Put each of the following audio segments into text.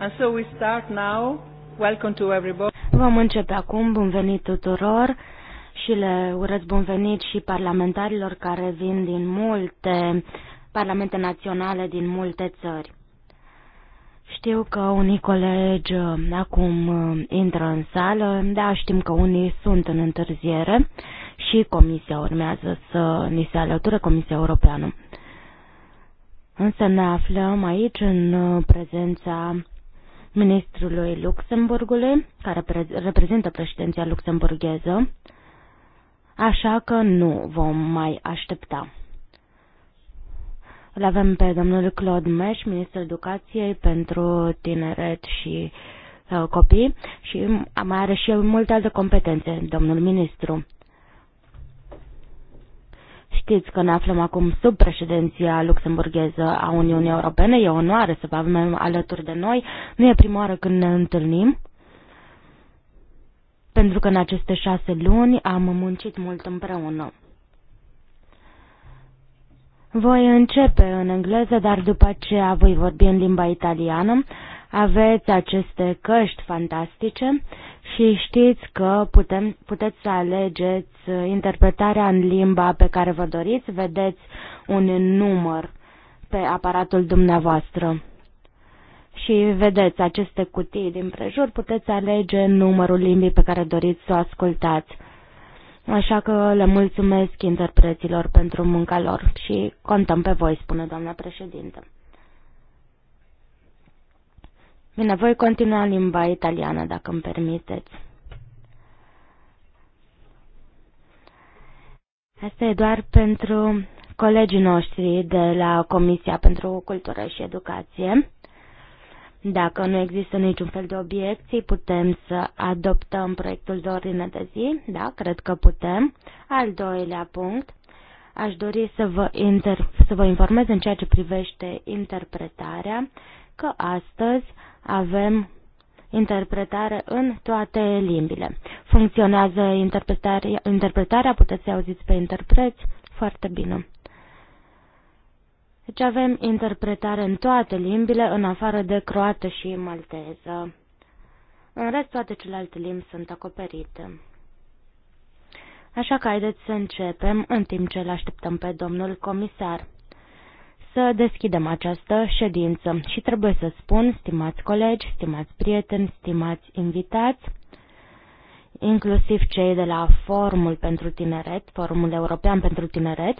And so we start now. Welcome to everybody. Vom începe acum. Bun venit tuturor și le urez bun venit și parlamentarilor care vin din multe parlamente naționale din multe țări. Știu că unii colegi uh, acum uh, intră în sală, da, știm că unii sunt în întârziere și Comisia urmează să ni se alăture, Comisia Europeană. Însă ne aflăm aici în uh, prezența ministrului Luxemburgului, care reprezintă președinția luxemburgheză, așa că nu vom mai aștepta. Îl avem pe domnul Claude Meș, ministrul educației pentru tineret și uh, copii și mai are și multe alte competențe, domnul ministru. Știți că ne aflăm acum sub președinția luxemburgheză a Uniunii Europene. E onoare să vă avem alături de noi. Nu e prima oară când ne întâlnim, pentru că în aceste șase luni am muncit mult împreună. Voi începe în engleză, dar după aceea voi vorbi în limba italiană. Aveți aceste căști fantastice și știți că putem, puteți să alegeți uh, interpretarea în limba pe care vă doriți, vedeți un număr pe aparatul dumneavoastră. Și vedeți aceste cutii din prejur, puteți alege numărul limbii pe care doriți să o ascultați. Așa că le mulțumesc interpreților pentru munca lor și contăm pe voi, spune doamna președintă. Bine, voi continua în limba italiană, dacă îmi permiteți. Asta e doar pentru colegii noștri de la Comisia pentru Cultură și Educație. Dacă nu există niciun fel de obiecții, putem să adoptăm proiectul de ordine de zi. Da, cred că putem. Al doilea punct. Aș dori să vă, inter- să vă informez în ceea ce privește interpretarea că astăzi avem interpretare în toate limbile. Funcționează interpretarea, interpretarea puteți să auziți pe interpreți foarte bine. Deci avem interpretare în toate limbile, în afară de croată și malteză. În rest, toate celelalte limbi sunt acoperite. Așa că haideți să începem în timp ce îl așteptăm pe domnul comisar să deschidem această ședință și trebuie să spun, stimați colegi, stimați prieteni, stimați invitați, inclusiv cei de la Forumul pentru Tineret, Forumul European pentru Tineret,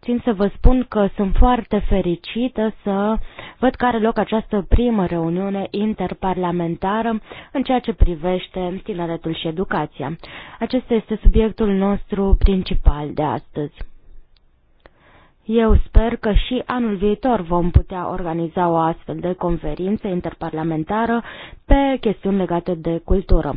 țin să vă spun că sunt foarte fericită să văd care loc această primă reuniune interparlamentară în ceea ce privește tineretul și educația. Acesta este subiectul nostru principal de astăzi. Eu sper că și anul viitor vom putea organiza o astfel de conferință interparlamentară pe chestiuni legate de cultură.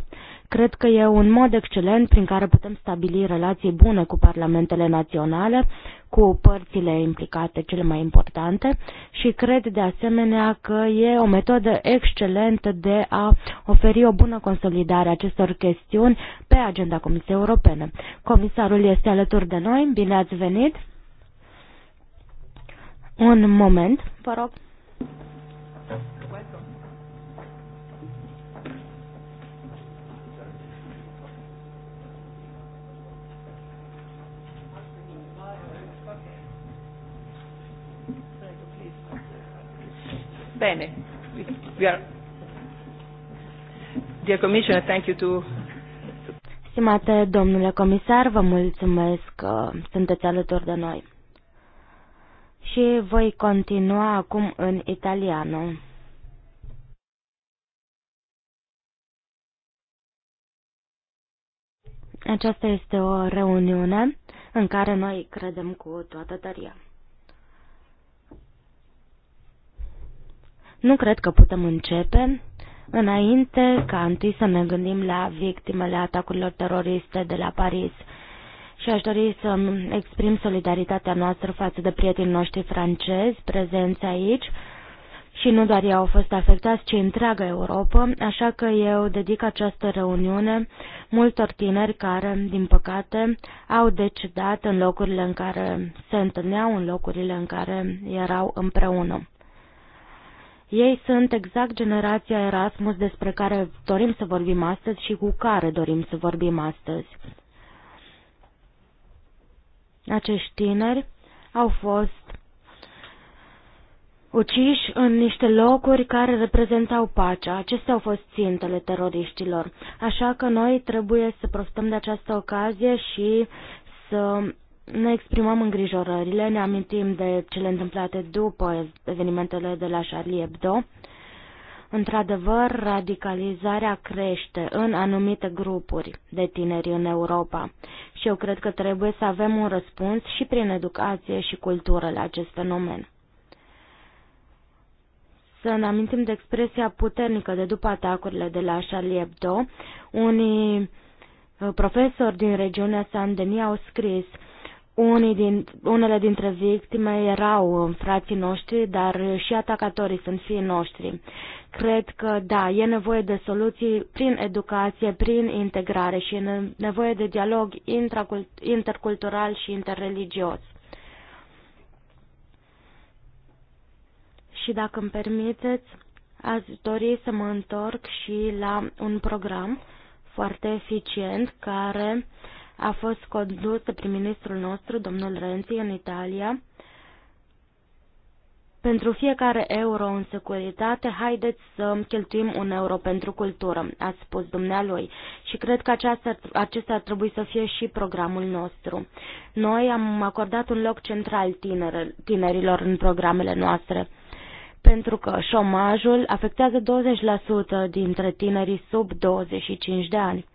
Cred că e un mod excelent prin care putem stabili relații bune cu parlamentele naționale, cu părțile implicate cele mai importante și cred de asemenea că e o metodă excelentă de a oferi o bună consolidare a acestor chestiuni pe agenda Comisiei Europene. Comisarul este alături de noi, bine ați venit! Un moment, vă rog. Bene. We are... Dear Commissioner, thank you to Stimate domnule comisar, vă mulțumesc că sunteți alături de noi și voi continua acum în italiană. Aceasta este o reuniune în care noi credem cu toată tăria. Nu cred că putem începe înainte ca întâi să ne gândim la victimele atacurilor teroriste de la Paris – și aș dori să exprim solidaritatea noastră față de prietenii noștri francezi prezenți aici și nu doar ei au fost afectați, ci întreaga Europa, așa că eu dedic această reuniune multor tineri care, din păcate, au decedat în locurile în care se întâlneau, în locurile în care erau împreună. Ei sunt exact generația Erasmus despre care dorim să vorbim astăzi și cu care dorim să vorbim astăzi. Acești tineri au fost uciși în niște locuri care reprezentau pacea. Acestea au fost țintele teroriștilor. Așa că noi trebuie să profităm de această ocazie și să ne exprimăm îngrijorările, ne amintim de cele întâmplate după evenimentele de la Charlie Hebdo Într-adevăr, radicalizarea crește în anumite grupuri de tineri în Europa și eu cred că trebuie să avem un răspuns și prin educație și cultură la acest fenomen. Să ne amintim de expresia puternică de după atacurile de la Charlie Hebdo, unii uh, profesori din regiunea Sandenia au scris unii din, unele dintre victime erau uh, frații noștri, dar uh, și atacatorii sunt fii noștri. Cred că, da, e nevoie de soluții prin educație, prin integrare și e nevoie de dialog intercultural și interreligios. Și dacă îmi permiteți, aș dori să mă întorc și la un program foarte eficient care uh, a fost de prim-ministrul nostru, domnul Renzi, în Italia. Pentru fiecare euro în securitate, haideți să cheltuim un euro pentru cultură, a spus dumnealui. Și cred că aceasta, acesta ar trebui să fie și programul nostru. Noi am acordat un loc central tinere, tinerilor în programele noastre pentru că șomajul afectează 20% dintre tinerii sub 25 de ani.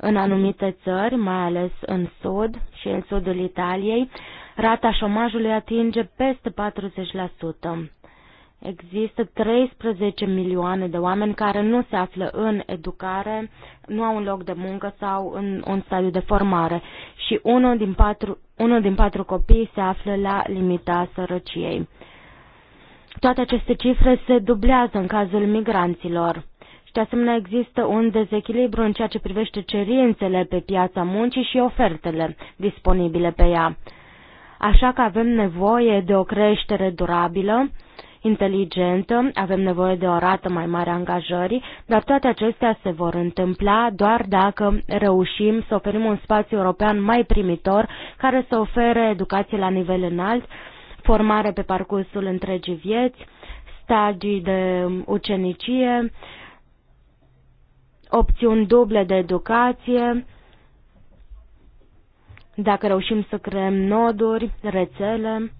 În anumite țări, mai ales în sud și în sudul Italiei, rata șomajului atinge peste 40%. Există 13 milioane de oameni care nu se află în educare, nu au un loc de muncă sau în un stadiu de formare și unul din patru, unul din patru copii se află la limita sărăciei. Toate aceste cifre se dublează în cazul migranților și de asemenea există un dezechilibru în ceea ce privește cerințele pe piața muncii și ofertele disponibile pe ea. Așa că avem nevoie de o creștere durabilă, inteligentă, avem nevoie de o rată mai mare a angajării, dar toate acestea se vor întâmpla doar dacă reușim să oferim un spațiu european mai primitor care să ofere educație la nivel înalt, formare pe parcursul întregii vieți, stagii de ucenicie, opțiuni duble de educație, dacă reușim să creăm noduri, rețele.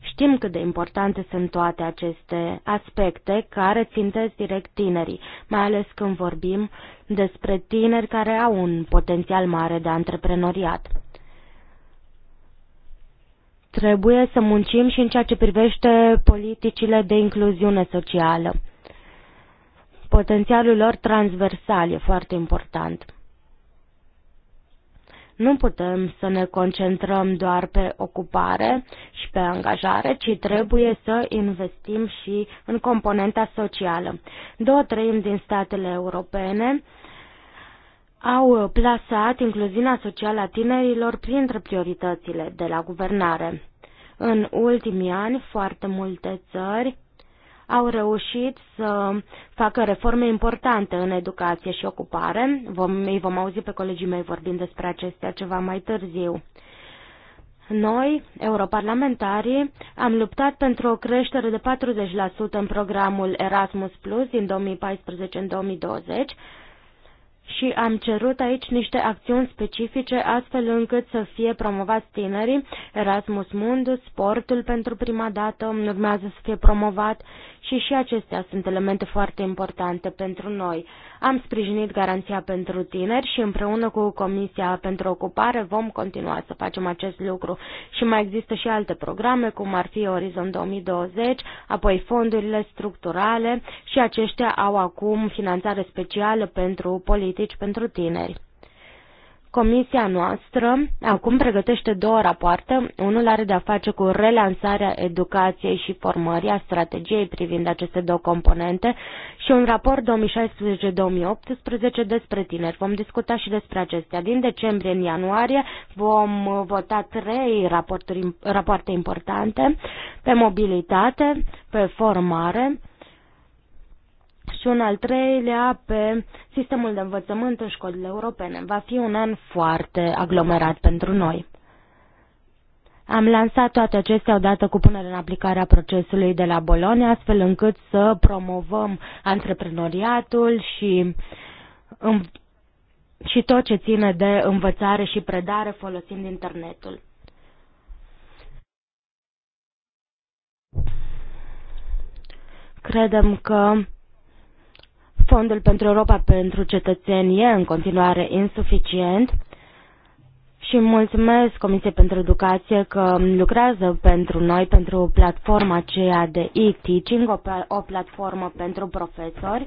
Știm cât de importante sunt toate aceste aspecte care țintesc direct tinerii, mai ales când vorbim despre tineri care au un potențial mare de antreprenoriat. Trebuie să muncim și în ceea ce privește politicile de incluziune socială. Potențialul lor transversal e foarte important. Nu putem să ne concentrăm doar pe ocupare și pe angajare, ci trebuie să investim și în componenta socială. Două treimi din statele europene au plasat incluziunea socială a tinerilor printre prioritățile de la guvernare. În ultimii ani, foarte multe țări au reușit să facă reforme importante în educație și ocupare. Vom, îi vom auzi pe colegii mei vorbind despre acestea ceva mai târziu. Noi, europarlamentarii, am luptat pentru o creștere de 40% în programul Erasmus Plus din 2014 în 2020 și am cerut aici niște acțiuni specifice astfel încât să fie promovați tinerii, Erasmus Mundus, sportul pentru prima dată urmează să fie promovat și și acestea sunt elemente foarte importante pentru noi. Am sprijinit garanția pentru tineri și împreună cu Comisia pentru Ocupare vom continua să facem acest lucru. Și mai există și alte programe, cum ar fi Orizont 2020, apoi fondurile structurale și aceștia au acum finanțare specială pentru politici pentru tineri. Comisia noastră acum pregătește două rapoarte. Unul are de-a face cu relansarea educației și formării a strategiei privind aceste două componente și un raport 2016-2018 despre tineri. Vom discuta și despre acestea. Din decembrie în ianuarie vom vota trei rapoarte importante pe mobilitate, pe formare și un al treilea pe sistemul de învățământ în școlile europene. Va fi un an foarte aglomerat pentru noi. Am lansat toate acestea odată cu punerea în aplicare a procesului de la Bologna, astfel încât să promovăm antreprenoriatul și, și tot ce ține de învățare și predare folosind internetul. Credem că Fondul pentru Europa pentru cetățeni e în continuare insuficient și mulțumesc Comisiei pentru Educație că lucrează pentru noi, pentru platforma aceea de e-teaching, o, o platformă pentru profesori.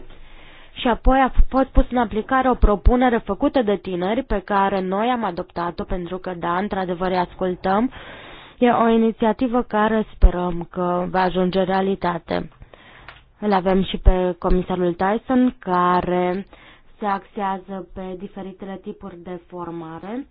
Și apoi a fost pus în aplicare o propunere făcută de tineri pe care noi am adoptat-o, pentru că, da, într-adevăr, ascultăm. E o inițiativă care sperăm că va ajunge realitate. Îl avem și pe comisarul Tyson, care se axează pe diferitele tipuri de formare.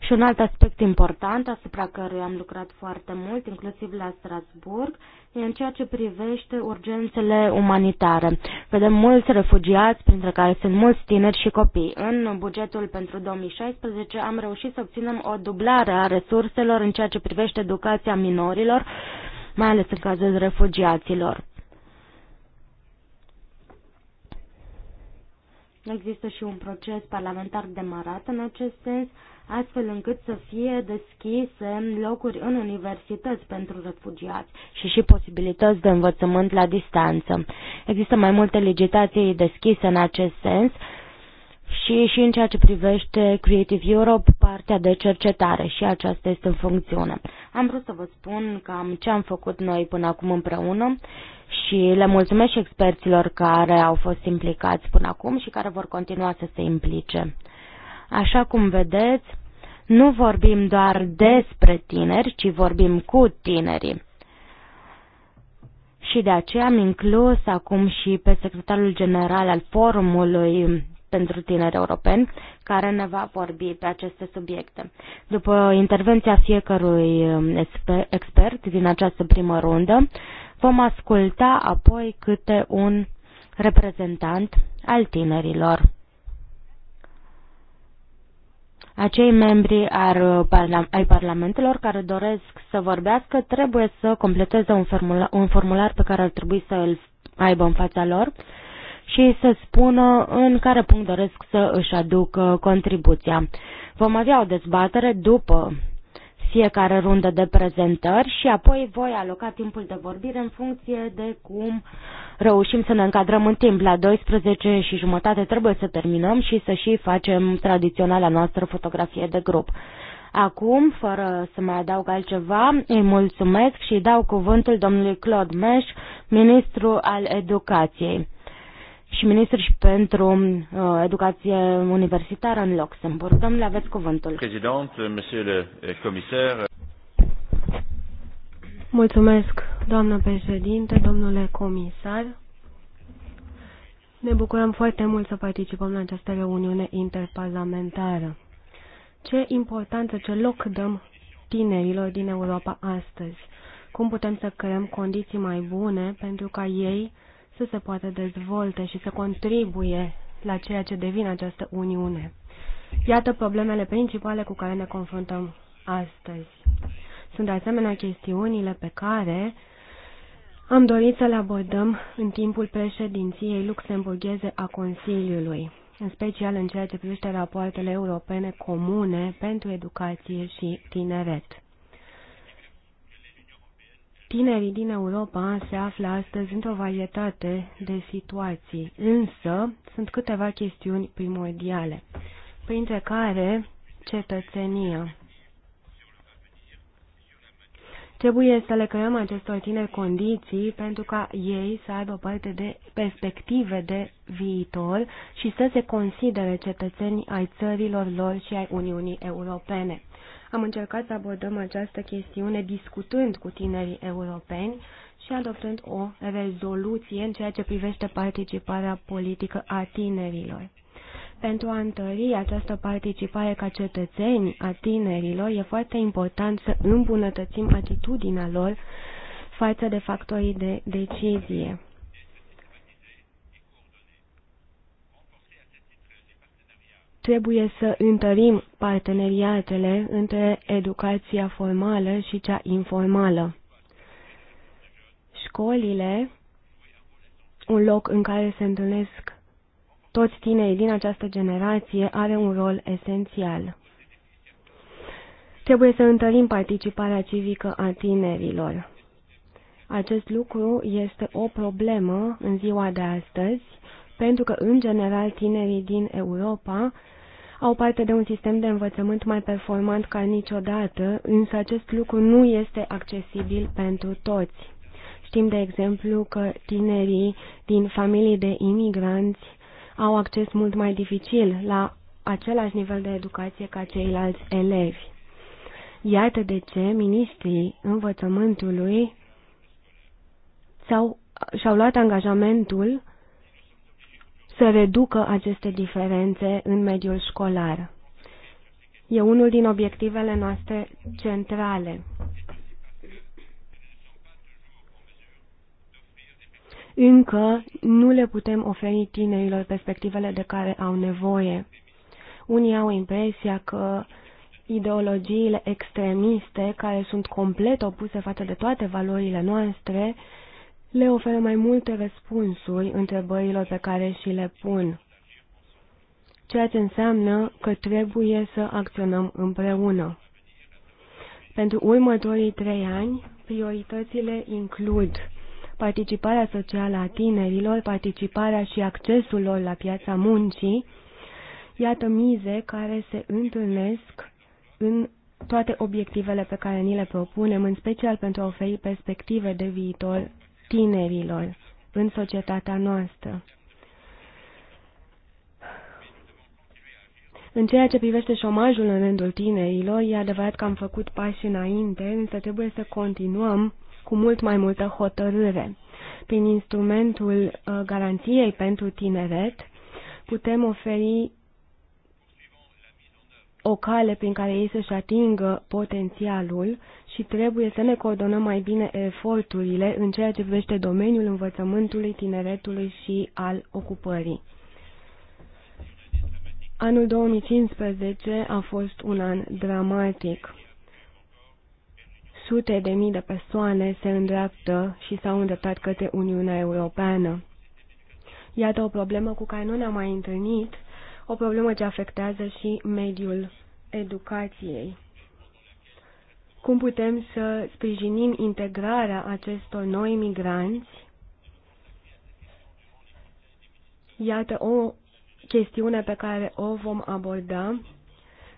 Și un alt aspect important asupra căruia am lucrat foarte mult, inclusiv la Strasburg, e în ceea ce privește urgențele umanitare. Vedem mulți refugiați, printre care sunt mulți tineri și copii. În bugetul pentru 2016 am reușit să obținem o dublare a resurselor în ceea ce privește educația minorilor mai ales în cazul refugiaților. Există și un proces parlamentar demarat în acest sens, astfel încât să fie deschise locuri în universități pentru refugiați și și posibilități de învățământ la distanță. Există mai multe legislații deschise în acest sens, și, și în ceea ce privește Creative Europe, partea de cercetare și aceasta este în funcțiune. Am vrut să vă spun cam ce am făcut noi până acum împreună și le mulțumesc și experților care au fost implicați până acum și care vor continua să se implice. Așa cum vedeți, nu vorbim doar despre tineri, ci vorbim cu tinerii și de aceea am inclus acum și pe secretarul general al forumului pentru tineri europeni, care ne va vorbi pe aceste subiecte. După intervenția fiecărui um, expert din această primă rundă, vom asculta apoi câte un reprezentant al tinerilor. Acei membri uh, ai parlamentelor care doresc să vorbească trebuie să completeze un formular, un formular pe care ar trebui să îl aibă în fața lor și să spună în care punct doresc să își aduc contribuția. Vom avea o dezbatere după fiecare rundă de prezentări și apoi voi aloca timpul de vorbire în funcție de cum reușim să ne încadrăm în timp. La 12 și jumătate trebuie să terminăm și să și facem tradiționala noastră fotografie de grup. Acum, fără să mai adaug altceva, îi mulțumesc și dau cuvântul domnului Claude Meș, ministru al educației și ministru și pentru uh, educație universitară în Luxemburg. Domnule, aveți cuvântul. Președinte, monsieur le comisar. Mulțumesc, doamnă președinte, domnule comisar. Ne bucurăm foarte mult să participăm la această reuniune interparlamentară. Ce importanță, ce loc dăm tinerilor din Europa astăzi? Cum putem să creăm condiții mai bune pentru ca ei să se poată dezvolte și să contribuie la ceea ce devine această Uniune. Iată problemele principale cu care ne confruntăm astăzi. Sunt de asemenea chestiunile pe care am dorit să le abordăm în timpul președinției luxemburgheze a Consiliului, în special în ceea ce privește rapoartele europene comune pentru educație și tineret. Tinerii din Europa se află astăzi într-o varietate de situații, însă sunt câteva chestiuni primordiale, printre care cetățenia. Trebuie să le creăm acestor tineri condiții pentru ca ei să aibă parte de perspective de viitor și să se considere cetățeni ai țărilor lor și ai Uniunii Europene. Am încercat să abordăm această chestiune discutând cu tinerii europeni și adoptând o rezoluție în ceea ce privește participarea politică a tinerilor. Pentru a întări această participare ca cetățeni a tinerilor, e foarte important să îmbunătățim atitudinea lor față de factorii de decizie. Trebuie să întărim parteneriatele între educația formală și cea informală. Școlile, un loc în care se întâlnesc toți tinerii din această generație, are un rol esențial. Trebuie să întărim participarea civică a tinerilor. Acest lucru este o problemă în ziua de astăzi, pentru că, în general, tinerii din Europa au parte de un sistem de învățământ mai performant ca niciodată, însă acest lucru nu este accesibil pentru toți. Știm, de exemplu, că tinerii din familii de imigranți au acces mult mai dificil la același nivel de educație ca ceilalți elevi. Iată de ce ministrii învățământului și-au -au luat angajamentul să reducă aceste diferențe în mediul școlar. E unul din obiectivele noastre centrale. Încă nu le putem oferi tinerilor perspectivele de care au nevoie. Unii au impresia că ideologiile extremiste, care sunt complet opuse față de toate valorile noastre, uh, le oferă mai multe răspunsuri întrebărilor pe care și le pun, ceea ce înseamnă că trebuie să acționăm împreună. Pentru următorii trei ani, prioritățile includ participarea socială a tinerilor, participarea și accesul lor la piața muncii, iată mize care se întâlnesc în toate obiectivele pe care ni le propunem, în special pentru a oferi perspective de viitor tinerilor în societatea noastră. În ceea ce privește șomajul în rândul tinerilor, e adevărat că am făcut pași înainte, însă trebuie să continuăm cu mult mai multă hotărâre. Prin instrumentul uh, garanției pentru tineret, putem oferi o cale prin care ei să-și atingă potențialul și trebuie să ne coordonăm mai bine eforturile în ceea ce privește domeniul învățământului, tineretului și al ocupării. Anul 2015 a fost un an dramatic. Sute de mii de persoane se îndreaptă și s-au îndreptat către Uniunea Europeană. Iată o problemă cu care nu ne-am mai întâlnit, o problemă ce afectează și mediul educației cum putem să sprijinim integrarea acestor noi migranți. Iată o chestiune pe care o vom aborda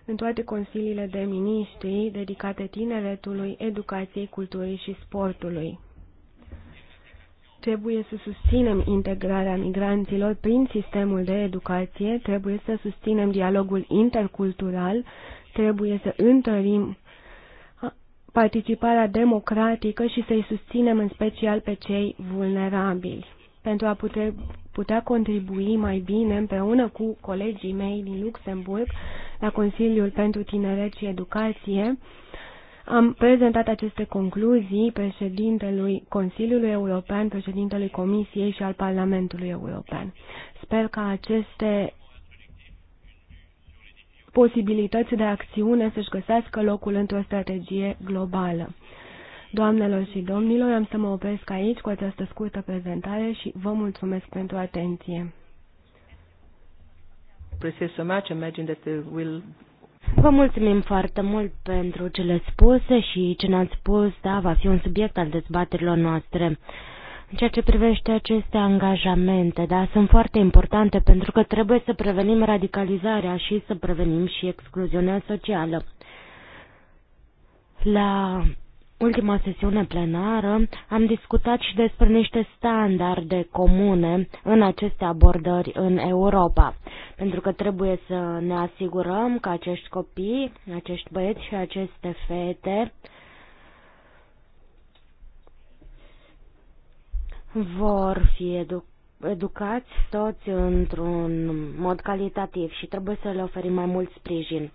în toate consiliile de miniștri dedicate tineretului, educației, culturii și sportului. Trebuie să susținem integrarea migranților prin sistemul de educație, trebuie să susținem dialogul intercultural, trebuie să întărim participarea democratică și să-i susținem în special pe cei vulnerabili, pentru a pute, putea contribui mai bine împreună cu colegii mei din Luxemburg la Consiliul pentru Tineret și Educație. Am prezentat aceste concluzii președintelui Consiliului European, președintelui Comisiei și al Parlamentului European. Sper ca aceste posibilități de acțiune să-și găsească locul într-o strategie globală. Doamnelor și domnilor, am să mă opresc aici cu această scurtă prezentare și vă mulțumesc pentru atenție. Vă mulțumim foarte mult pentru cele spuse și ce ne-ați spus, da, va fi un subiect al dezbaterilor noastre. În ceea ce privește aceste angajamente, da, sunt foarte importante pentru că trebuie să prevenim radicalizarea și să prevenim și excluziunea socială. La ultima sesiune plenară am discutat și despre niște standarde comune în aceste abordări în Europa, pentru că trebuie să ne asigurăm că acești copii, acești băieți și aceste fete vor fi edu- educați toți într-un mod calitativ și trebuie să le oferim mai mult sprijin.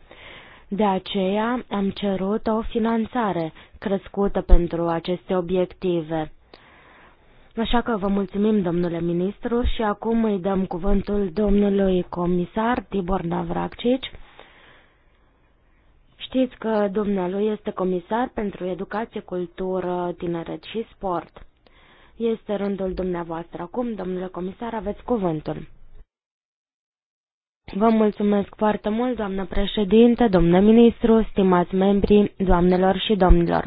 De aceea am cerut o finanțare crescută pentru aceste obiective. Așa că vă mulțumim, domnule ministru, și acum îi dăm cuvântul domnului comisar Tibor Navracic. Știți că dumnealui este comisar pentru educație, cultură, tineret și sport. Este rândul dumneavoastră. Acum, domnule comisar, aveți cuvântul. Vă mulțumesc foarte mult, doamnă președinte, domnule ministru, stimați membri, doamnelor și domnilor.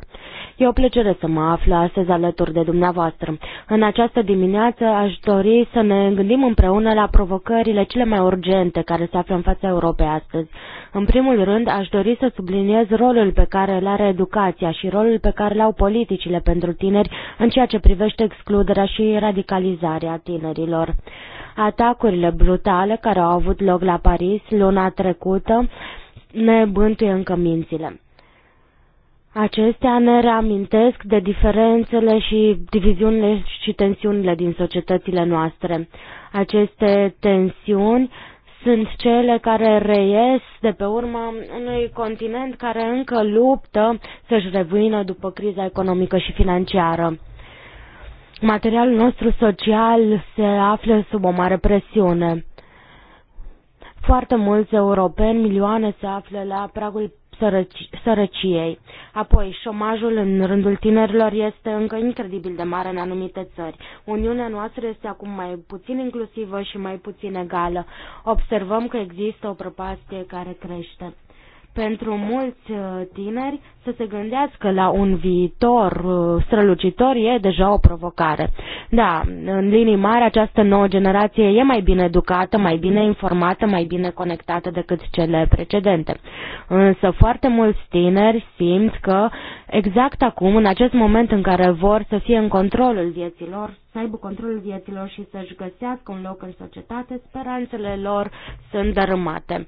E o plăcere să mă aflu astăzi alături de dumneavoastră. În această dimineață aș dori să ne gândim împreună la provocările cele mai urgente care se află în fața Europei astăzi. În primul rând, aș dori să subliniez rolul pe care îl are educația și rolul pe care îl au politicile pentru tineri în ceea ce privește excluderea și radicalizarea tinerilor. Atacurile brutale care au avut loc la Paris luna trecută ne bântuie încă mințile. Acestea ne reamintesc de diferențele și diviziunile și tensiunile din societățile noastre. Aceste tensiuni sunt cele care reies de pe urma unui continent care încă luptă să-și revină după criza economică și financiară materialul nostru social se află sub o mare presiune. Foarte mulți europeni, milioane, se află la pragul sărăci, sărăciei. Apoi, șomajul în rândul tinerilor este încă incredibil de mare în anumite țări. Uniunea noastră este acum mai puțin inclusivă și mai puțin egală. Observăm că există o prăpastie care crește pentru mulți uh, tineri să se gândească la un viitor uh, strălucitor e deja o provocare. Da, în linii mari această nouă generație e mai bine educată, mai bine informată, mai bine conectată decât cele precedente. Însă foarte mulți tineri simt că exact acum, în acest moment în care vor să fie în controlul vieților, să aibă controlul vieților și să-și găsească un loc în societate, speranțele lor sunt dărâmate.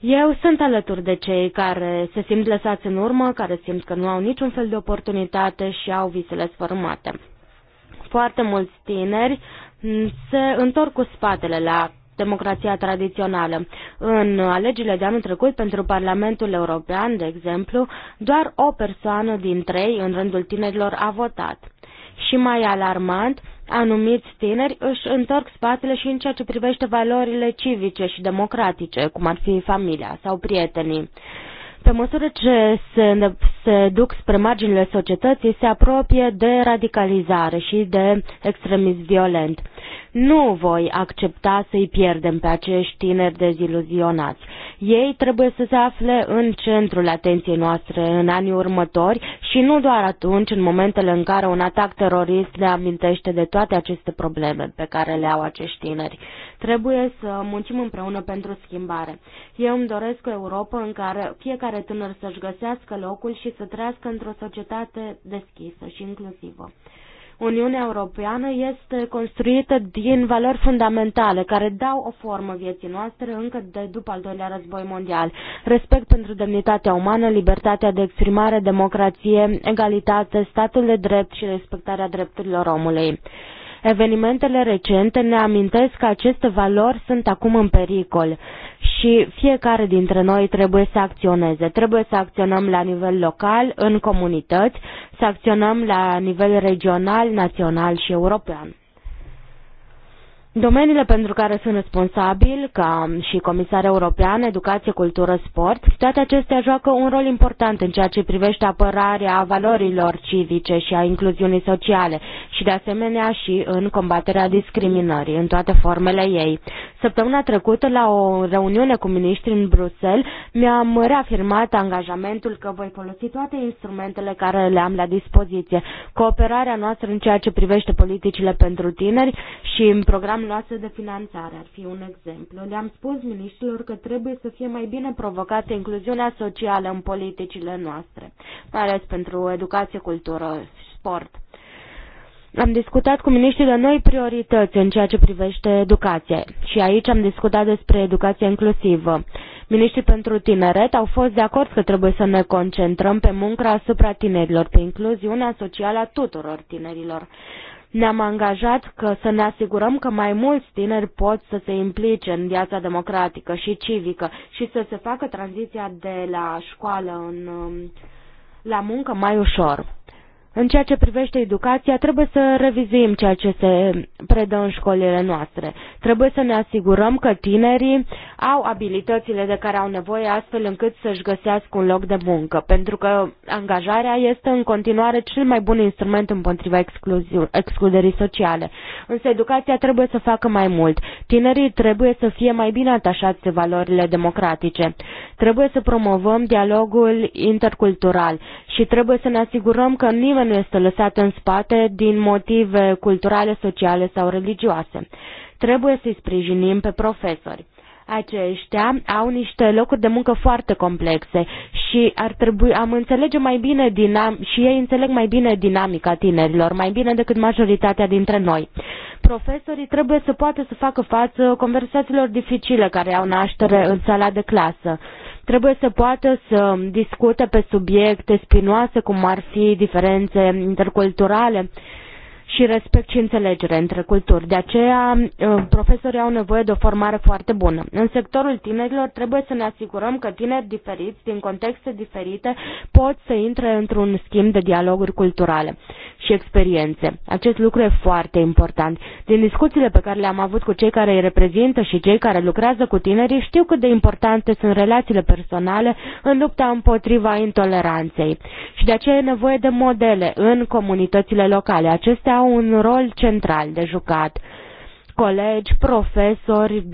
Eu sunt alături de cei care se simt lăsați în urmă, care simt că nu au niciun fel de oportunitate și au visele sfărâmate. Foarte mulți tineri se întorc cu spatele la democrația tradițională. În alegerile de anul trecut pentru Parlamentul European, de exemplu, doar o persoană din trei în rândul tinerilor a votat. Și mai alarmant, anumiți tineri își întorc spatele și în ceea ce privește valorile civice și democratice, cum ar fi familia sau prietenii. Pe măsură ce se, se duc spre marginile societății, se apropie de radicalizare și de extremism violent. Nu voi accepta să-i pierdem pe acești tineri deziluzionați. Ei trebuie să se afle în centrul atenției noastre în anii următori și nu doar atunci, în momentele în care un atac terorist ne amintește de toate aceste probleme pe care le au acești tineri. Trebuie să muncim împreună pentru schimbare. Eu îmi doresc o Europa în care fiecare tânăr să-și găsească locul și să trăiască într-o societate deschisă și inclusivă. Uniunea Europeană este construită din valori fundamentale care dau o formă vieții noastre încă de după al doilea război mondial. Respect pentru demnitatea umană, libertatea de exprimare, democrație, egalitate, statul de drept și respectarea drepturilor omului. Evenimentele recente ne amintesc că aceste valori sunt acum în pericol și fiecare dintre noi trebuie să acționeze. Trebuie să acționăm la nivel local, în comunități, să acționăm la nivel regional, național și european. Domeniile pentru care sunt responsabil, ca și comisar european, educație, cultură, sport, toate acestea joacă un rol important în ceea ce privește apărarea valorilor civice și a incluziunii sociale și de asemenea și în combaterea discriminării în toate formele ei. Săptămâna trecută, la o reuniune cu miniștri în Bruxelles, mi-am reafirmat angajamentul că voi folosi toate instrumentele care le am la dispoziție, cooperarea noastră în ceea ce privește politicile pentru tineri și în programul luate de finanțare ar fi un exemplu. Le-am spus miniștilor că trebuie să fie mai bine provocată incluziunea socială în politicile noastre, mai ales pentru educație, cultură și sport. Am discutat cu miniștrii de noi priorități în ceea ce privește educația și aici am discutat despre educația inclusivă. Miniștrii pentru tineret au fost de acord că trebuie să ne concentrăm pe munca asupra tinerilor, pe incluziunea socială a tuturor tinerilor. Ne-am angajat că să ne asigurăm că mai mulți tineri pot să se implice în viața democratică și civică și să se facă tranziția de la școală în, um, la muncă mai ușor. În ceea ce privește educația, trebuie să revizuim ceea ce se predă în școlile noastre. Trebuie să ne asigurăm că tinerii au abilitățile de care au nevoie astfel încât să-și găsească un loc de muncă, pentru că angajarea este în continuare cel mai bun instrument împotriva excluderii sociale. Însă educația trebuie să facă mai mult. Tinerii trebuie să fie mai bine atașați de valorile democratice. Trebuie să promovăm dialogul intercultural și trebuie să ne asigurăm că nimeni nu este lăsată în spate din motive culturale, sociale sau religioase. Trebuie să-i sprijinim pe profesori aceștia au niște locuri de muncă foarte complexe și ar trebui, am înțelege mai bine dinam, și ei înțeleg mai bine dinamica tinerilor, mai bine decât majoritatea dintre noi. Profesorii trebuie să poată să facă față conversațiilor dificile care au naștere în sala de clasă trebuie să poată să discute pe subiecte spinoase, cum ar fi diferențe interculturale, și respect și înțelegere între culturi. De aceea, uh, profesorii au nevoie de o formare foarte bună. În sectorul tinerilor trebuie să ne asigurăm că tineri diferiți, din contexte diferite, pot să intre într-un schimb de dialoguri culturale și experiențe. Acest lucru e foarte important. Din discuțiile pe care le-am avut cu cei care îi reprezintă și cei care lucrează cu tinerii, știu cât de importante sunt relațiile personale în lupta împotriva intoleranței. Și de aceea e nevoie de modele în comunitățile locale. Acestea au au un rol central de jucat. Colegi, profesori,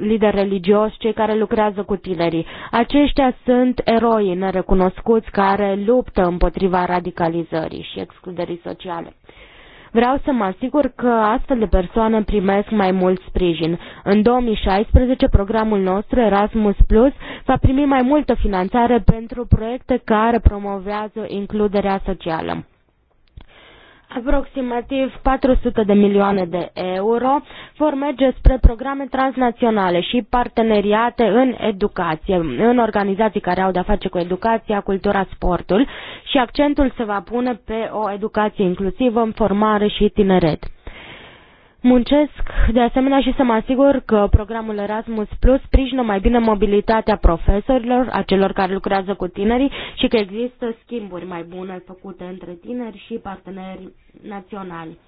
lideri, religioși, cei care lucrează cu tinerii. Aceștia sunt eroi nerecunoscuți care luptă împotriva radicalizării și excluderii sociale. Vreau să mă asigur că astfel de persoane primesc mai mult sprijin. În 2016, programul nostru Erasmus Plus va primi mai multă finanțare pentru proiecte care promovează includerea socială. Aproximativ 400 de milioane de euro vor merge spre programe transnaționale și parteneriate în educație, în organizații care au de-a face cu educația, cultura, sportul și accentul se va pune pe o educație inclusivă în formare și tineret. Muncesc de asemenea și să mă asigur că programul Erasmus Plus sprijină mai bine mobilitatea profesorilor, a celor care lucrează cu tinerii și că există schimburi mai bune făcute între tineri și parteneri naționali.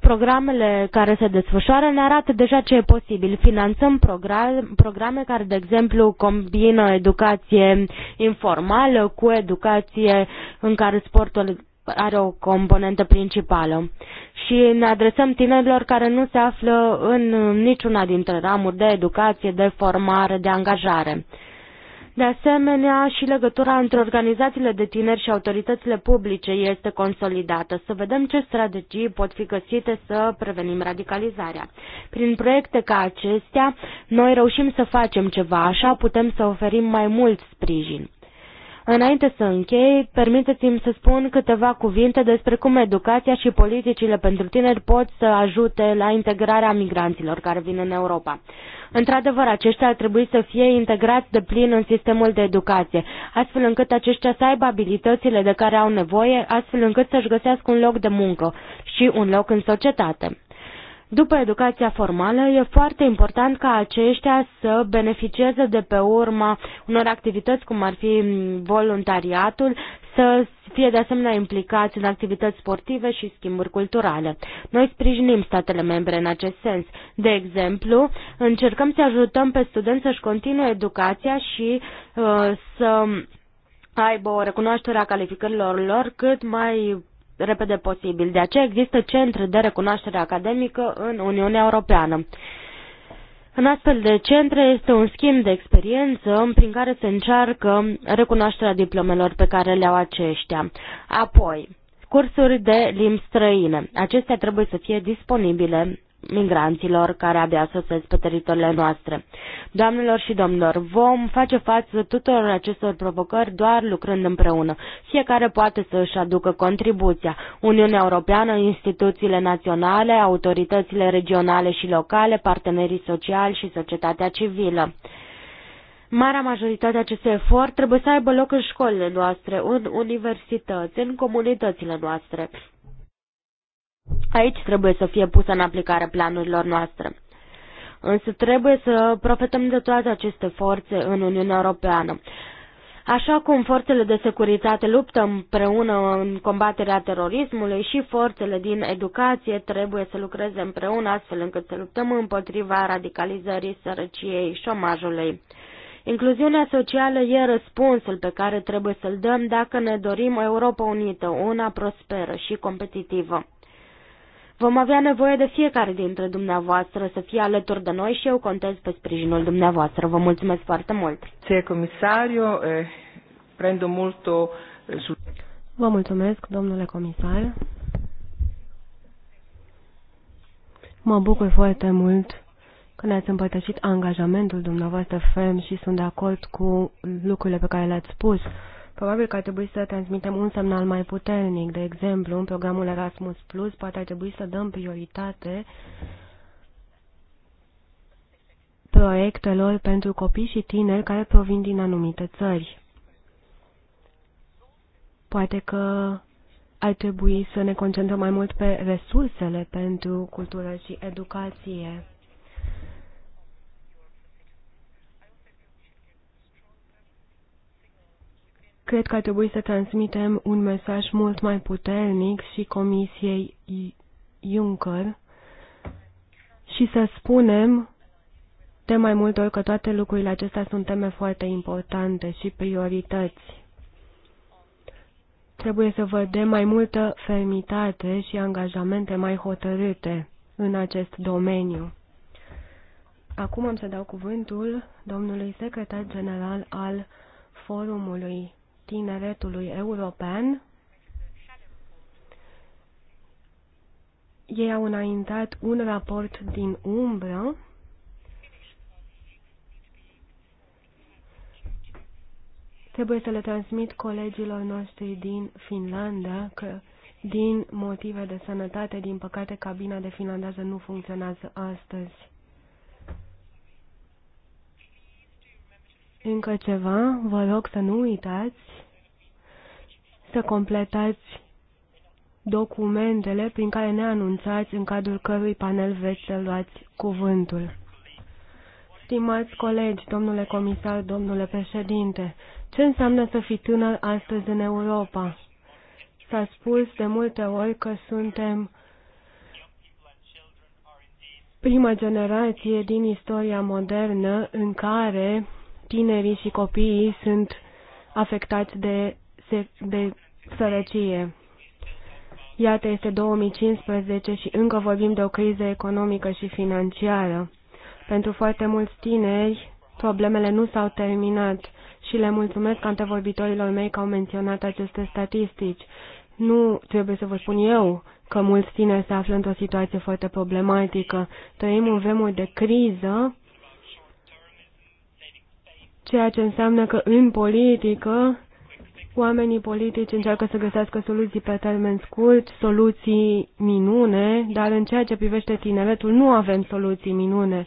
Programele care se desfășoară ne arată deja ce e posibil. Finanțăm programe care, de exemplu, combină educație informală cu educație în care sportul are o componentă principală și ne adresăm tinerilor care nu se află în niciuna dintre ramuri de educație, de formare, de angajare. De asemenea, și legătura între organizațiile de tineri și autoritățile publice este consolidată. Să vedem ce strategii pot fi găsite să prevenim radicalizarea. Prin proiecte ca acestea, noi reușim să facem ceva, așa putem să oferim mai mult sprijin. Înainte să închei, permiteți-mi să spun câteva cuvinte despre cum educația și politicile pentru tineri pot să ajute la integrarea migranților care vin în Europa. Într-adevăr, aceștia ar trebui să fie integrați de plin în sistemul de educație, astfel încât aceștia să aibă abilitățile de care au nevoie, astfel încât să-și găsească un loc de muncă și un loc în societate. După educația formală, e foarte important ca aceștia să beneficieze de pe urma unor activități, cum ar fi voluntariatul, să fie de asemenea implicați în activități sportive și schimburi culturale. Noi sprijinim statele membre în acest sens. De exemplu, încercăm să ajutăm pe studenți să-și continue educația și uh, să aibă o recunoaștere a calificărilor lor cât mai repede posibil. De aceea există centre de recunoaștere academică în Uniunea Europeană. În astfel de centre este un schimb de experiență prin care se încearcă recunoașterea diplomelor pe care le au aceștia. Apoi, cursuri de limbi străine. Acestea trebuie să fie disponibile migranților care abia sosesc pe teritoriile noastre. Doamnelor și domnilor, vom face față tuturor acestor provocări doar lucrând împreună. Fiecare poate să își aducă contribuția. Uniunea Europeană, instituțiile naționale, autoritățile regionale și locale, partenerii sociali și societatea civilă. Marea majoritate a acestui efort trebuie să aibă loc în școlile noastre, în universități, în comunitățile noastre. Aici trebuie să fie pusă în aplicare planurilor noastre. Însă trebuie să profităm de toate aceste forțe în Uniunea Europeană. Așa cum forțele de securitate luptă împreună în combaterea terorismului și forțele din educație trebuie să lucreze împreună astfel încât să luptăm împotriva radicalizării, sărăciei, șomajului. Incluziunea socială e răspunsul pe care trebuie să-l dăm dacă ne dorim o Europa unită, una prosperă și competitivă. Vom avea nevoie de fiecare dintre dumneavoastră să fie alături de noi și eu contez pe sprijinul dumneavoastră. Vă mulțumesc foarte mult. Ție comisario, eh, prendo molto eh, Vă mulțumesc, domnule comisar. Mă bucur foarte mult că ne-ați împărtășit angajamentul dumneavoastră ferm și sunt de acord cu lucrurile pe care le-ați spus. Probabil că ar trebui să transmitem un semnal mai puternic. De exemplu, în programul Erasmus Plus poate ar trebui să dăm prioritate proiectelor pentru copii și tineri care provin din anumite țări. Poate că ar trebui să ne concentrăm mai mult pe resursele pentru cultură și educație. Cred că ar trebui să transmitem un mesaj mult mai puternic și Comisiei Juncker și să spunem de mai multe ori că toate lucrurile acestea sunt teme foarte importante și priorități. Trebuie să vedem mai multă fermitate și angajamente mai hotărâte în acest domeniu. Acum am să dau cuvântul domnului secretar general al Forumului tineretului european. Ei au înaintat un raport din umbră Trebuie să le transmit colegilor noștri din Finlanda că din motive de sănătate, din păcate, cabina de finlandeză nu funcționează astăzi. Încă ceva, vă rog să nu uitați să completați documentele prin care ne anunțați în cadrul cărui panel veți să luați cuvântul. Stimați colegi, domnule comisar, domnule președinte, ce înseamnă să fii tânăr astăzi în Europa? S-a spus de multe ori că suntem prima generație din istoria modernă în care tinerii și copiii sunt afectați de, de sărăcie. Iată, este 2015 și încă vorbim de o criză economică și financiară. Pentru foarte mulți tineri, problemele nu s-au terminat și le mulțumesc antevorbitorilor mei că au menționat aceste statistici. Nu trebuie să vă spun eu că mulți tineri se află într-o situație foarte problematică. Trăim în vremuri de criză ceea ce înseamnă că în politică oamenii politici încearcă să găsească soluții pe termen scurt, soluții minune, dar în ceea ce privește tineretul nu avem soluții minune.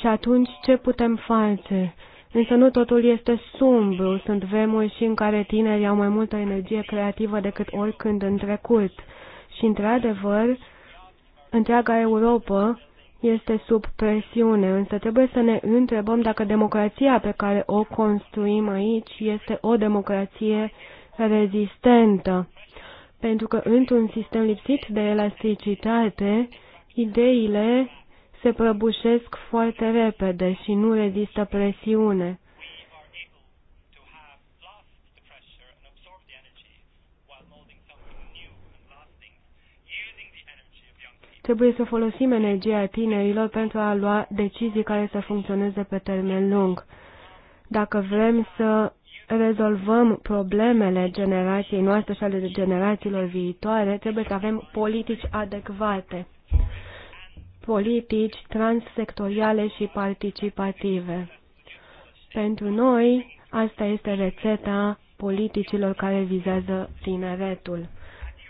Și atunci ce putem face? Însă nu totul este sumbru, sunt vremuri și în care tinerii au mai multă energie creativă decât oricând în trecut. Și într-adevăr, întreaga Europa este sub presiune, însă trebuie să ne întrebăm dacă democrația pe care o construim aici este o democrație rezistentă. Pentru că într-un sistem lipsit de elasticitate, ideile se prăbușesc foarte repede și nu rezistă presiune. Trebuie să folosim energia tinerilor pentru a lua decizii care să funcționeze pe termen lung. Dacă vrem să rezolvăm problemele generației noastre și ale generațiilor viitoare, trebuie să avem politici adecvate, politici transsectoriale și participative. Pentru noi, asta este rețeta politicilor care vizează tineretul.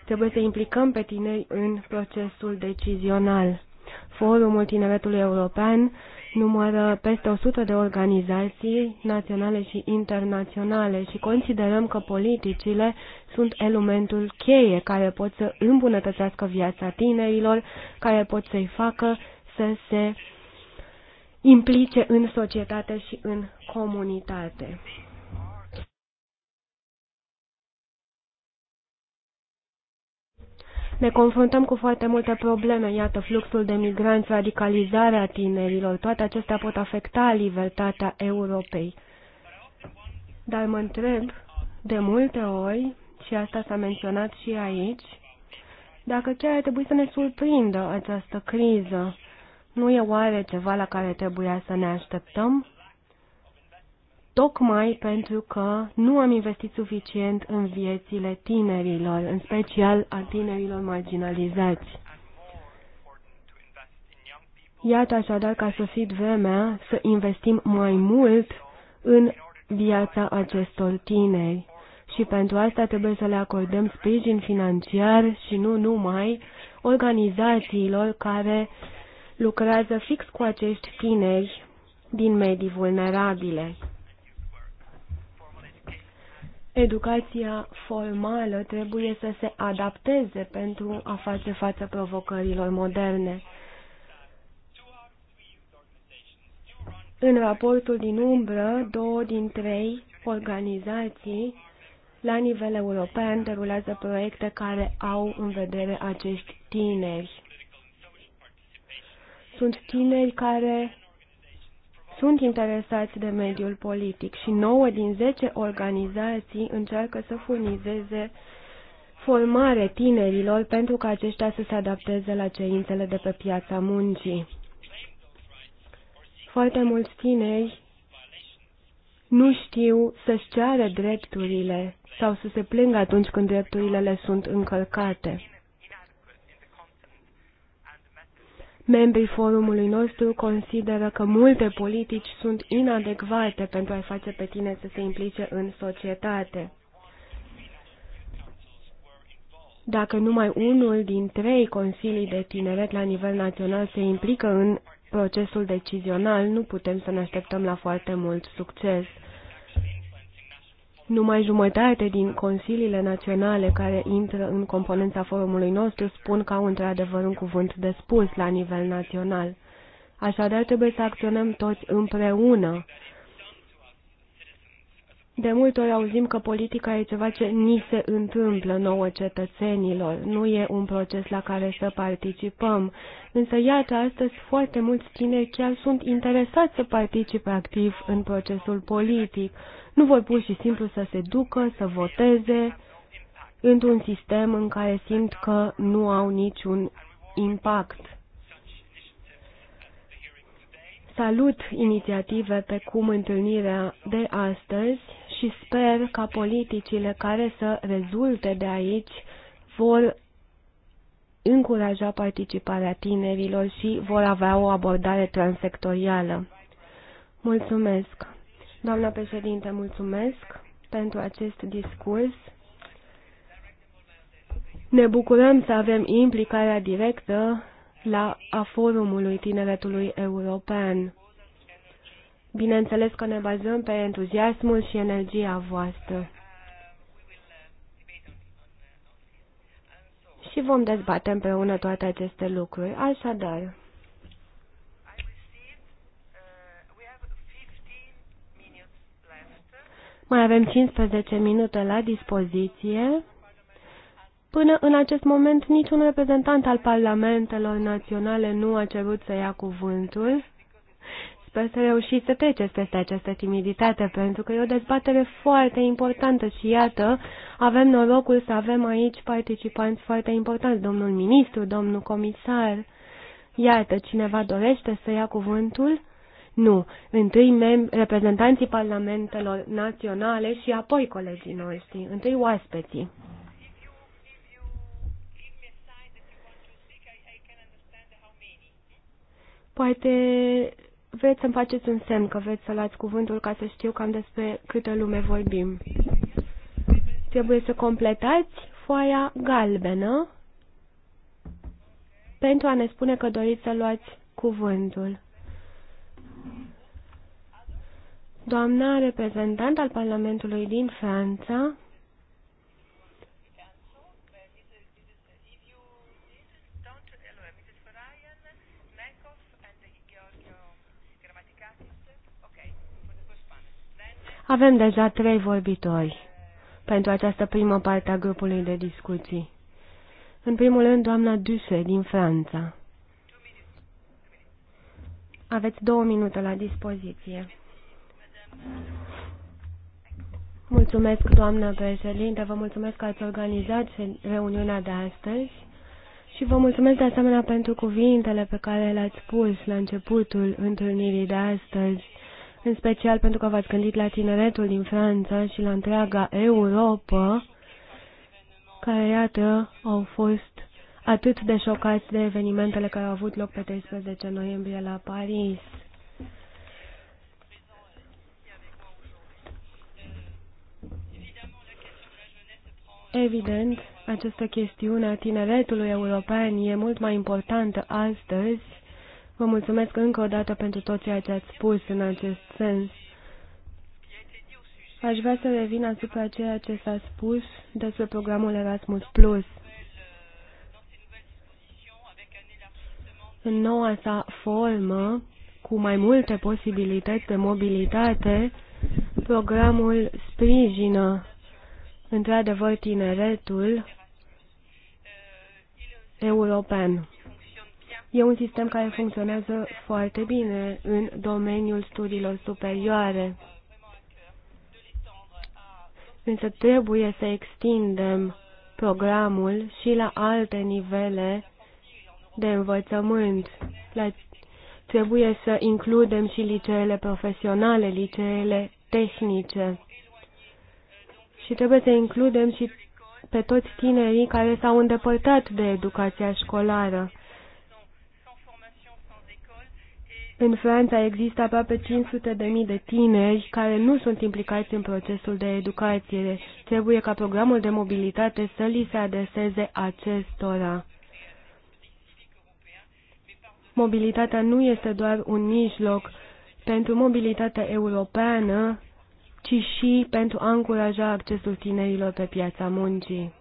Trebuie să implicăm pe tineri în procesul decizional. Forumul Tineretului European numără peste 100 de organizații naționale și internaționale și considerăm că politicile sunt elementul cheie care pot să îmbunătățească viața tinerilor, care pot să-i facă să se implice în societate și în comunitate. Ne confruntăm cu foarte multe probleme, iată, fluxul de migranți, radicalizarea tinerilor, toate acestea pot afecta libertatea Europei. Dar mă întreb, de multe ori, și asta s-a menționat și aici, dacă chiar ar trebui să ne surprindă această criză, nu e oare ceva la care trebuia să ne așteptăm? tocmai pentru că nu am investit suficient în viețile tinerilor, în special a tinerilor marginalizați. Iată așadar că a sosit vremea să investim mai mult în viața acestor tineri și pentru asta trebuie să le acordăm sprijin financiar și nu numai organizațiilor care lucrează fix cu acești tineri din medii vulnerabile. Educația formală trebuie să se adapteze pentru a face față provocărilor moderne. În raportul din umbră, două din trei organizații la nivel european derulează proiecte care au în vedere acești tineri. Sunt tineri care sunt interesați de mediul politic și 9 din 10 organizații încearcă să furnizeze formare tinerilor pentru ca aceștia să se adapteze la cerințele de pe piața muncii. Foarte mulți tineri nu știu să-și ceară drepturile sau să se plângă atunci când drepturile le sunt încălcate. Membrii forumului nostru consideră că multe politici sunt inadecvate pentru a face pe tine să se implice în societate. Dacă numai unul din trei consilii de tineret la nivel național se implică în procesul decizional, nu putem să ne așteptăm la foarte mult succes. Numai jumătate din consiliile naționale care intră în componența forumului nostru spun că au într-adevăr un cuvânt de spus la nivel național. Așadar, trebuie să acționăm toți împreună. De multe ori auzim că politica e ceva ce ni se întâmplă nouă cetățenilor, nu e un proces la care să participăm. Însă, iată, astăzi foarte mulți tineri chiar sunt interesați să participe activ în procesul politic nu vor pur și simplu să se ducă, să voteze într-un sistem în care simt că nu au niciun impact. Salut inițiative pe cum întâlnirea de astăzi și sper ca politicile care să rezulte de aici vor încuraja participarea tinerilor și vor avea o abordare transsectorială. Mulțumesc! Doamna președinte, mulțumesc pentru acest discurs. Ne bucurăm să avem implicarea directă la a forumului tineretului european. Bineînțeles că ne bazăm pe entuziasmul și energia voastră. Și vom dezbate împreună toate aceste lucruri. Așadar, Mai avem 15 minute la dispoziție. Până în acest moment, niciun reprezentant al parlamentelor naționale nu a cerut să ia cuvântul. Sper să reușiți să treceți peste această timiditate, pentru că e o dezbatere foarte importantă și iată, avem norocul să avem aici participanți foarte importanți, domnul ministru, domnul comisar. Iată, cineva dorește să ia cuvântul? Nu. Întâi mem- reprezentanții parlamentelor naționale și apoi colegii noștri, întâi oaspeții. Poate veți să-mi faceți un semn că veți să luați cuvântul ca să știu cam despre câtă lume vorbim. Trebuie să completați foaia galbenă pentru a ne spune că doriți să luați cuvântul. Doamna reprezentant al Parlamentului din Franța, Avem deja trei vorbitori pentru această primă parte a grupului de discuții. În primul rând, doamna Duse din Franța. Aveți două minute la dispoziție. Mulțumesc, doamnă președinte, vă mulțumesc că ați organizat reuniunea de astăzi și vă mulțumesc de asemenea pentru cuvintele pe care le-ați spus la începutul întâlnirii de astăzi, în special pentru că v-ați gândit la tineretul din Franța și la întreaga Europa, care, iată, au fost atât de șocați de evenimentele care au avut loc pe 13 noiembrie la Paris. Evident, această chestiune a tineretului european e mult mai importantă astăzi. Vă mulțumesc încă o dată pentru tot ceea ce ați spus în acest sens. Aș vrea să revin asupra ceea ce s-a spus despre programul Erasmus+. În noua sa formă, cu mai multe posibilități de mobilitate, programul sprijină într-adevăr, tineretul european. E un sistem care funcționează foarte bine în domeniul studiilor superioare. Însă trebuie să extindem programul și la alte nivele de învățământ. La, trebuie să includem și liceele profesionale, liceele tehnice și trebuie să includem și pe toți tinerii care s-au îndepărtat de educația școlară. În Franța există aproape 500 de mii de tineri care nu sunt implicați în procesul de educație. Trebuie ca programul de mobilitate să li se adreseze acestora. Mobilitatea nu este doar un mijloc. Pentru mobilitatea europeană ci și pentru a încuraja accesul tinerilor pe piața muncii.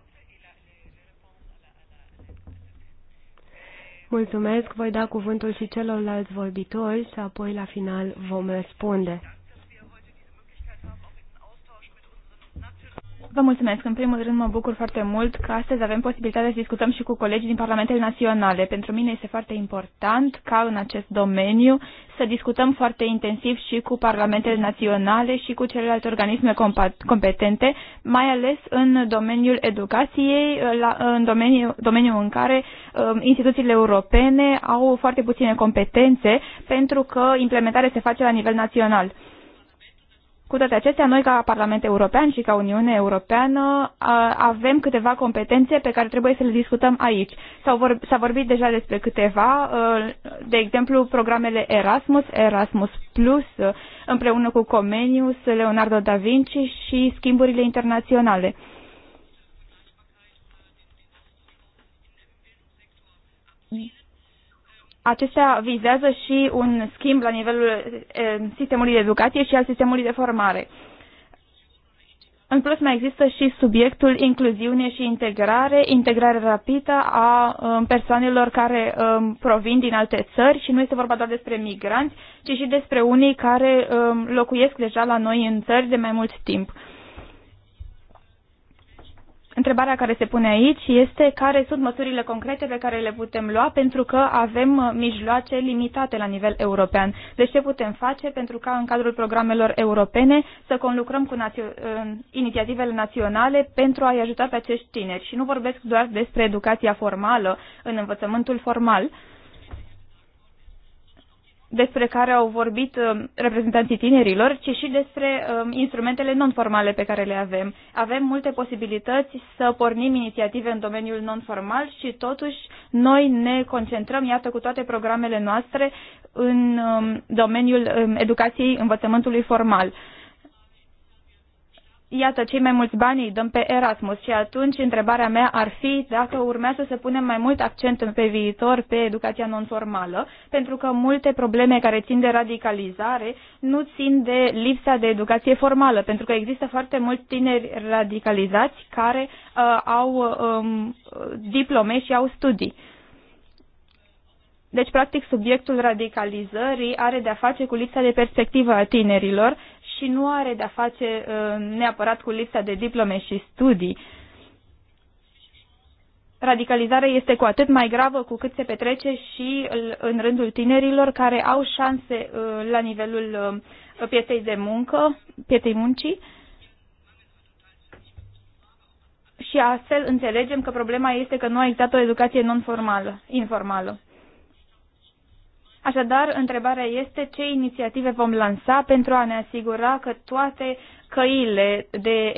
Mulțumesc, voi da cuvântul și celorlalți vorbitori și apoi la final vom răspunde. Vă mulțumesc. În primul rând mă bucur foarte mult că astăzi avem posibilitatea să discutăm și cu colegii din Parlamentele Naționale. Pentru mine este foarte important ca în acest domeniu să discutăm foarte intensiv și cu Parlamentele Naționale și cu celelalte organisme competente, mai ales în domeniul educației, în domeniu, domeniul în care um, instituțiile europene au foarte puține competențe pentru că implementarea se face la nivel național. Cu toate acestea, noi ca Parlament European și ca Uniune Europeană avem câteva competențe pe care trebuie să le discutăm aici. S-a vorbit deja despre câteva, de exemplu, programele Erasmus, Erasmus Plus, împreună cu Comenius, Leonardo da Vinci și schimburile internaționale acestea vizează și un schimb la nivelul eh, sistemului de educație și al sistemului de formare. În plus, mai există și subiectul incluziune și integrare, integrare rapidă a um, persoanelor care um, provin din alte țări și nu este vorba doar despre migranți, ci și despre unii care um, locuiesc deja la noi în țări de mai mult timp. Întrebarea care se pune aici este care sunt măsurile concrete pe care le putem lua pentru că avem mijloace limitate la nivel european. Deci ce putem face pentru ca în cadrul programelor europene să conlucrăm cu națio- inițiativele naționale pentru a-i ajuta pe acești tineri. Și nu vorbesc doar despre educația formală în învățământul formal, despre care au vorbit uh, reprezentanții tinerilor, ci și despre um, instrumentele non-formale pe care le avem. Avem multe posibilități să pornim inițiative în domeniul non-formal și totuși noi ne concentrăm, iată, cu toate programele noastre în um, domeniul um, educației învățământului formal iată, cei mai mulți bani îi dăm pe Erasmus și atunci întrebarea mea ar fi dacă urmează să punem mai mult accent pe viitor pe educația non-formală, pentru că multe probleme care țin de radicalizare nu țin de lipsa de educație formală, pentru că există foarte mulți tineri radicalizați care uh, au um, diplome și au studii. Deci, practic, subiectul radicalizării are de-a face cu lipsa de perspectivă a tinerilor și nu are de-a face uh, neapărat cu lipsa de diplome și studii. Radicalizarea este cu atât mai gravă cu cât se petrece și în rândul tinerilor care au șanse uh, la nivelul uh, pieței de muncă, pieței muncii. Și astfel înțelegem că problema este că nu a existat o educație non-formală, informală. Așadar, întrebarea este ce inițiative vom lansa pentru a ne asigura că toate căile de,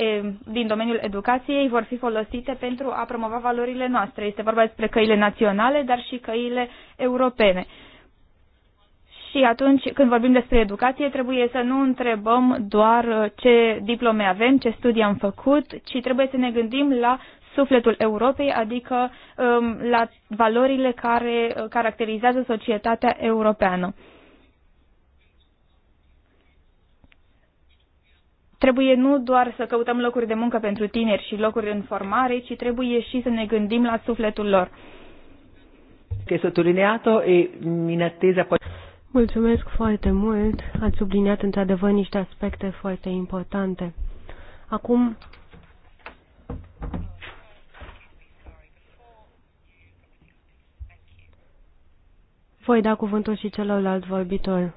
din domeniul educației vor fi folosite pentru a promova valorile noastre. Este vorba despre căile naționale, dar și căile europene. Și atunci când vorbim despre educație, trebuie să nu întrebăm doar ce diplome avem, ce studii am făcut, ci trebuie să ne gândim la sufletul Europei, adică um, la valorile care uh, caracterizează societatea europeană. Trebuie nu doar să căutăm locuri de muncă pentru tineri și locuri în formare, ci trebuie și să ne gândim la sufletul lor. Mulțumesc foarte mult. Ați subliniat într-adevăr niște aspecte foarte importante. Acum Voi da cuvântul și celălalt vorbitor.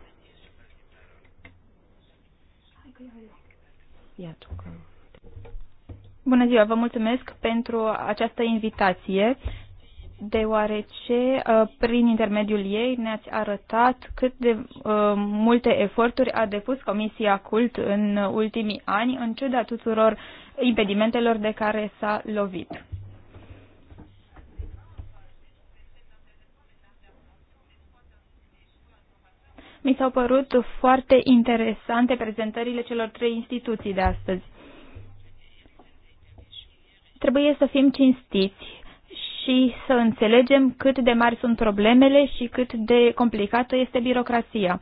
Bună ziua, vă mulțumesc pentru această invitație, deoarece uh, prin intermediul ei ne-ați arătat cât de uh, multe eforturi a depus Comisia Cult în ultimii ani, în ciuda tuturor impedimentelor de care s-a lovit. Mi s-au părut foarte interesante prezentările celor trei instituții de astăzi. Trebuie să fim cinstiți și să înțelegem cât de mari sunt problemele și cât de complicată este birocrația.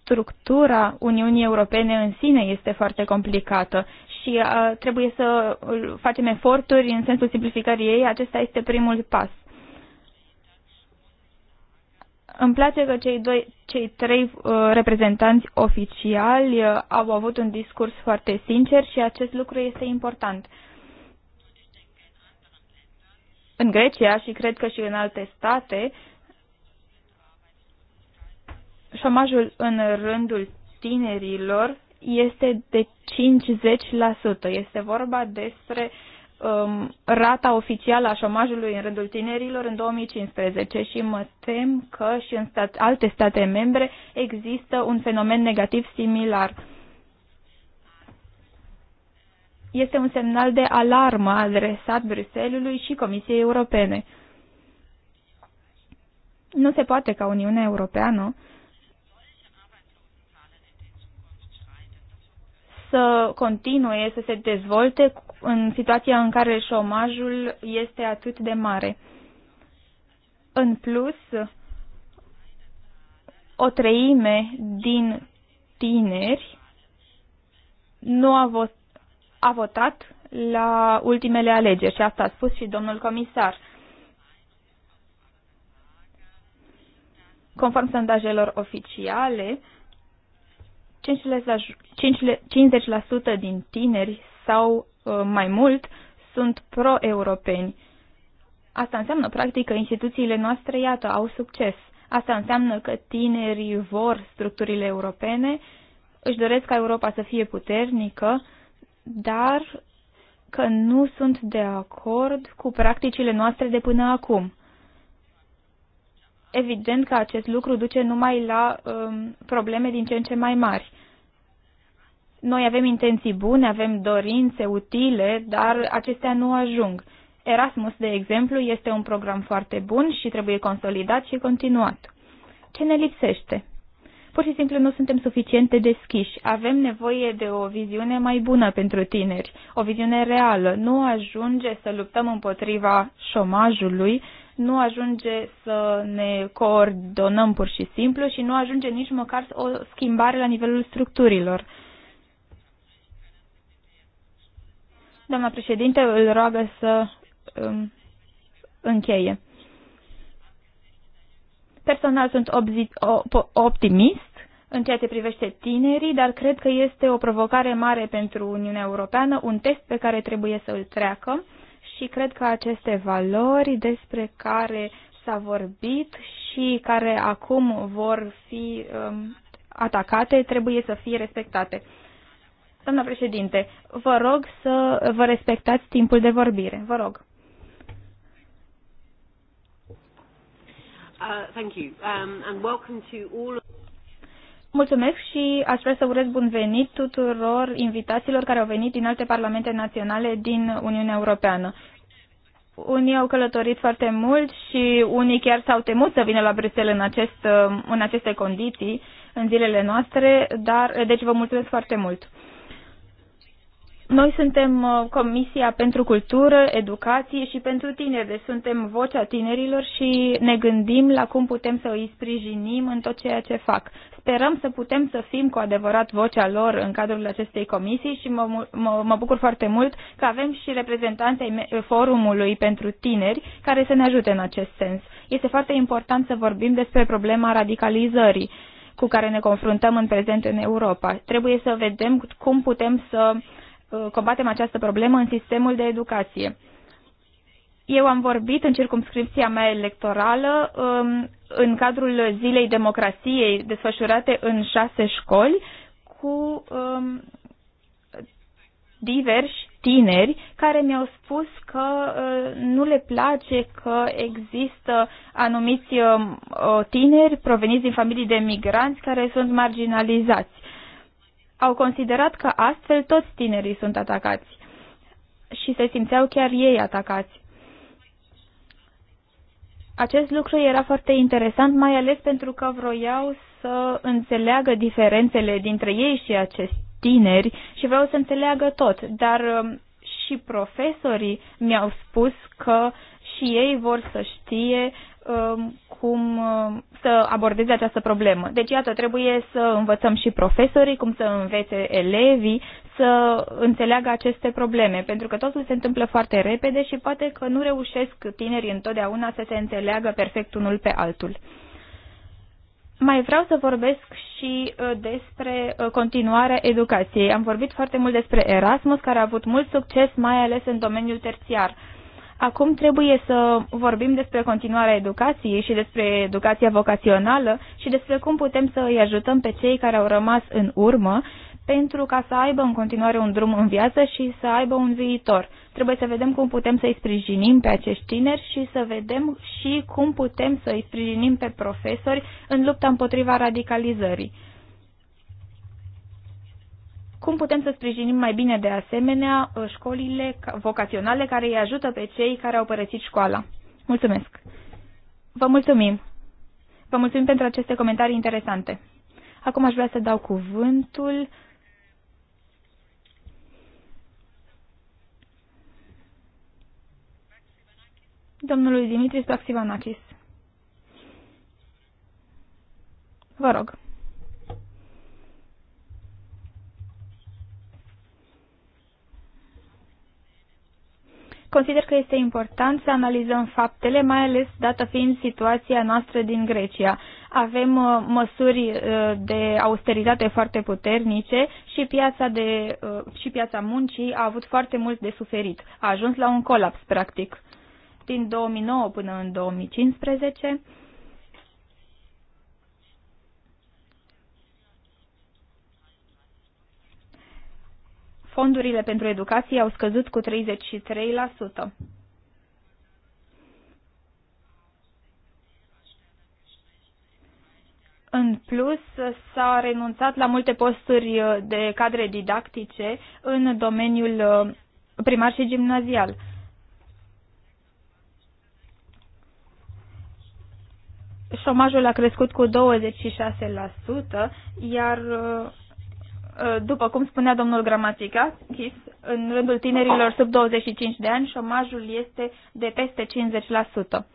Structura Uniunii Europene în sine este foarte complicată și uh, trebuie să facem eforturi în sensul simplificării ei. Acesta este primul pas. Îmi place că cei, doi, cei trei uh, reprezentanți oficiali uh, au avut un discurs foarte sincer și acest lucru este important. În Grecia și cred că și în alte state, șomajul în rândul tinerilor este de 50%. Este vorba despre uh, um, rata oficială a șomajului în rândul tinerilor în 2015 și mă tem că și în stat, alte state membre există un fenomen negativ similar. Este un semnal de alarmă adresat Bruselului și Comisiei Europene. Nu se poate ca Uniunea Europeană să continue să se dezvolte în situația în care șomajul este atât de mare. În plus, o treime din tineri nu a, vo- a votat la ultimele alegeri și asta a spus și domnul comisar. Conform sondajelor oficiale, 50% din tineri s-au Uh, mai mult sunt pro-europeni. Asta înseamnă, practic, că instituțiile noastre, iată, au succes. Asta înseamnă că tinerii vor structurile europene, își doresc ca Europa să fie puternică, dar că nu sunt de acord cu practicile noastre de până acum. Evident că acest lucru duce numai la um, probleme din ce în ce mai mari. Noi avem intenții bune, avem dorințe utile, dar acestea nu ajung. Erasmus, de exemplu, este un program foarte bun și trebuie consolidat și continuat. Ce ne lipsește? Pur și simplu nu suntem suficient de deschiși. Avem nevoie de o viziune mai bună pentru tineri, o viziune reală. Nu ajunge să luptăm împotriva șomajului, nu ajunge să ne coordonăm pur și simplu și nu ajunge nici măcar o schimbare la nivelul structurilor Doamna președinte îl roagă să um, încheie. Personal sunt optimist în ceea ce privește tinerii, dar cred că este o provocare mare pentru Uniunea Europeană, un test pe care trebuie să îl treacă și cred că aceste valori despre care s-a vorbit și care acum vor fi um, atacate trebuie să fie respectate. Doamna președinte, vă rog să vă respectați timpul de vorbire. Vă rog. Uh, thank you. Um, and welcome to all Mulțumesc și aș vrea să urez bun venit tuturor invitațiilor care au venit din alte parlamente naționale din Uniunea Europeană. Unii au călătorit foarte mult și unii chiar s-au temut să vină la Bruxelles în, acest, în aceste condiții, în zilele noastre, dar deci vă mulțumesc foarte mult. Noi suntem uh, Comisia pentru Cultură, Educație și pentru Tineri, deci suntem vocea tinerilor și ne gândim la cum putem să îi sprijinim în tot ceea ce fac. Sperăm să putem să fim cu adevărat vocea lor în cadrul acestei comisii și mă, mă, mă bucur foarte mult că avem și reprezentanții Forumului pentru Tineri care să ne ajute în acest sens. Este foarte important să vorbim despre problema radicalizării cu care ne confruntăm în prezent în Europa. Trebuie să vedem cum putem să uh, Uh, combatem această problemă în sistemul de educație. Eu am vorbit în circumscripția mea electorală um, în cadrul Zilei Democrației desfășurate în șase școli cu um, diversi tineri care mi-au spus că uh, nu le place că există anumiți um, uh, tineri proveniți din familii de migranți care sunt marginalizați au considerat că astfel toți tinerii sunt atacați și se simțeau chiar ei atacați. Acest lucru era foarte interesant, mai ales pentru că vroiau să înțeleagă diferențele dintre ei și acești tineri și vreau să înțeleagă tot, dar um, și profesorii mi-au spus că și ei vor să știe Um, cum um, să abordeze această problemă. Deci, iată, trebuie să învățăm și profesorii, cum să învețe elevii să înțeleagă aceste probleme, pentru că totul se întâmplă foarte repede și poate că nu reușesc tinerii întotdeauna să se înțeleagă perfect unul pe altul. Mai vreau să vorbesc și uh, despre uh, continuarea educației. Am vorbit foarte mult despre Erasmus, care a avut mult succes, mai ales în domeniul terțiar Acum trebuie să vorbim despre continuarea educației și despre educația vocațională și despre cum putem să îi ajutăm pe cei care au rămas în urmă pentru ca să aibă în continuare un drum în viață și să aibă un viitor. Trebuie să vedem cum putem să îi sprijinim pe acești tineri și să vedem și cum putem să îi sprijinim pe profesori în lupta împotriva radicalizării. Cum putem să sprijinim mai bine de asemenea uh, școlile vocaționale care îi ajută pe cei care au părăsit școala? Mulțumesc! Vă mulțumim! Vă mulțumim pentru aceste comentarii interesante. Acum aș vrea să dau cuvântul domnului Dimitris Plaxivanakis. Vă rog. consider că este important să analizăm faptele, mai ales dată fiind situația noastră din Grecia. Avem uh, măsuri uh, de austeritate foarte puternice și piața, de, uh, și piața muncii a avut foarte mult de suferit. A ajuns la un colaps, practic. Din 2009 până în 2015, fondurile pentru educație au scăzut cu 33%. În plus, s-a renunțat la multe posturi uh, de cadre didactice în domeniul uh, primar și gimnazial. Șomajul a crescut cu 26%, iar uh, Eh, după cum spunea domnul Chis, în rândul tinerilor sub 25 de ani șomajul este de peste 50%.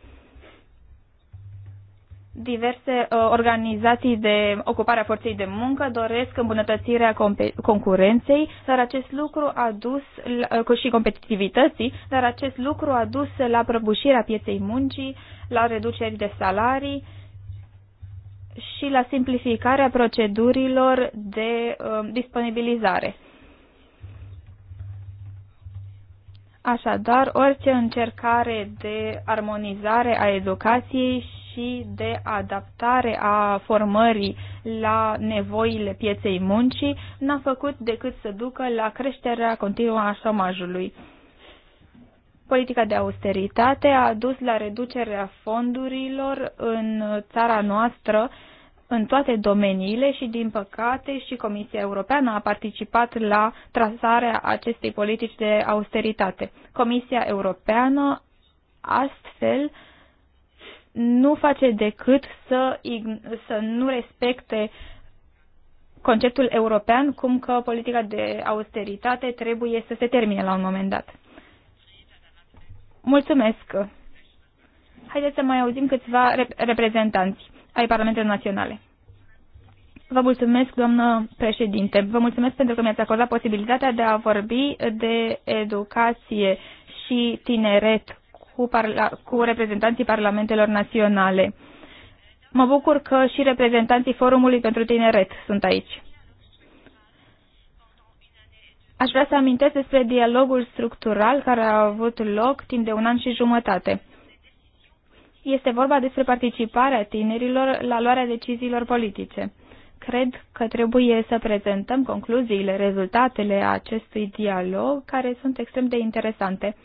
Diverse eh, organizații de ocupare a forței de muncă doresc îmbunătățirea concurenței, dar acest lucru a dus la, eh, și competitivității, dar acest lucru a dus la prăbușirea pieței muncii, la reduceri de salarii, și la simplificarea procedurilor de uh, disponibilizare. Așadar, orice încercare de armonizare a educației și de adaptare a formării la nevoile pieței muncii n-a făcut decât să ducă la creșterea continuă a șomajului. Politica de austeritate a dus la reducerea fondurilor în țara noastră în toate domeniile și, din păcate, și Comisia Europeană a participat la trasarea acestei politici de austeritate. Comisia Europeană, astfel, nu face decât să, să nu respecte conceptul european, cum că politica de austeritate trebuie să se termine la un moment dat. Mulțumesc! Haideți să mai auzim câțiva rep- reprezentanți ai Parlamentelor Naționale. Vă mulțumesc, doamnă președinte. Vă mulțumesc pentru că mi-ați acordat posibilitatea de a vorbi de educație și tineret cu, cu reprezentanții Parlamentelor Naționale. Mă bucur că și reprezentanții Forumului pentru Tineret sunt aici. Aș vrea să amintesc despre dialogul structural care a avut loc timp de un an și jumătate. Este vorba despre participarea tinerilor la luarea deciziilor politice. Cred că trebuie să prezentăm concluziile, rezultatele acestui dialog, care sunt extrem de interesante.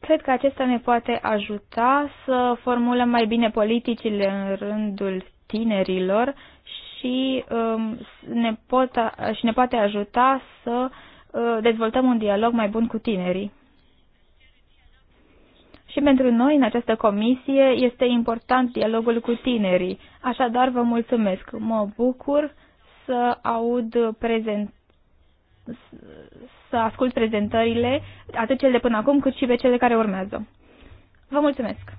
Cred că acesta ne poate ajuta să formulăm mai bine politicile în rândul tinerilor și, um, ne, pot, și ne poate ajuta să uh, dezvoltăm un dialog mai bun cu tinerii. Și pentru noi, în această comisie, este important dialogul cu tinerii. Așadar, vă mulțumesc. Mă bucur să aud prezent să ascult prezentările, atât cele de până acum, cât și pe cele care urmează. Vă mulțumesc!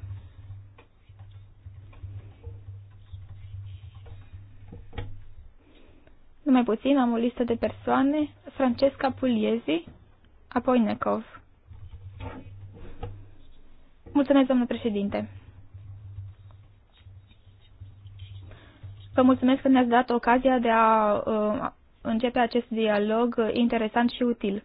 Numai puțin, am o listă de persoane. Francesca Puliezi, apoi Necov. Mulțumesc, domnule președinte. Vă mulțumesc că ne-ați dat ocazia de a uh, începe acest dialog interesant și util.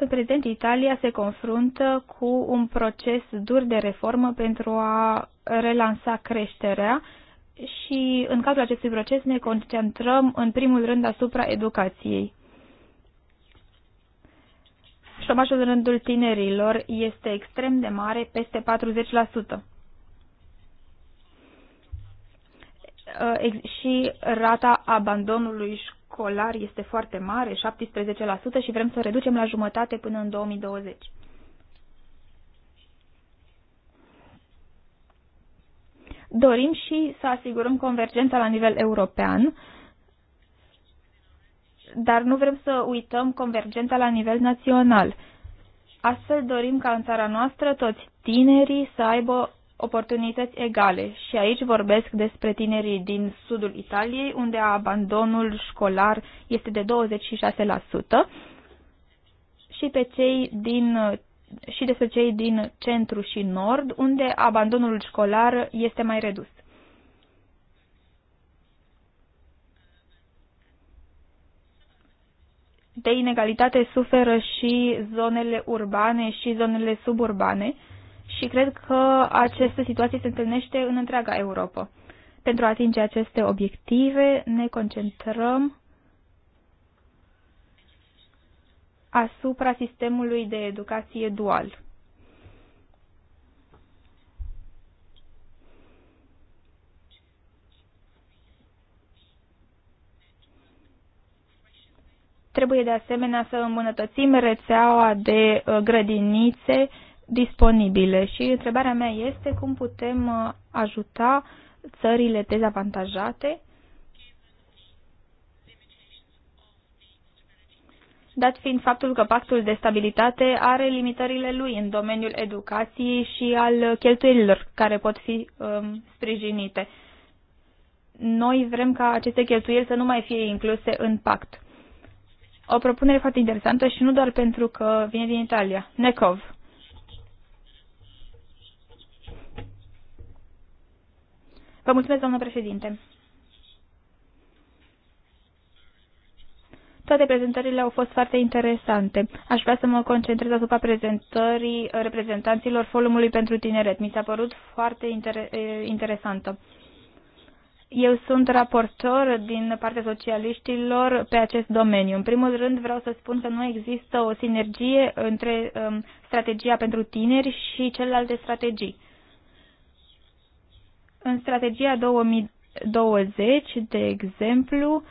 În prezent, Italia se confruntă cu un proces dur de reformă pentru a relansa creșterea și în cadrul acestui proces ne concentrăm în primul rând asupra educației. Șomajul în rândul tinerilor este extrem de mare, peste 40%. și rata abandonului școlar este foarte mare, 17%, și vrem să o reducem la jumătate până în 2020. Dorim și să asigurăm convergența la nivel european, dar nu vrem să uităm convergența la nivel național. Astfel dorim ca în țara noastră toți tinerii să aibă oportunități egale și aici vorbesc despre tinerii din sudul Italiei, unde abandonul școlar este de 26% și pe cei din și despre cei din centru și nord, unde abandonul școlar este mai redus. De inegalitate suferă și zonele urbane și zonele suburbane și cred că această situație se întâlnește în întreaga Europa. Pentru a atinge aceste obiective ne concentrăm asupra sistemului de educație dual. Trebuie de asemenea să îmbunătățim rețeaua de uh, grădinițe disponibile și întrebarea mea este cum putem uh, ajuta țările dezavantajate dat fiind faptul că pactul de stabilitate are limitările lui în domeniul educației și al cheltuielilor care pot fi um, sprijinite. Noi vrem ca aceste cheltuieli să nu mai fie incluse în pact. O propunere foarte interesantă și nu doar pentru că vine din Italia. Necov. Vă mulțumesc, doamnă președinte. Toate prezentările au fost foarte interesante. Aș vrea să mă concentrez asupra prezentării reprezentanților Forumului pentru Tineret. Mi s-a părut foarte inter- interesantă. Eu sunt raportor din partea socialiștilor pe acest domeniu. În primul rând vreau să spun că nu există o sinergie între um, strategia pentru tineri și celelalte strategii. În strategia 2020, de exemplu,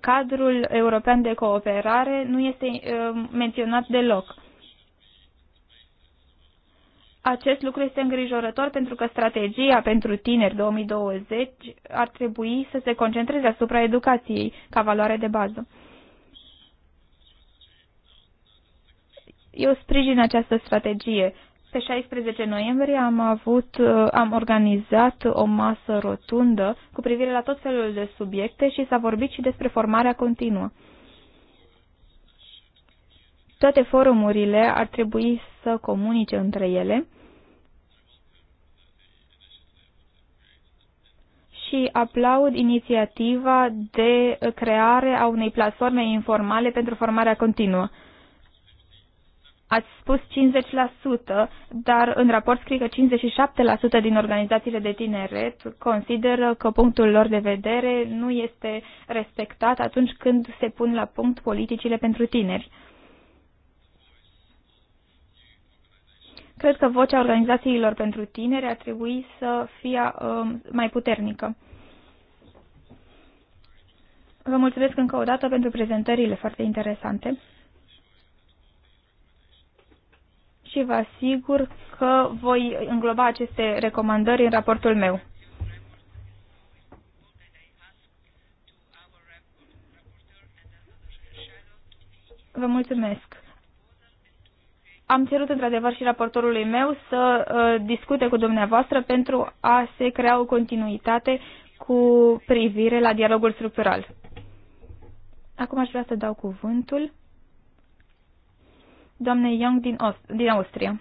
cadrul european de cooperare nu este uh, menționat deloc. Acest lucru este îngrijorător pentru că strategia pentru tineri 2020 ar trebui să se concentreze asupra educației ca valoare de bază. Eu sprijin această strategie pe 16 noiembrie am avut, uh, am organizat o masă rotundă cu privire la tot felul de subiecte și s-a vorbit și despre formarea continuă. Toate forumurile ar trebui să comunice între ele și aplaud inițiativa de creare a unei platforme informale pentru formarea continuă. Ați spus 50%, dar în raport scrie că 57% din organizațiile de tineret consideră că punctul lor de vedere nu este respectat atunci când se pun la punct politicile pentru tineri. Cred că vocea organizațiilor pentru tineri ar trebui să fie um, mai puternică. Vă mulțumesc încă o dată pentru prezentările foarte interesante. și vă asigur că voi îngloba aceste recomandări în raportul meu. Vă mulțumesc. Am cerut într-adevăr și raportorului meu să uh, discute cu dumneavoastră pentru a se crea o continuitate cu privire la dialogul structural. Acum aș vrea să dau cuvântul doamnei Young din, Aust din Austria.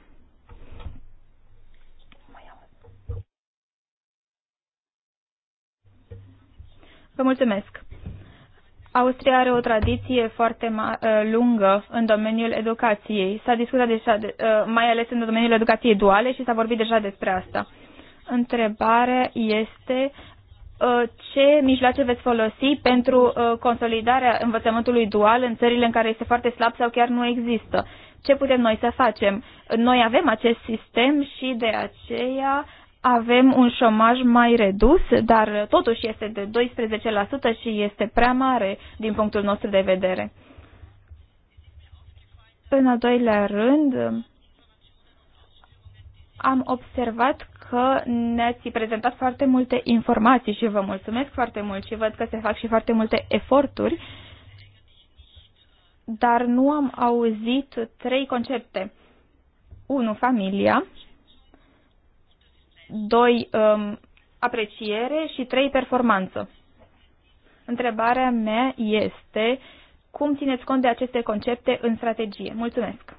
Vă mulțumesc! Austria are o tradiție foarte ă, lungă în domeniul educației. S-a discutat deja, de, ă, mai ales în domeniul educației duale și s-a vorbit deja despre asta. Întrebarea este ă, ce mijloace veți folosi pentru consolidarea învățământului dual în țările în care este foarte slab sau chiar nu există ce putem noi să facem? Noi avem acest sistem și de aceea avem un șomaj mai redus, dar totuși este de 12% și este prea mare din punctul nostru de vedere. În al doilea rând, am observat că ne-ați prezentat foarte multe informații și vă mulțumesc foarte mult și văd că se fac și foarte multe eforturi dar nu am auzit trei concepte. Unu, Familia. Doi, Um, apreciere și trei Performanță. Întrebarea mea este cum țineți cont de aceste concepte în strategie? Mulțumesc.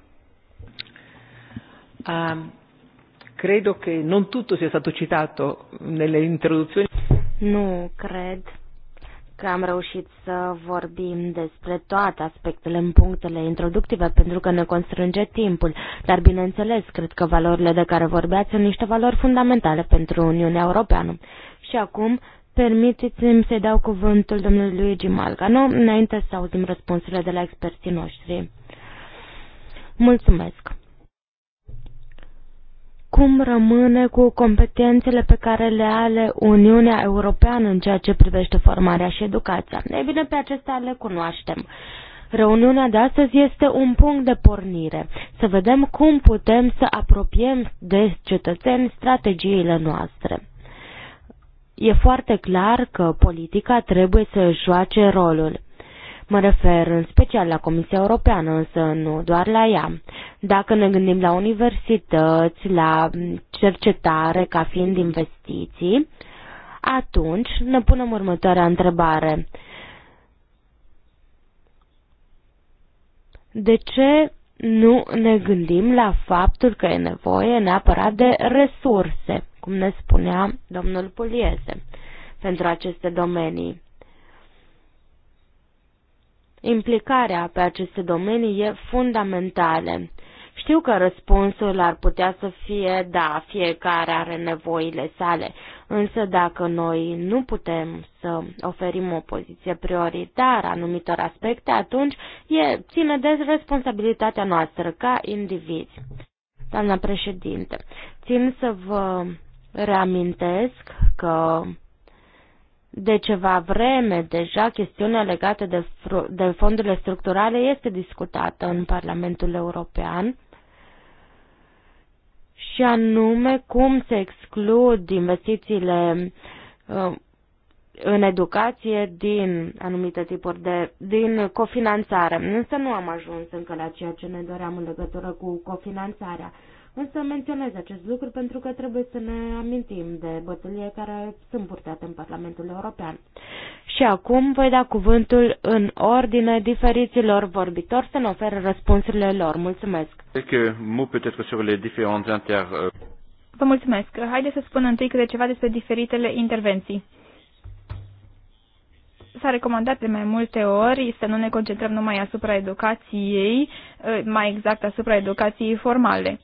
Um, credo că non tutto sia stato citato nelle introduzioni. Nu cred că am reușit să vorbim despre toate aspectele în punctele introductive, pentru că ne constrânge timpul. Dar, bineînțeles, cred că valorile de care vorbeați sunt niște valori fundamentale pentru Uniunea Europeană. Și acum, permiteți-mi să dau cuvântul domnului Luigi Malgano, înainte să auzim răspunsurile de la experții noștri. Mulțumesc! cum rămâne cu competențele pe care le are Uniunea Europeană în ceea ce privește formarea și educația. Ei bine, pe acestea le cunoaștem. Reuniunea de astăzi este un punct de pornire, să vedem cum putem să apropiem de cetățeni strategiile noastre. E foarte clar că politica trebuie să joace rolul. Mă refer în special la Comisia Europeană, însă nu doar la ea. Dacă ne gândim la universități, la cercetare ca fiind investiții, atunci ne punem următoarea întrebare. De ce nu ne gândim la faptul că e nevoie neapărat de resurse, cum ne spunea domnul Puliese, pentru aceste domenii? Implicarea pe aceste domenii e fundamentală. Știu că răspunsul ar putea să fie da, fiecare are nevoile sale, însă dacă noi nu putem să oferim o poziție prioritară anumitor aspecte, atunci e, ține de responsabilitatea noastră ca indivizi. Doamna președinte, țin să vă reamintesc că de ceva vreme deja chestiunea legată de, de fondurile structurale este discutată în Parlamentul European și anume cum se exclud investițiile uh, în educație din anumite tipuri de, din cofinanțare. Însă nu am ajuns încă la ceea ce ne doream în legătură cu cofinanțarea. Însă menționez acest lucru pentru că trebuie să ne amintim de bătălie care sunt purtate în Parlamentul European. Și acum voi da cuvântul în ordine diferiților vorbitori să ne oferă răspunsurile lor. Mulțumesc! Vă mulțumesc! Haideți să spun întâi câte ceva despre diferitele intervenții s-a recomandat de mai multe ori să nu ne concentrăm numai asupra educației, eh, mai exact asupra educației formale.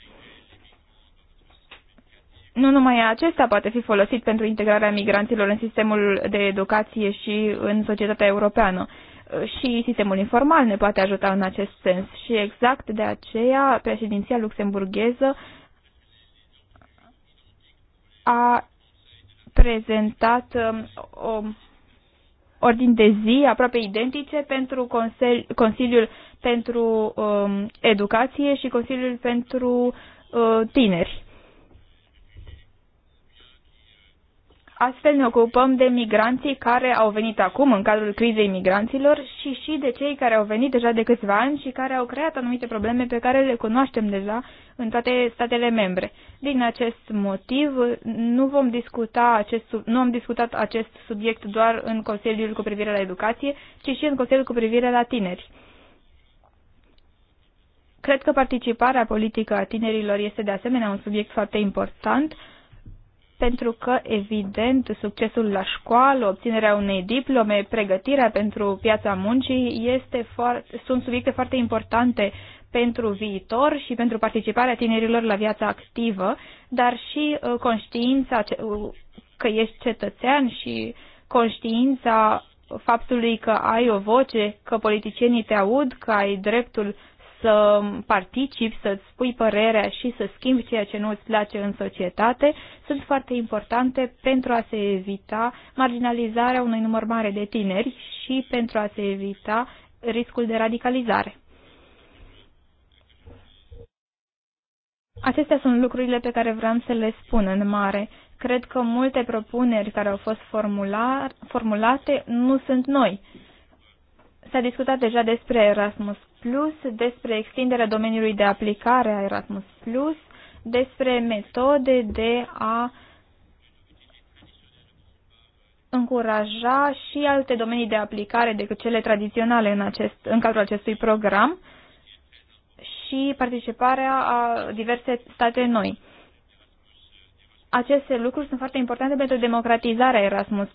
Nu numai acesta poate fi folosit pentru integrarea migranților în sistemul de educație și în societatea europeană. Și sistemul informal ne poate ajuta în acest sens. Și exact de aceea președinția luxemburgheză a prezentat um, o ordin de zi aproape identice pentru consel, Consiliul pentru um, Educație și Consiliul pentru uh, Tineri. Astfel ne ocupăm de migranții care au venit acum în cadrul crizei migranților și și de cei care au venit deja de câțiva ani și care au creat anumite probleme pe care le cunoaștem deja în toate statele membre. Din acest motiv, nu vom discuta acest, nu am discutat acest subiect doar în Consiliul cu privire la educație, ci și în Consiliul cu privire la tineri. Cred că participarea politică a tinerilor este de asemenea un subiect foarte important pentru că, evident, succesul la școală, obținerea unei diplome, pregătirea pentru piața muncii este foarte, sunt subiecte foarte importante pentru viitor și pentru participarea tinerilor la viața activă, dar și uh, conștiința uh, că ești cetățean și conștiința faptului că ai o voce, că politicienii te aud, că ai dreptul să participi, să-ți spui părerea și să schimbi ceea ce nu îți place în societate sunt foarte importante pentru a se evita marginalizarea unui număr mare de tineri și pentru a se evita riscul de radicalizare. Acestea sunt lucrurile pe care vreau să le spun în mare. Cred că multe propuneri care au fost formulate nu sunt noi. S-a discutat deja despre Erasmus Plus, despre extinderea domeniului de aplicare a Erasmus Plus, despre metode de a încuraja și alte domenii de aplicare decât cele tradiționale în, acest, în cadrul acestui program și participarea a diverse state noi. Aceste lucruri sunt foarte importante pentru democratizarea Erasmus+.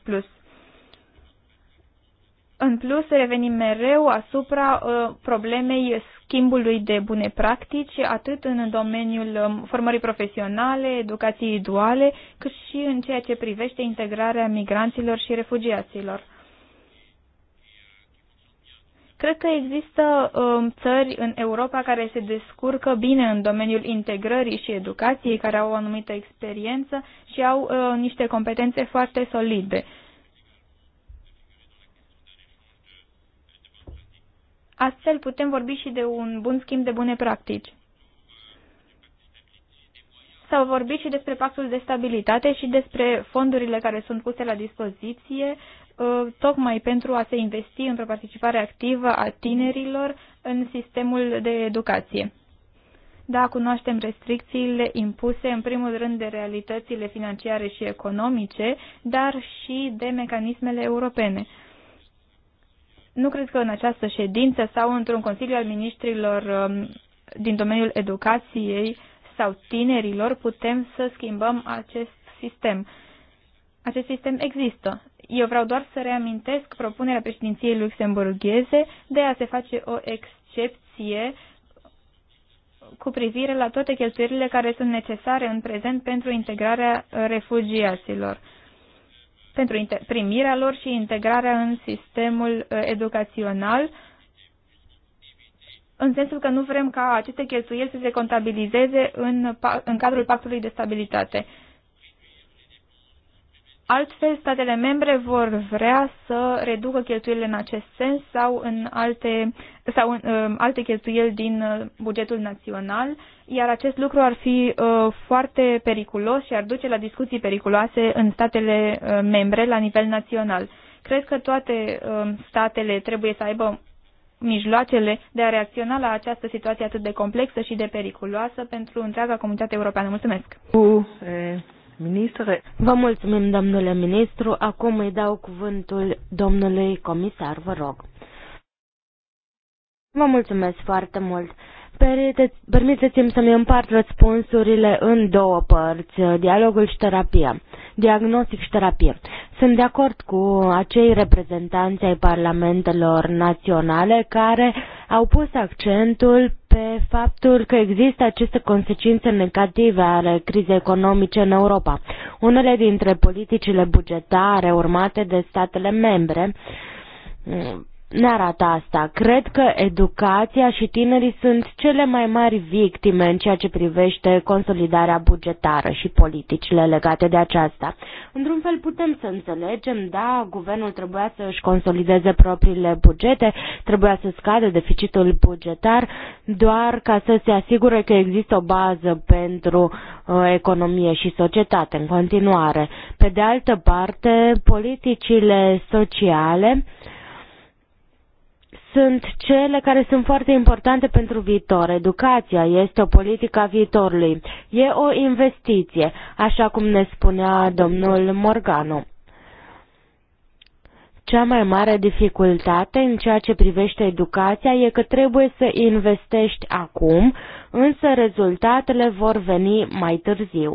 În plus, revenim mereu asupra uh, problemei schimbului de bune practici, atât în domeniul um, formării profesionale, educației duale, cât și în ceea ce privește integrarea migranților și refugiaților. Cred că există um, țări în Europa care se descurcă bine în domeniul integrării și educației, care au o anumită experiență și au uh, niște competențe foarte solide. Uh, Astfel putem vorbi și de un bun schimb de bune practici. S-au vorbit și despre pactul de stabilitate și despre fondurile care sunt puse la dispoziție ă, tocmai pentru a se investi într-o participare activă a tinerilor în sistemul de educație. Da, cunoaștem restricțiile impuse în primul rând de realitățile financiare și economice, dar și de mecanismele europene nu cred că în această ședință sau într-un consiliu al ministrilor um, din domeniul educației sau tinerilor putem să schimbăm acest sistem. Acest sistem există. Eu vreau doar să reamintesc propunerea președinției luxemburgheze de a se face o excepție cu privire la toate cheltuielile care sunt necesare în prezent pentru integrarea refugiaților pentru primirea lor și integrarea în sistemul uh, educațional, în sensul că nu vrem ca aceste cheltuieli să se contabilizeze în, în cadrul pactului de stabilitate. Altfel, statele membre vor vrea să reducă cheltuielile în acest sens sau în alte, sau în, uh, alte cheltuieli din uh, bugetul național, iar acest lucru ar fi uh, foarte periculos și ar duce la discuții periculoase în statele uh, membre la nivel național. Cred că toate uh, statele trebuie să aibă mijloacele de a reacționa la această situație atât de complexă și de periculoasă pentru întreaga comunitate europeană. Mulțumesc! Uh, uh. Ministre. Vă mulțumim, domnule ministru. Acum îi dau cuvântul domnului comisar, vă rog. Vă mulțumesc foarte mult. Permiteți-mi să-mi împart răspunsurile în două părți, uh, dialogul și terapia, diagnostic și terapie. Sunt de acord cu acei reprezentanți ai parlamentelor naționale care au pus accentul pe faptul că există aceste consecințe negative ale crizei economice în Europa. Unele dintre politicile bugetare urmate de statele membre mm, ne arată asta. Cred că educația și tinerii sunt cele mai mari victime în ceea ce privește consolidarea bugetară și politicile legate de aceasta. Într-un fel putem să înțelegem, da, guvernul trebuia să își consolideze propriile bugete, trebuia să scadă deficitul bugetar, doar ca să se asigure că există o bază pentru uh, economie și societate în continuare. Pe de altă parte, politicile sociale uh, sunt cele care sunt foarte importante pentru viitor. Educația este o politică a viitorului. E o investiție, așa cum ne spunea domnul Morgano. Cea mai mare dificultate în ceea ce privește educația e că trebuie să investești acum, însă rezultatele vor veni mai târziu.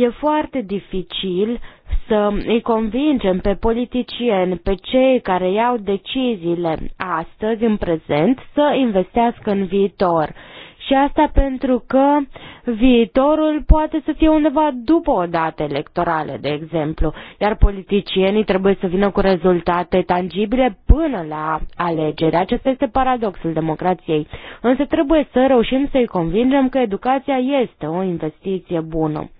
E foarte dificil să îi convingem pe politicieni, pe cei care iau deciziile astăzi, în prezent, să investească în viitor. Și asta pentru că viitorul poate să fie undeva după o dată electorală, de exemplu, iar politicienii trebuie să vină cu rezultate tangibile până la alegeri. Acesta este paradoxul democrației. Însă trebuie să reușim să-i convingem că educația este o investiție bună.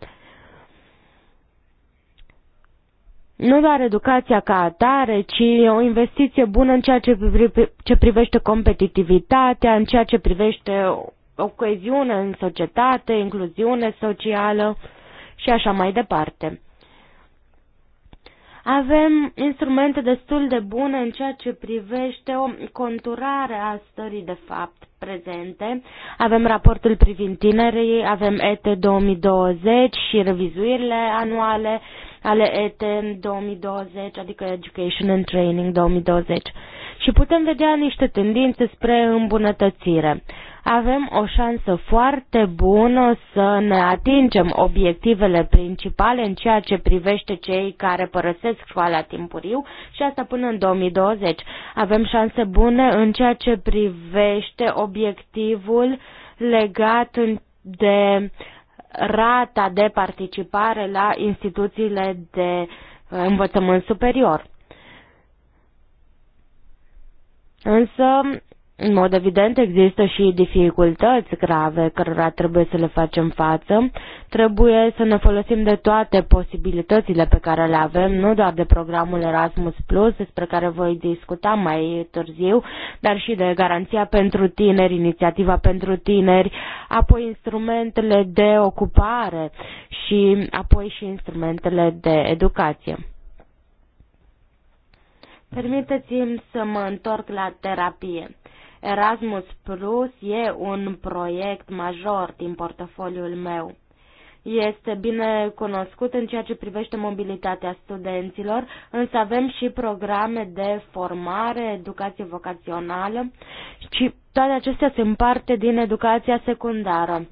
nu doar educația ca atare, ci o investiție bună în ceea ce, pri ce privește competitivitatea, în ceea ce privește o coeziune în societate, incluziune socială și așa mai departe. Avem instrumente destul de bune în ceea ce privește o conturare a stării de fapt prezente. Avem raportul privind tinerii, avem ET 2020 și revizuirile anuale, ale ETN 2020, adică Education and Training 2020. Și putem vedea niște tendințe spre îmbunătățire. Avem o șansă foarte bună să ne atingem obiectivele principale în ceea ce privește cei care părăsesc școala timpuriu și asta până în 2020. Avem șanse bune în ceea ce privește obiectivul legat de uh, rata de participare la instituțiile de uh, învățământ superior. Însă în mod evident există și dificultăți grave cărora trebuie să le facem față. Trebuie să ne folosim de toate posibilitățile pe care le avem, nu doar de programul Erasmus Plus, despre care voi discuta mai târziu, dar și de garanția pentru tineri, inițiativa pentru tineri, apoi instrumentele de ocupare și apoi și instrumentele de educație. Permiteți-mi să mă întorc la terapie. Erasmus Plus e un proiect major din portofoliul meu. Este bine cunoscut în ceea ce privește mobilitatea studenților, însă avem și programe de formare, educație vocațională și toate acestea sunt parte din educația secundară.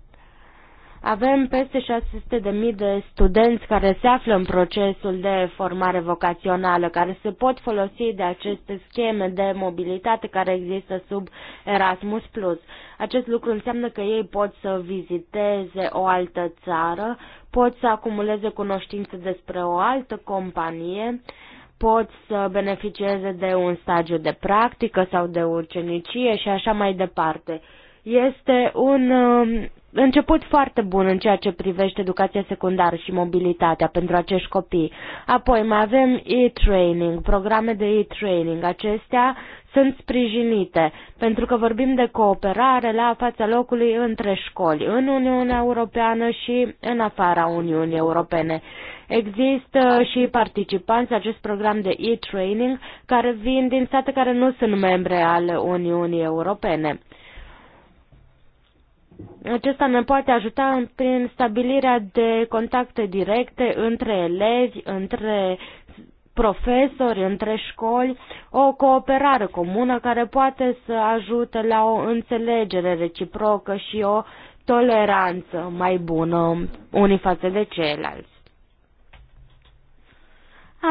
Avem peste 600.000 de, de studenți care se află în procesul de formare vocațională, care se pot folosi de aceste scheme de mobilitate care există sub Erasmus+. Acest lucru înseamnă că ei pot să viziteze o altă țară, pot să acumuleze cunoștințe despre o altă companie, pot să beneficieze de un stagiu de practică sau de ucenicie și așa mai departe. Este un um, început foarte bun în ceea ce privește educația secundară și mobilitatea pentru acești copii. Apoi mai avem e-training, programe de e-training. Acestea sunt sprijinite pentru că vorbim de cooperare la fața locului între școli, în Uniunea Europeană și în afara Uniunii Europene. Există și participanți la acest program de e-training care vin din state care nu sunt membre ale Uniunii Europene. Acesta ne poate ajuta prin stabilirea de contacte directe între elevi, între profesori, între școli, o cooperare comună care poate să ajute la o înțelegere reciprocă și o toleranță mai bună unii față de ceilalți.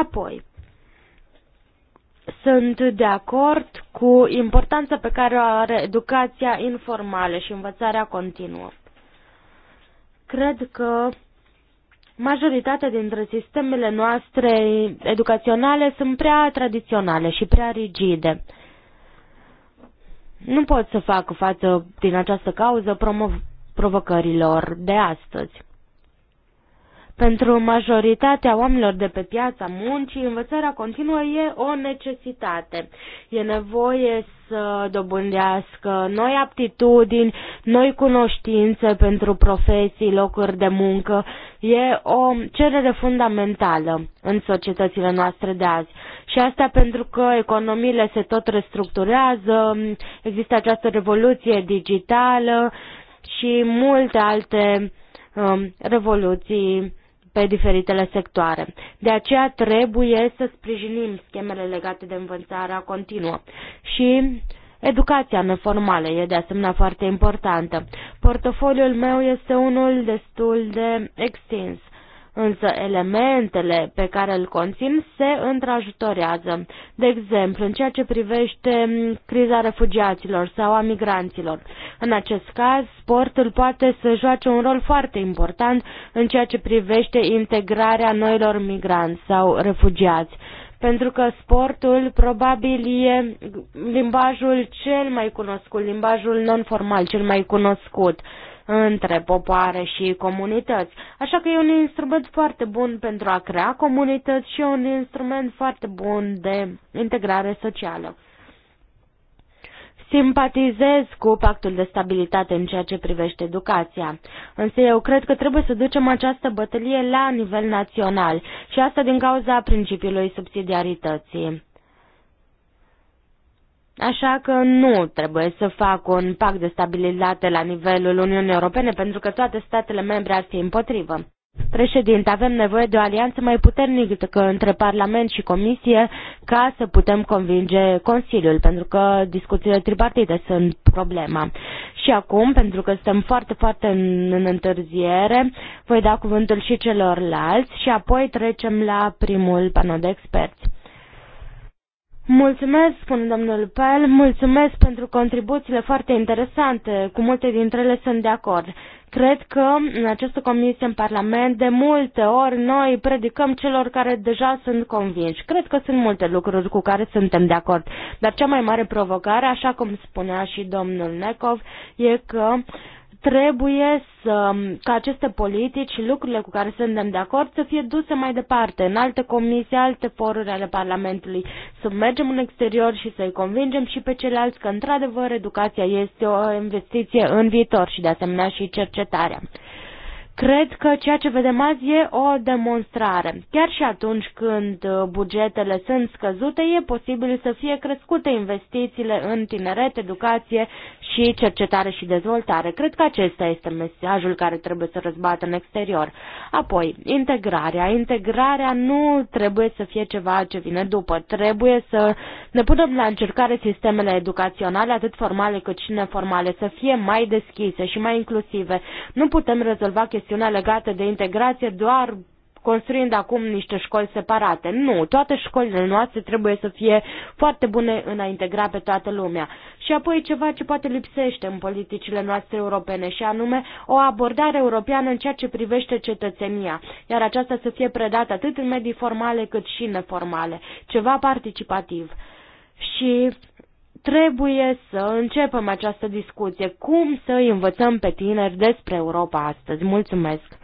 Apoi, sunt de acord cu importanța pe care o are educația informală și învățarea continuă. Cred că majoritatea dintre sistemele noastre educaționale sunt prea tradiționale și prea rigide. Nu pot să fac față din această cauză promov- provocărilor de astăzi. Pentru majoritatea oamenilor de pe piața muncii, învățarea continuă e o necesitate. E nevoie să dobândească noi aptitudini, noi cunoștințe pentru profesii, locuri de muncă. E o cerere fundamentală în societățile noastre de azi. Și asta pentru că economiile se tot restructurează, există această revoluție digitală și multe alte um, revoluții pe diferitele sectoare. De aceea trebuie să sprijinim schemele legate de învățarea continuă. Și Educația neformală e de asemenea foarte importantă. Portofoliul meu este unul destul de extins însă elementele pe care îl conțin se întrajutorează. De exemplu, în ceea ce privește criza refugiaților sau a migranților. În acest caz, sportul poate să joace un rol foarte important în ceea ce privește integrarea noilor migranți sau refugiați pentru că sportul probabil e limbajul cel mai cunoscut, limbajul non-formal cel mai cunoscut între popoare și comunități. Așa că e un instrument foarte bun pentru a crea comunități și un instrument foarte bun de integrare socială. Simpatizez cu pactul de stabilitate în ceea ce privește educația, însă eu cred că trebuie să ducem această bătălie la nivel național și asta din cauza principiului subsidiarității. Așa că nu trebuie să fac un pact de stabilitate la nivelul Uniunii Europene pentru că toate statele membre ar fi împotrivă. Președinte, avem nevoie de o alianță mai puternică între Parlament și Comisie ca să putem convinge Consiliul, pentru că discuțiile tripartite sunt problema. Și acum, pentru că suntem foarte, foarte în, în întârziere, voi da cuvântul și celorlalți și apoi trecem la primul panou de experți. Mulțumesc, spune domnul Pell. mulțumesc pentru contribuțiile foarte interesante, cu multe dintre ele sunt de acord. Cred că în această comisie în Parlament de multe ori noi predicăm celor care deja sunt convinși. Cred că sunt multe lucruri cu care suntem de acord. Dar cea mai mare provocare, așa cum spunea și domnul Necov, e că uh, trebuie să, ca aceste politici și lucrurile cu care suntem de acord să fie duse mai departe, în alte comisii, alte foruri ale Parlamentului, să mergem în exterior și să-i convingem și pe ceilalți că, într-adevăr, educația este o investiție în viitor și, de asemenea, și cercetarea. Cred că ceea ce vedem azi e o demonstrare. Chiar și atunci când uh, bugetele sunt scăzute, e posibil să fie crescute investițiile în tineret, educație și cercetare și dezvoltare. Cred că acesta este mesajul care trebuie să răzbată în exterior. Apoi, integrarea. Integrarea nu trebuie să fie ceva ce vine după. Trebuie să ne putem la încercare sistemele educaționale, atât formale cât și neformale, să fie mai deschise și mai inclusive. Nu putem rezolva chestiunea chestiunea legată de integrație doar construind acum niște școli separate. Nu, toate școlile noastre trebuie să fie foarte bune în a integra pe toată lumea. Și apoi ceva ce poate lipsește în politicile noastre europene și anume o abordare europeană în ceea ce privește cetățenia, iar aceasta să fie predată atât în medii formale cât și neformale, ceva participativ. Și Trebuie să începem această discuție. Cum să îi învățăm pe tineri despre Europa astăzi? Mulțumesc!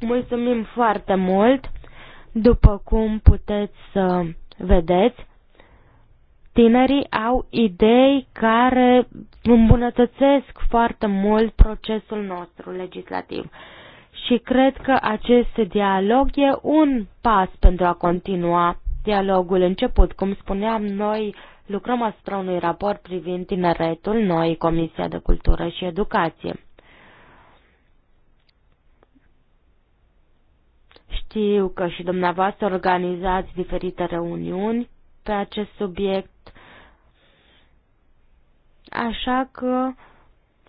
Mulțumim foarte mult! După cum puteți să vedeți, tinerii au idei care îmbunătățesc foarte mult procesul nostru legislativ. Și cred că acest dialog e un pas pentru a continua dialogul început. Cum spuneam, noi Lucrăm asupra unui raport privind tineretul, noi, Comisia de Cultură și Educație. Știu că și dumneavoastră organizați diferite reuniuni pe acest subiect, așa că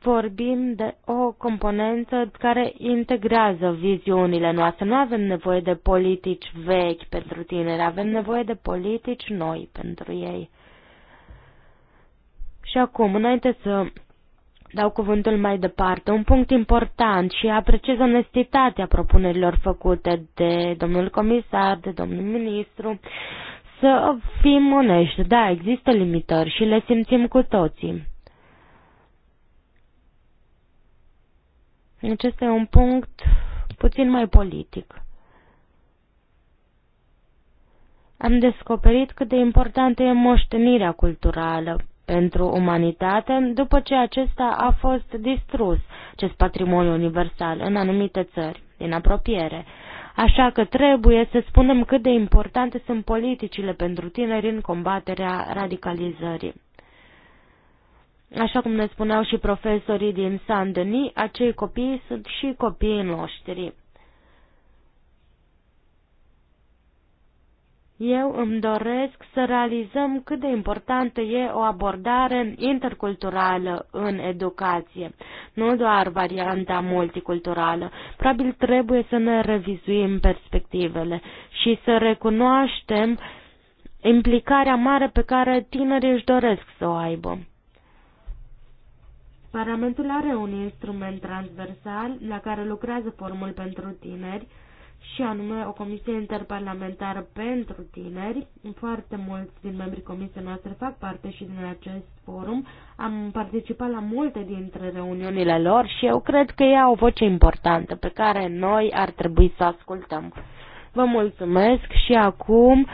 vorbim de o componentă care integrează viziunile noastre. Nu avem nevoie de politici vechi pentru tineri, avem nevoie de politici noi pentru ei. Și acum, înainte să dau cuvântul mai departe, un punct important și apreciez onestitatea propunerilor făcute de domnul comisar, de domnul ministru, să fim onești. Da, există limitări și le simțim cu toții. Acesta deci e un punct puțin mai politic. Am descoperit cât de importantă e moștenirea culturală pentru umanitate, după ce acesta a fost distrus, acest patrimoniu universal, în anumite țări din apropiere. Așa că trebuie să spunem cât de importante sunt politicile pentru tineri în combaterea radicalizării. Așa cum ne spuneau și profesorii din Saint-Denis, acei copii sunt și copiii noștri. Eu îmi doresc să realizăm cât de importantă e o abordare interculturală în educație, nu doar varianta multiculturală. Probabil trebuie să ne revizuim perspectivele și să recunoaștem implicarea mare pe care tinerii își doresc să o aibă. Parlamentul are un instrument transversal la care lucrează formul pentru tineri, și anume o comisie interparlamentară pentru tineri. Foarte mulți din membrii comisiei noastre fac parte și din acest forum. Am participat la multe dintre reuniunile lor și eu cred că ea au o voce importantă pe care noi ar trebui să ascultăm. Vă mulțumesc și acum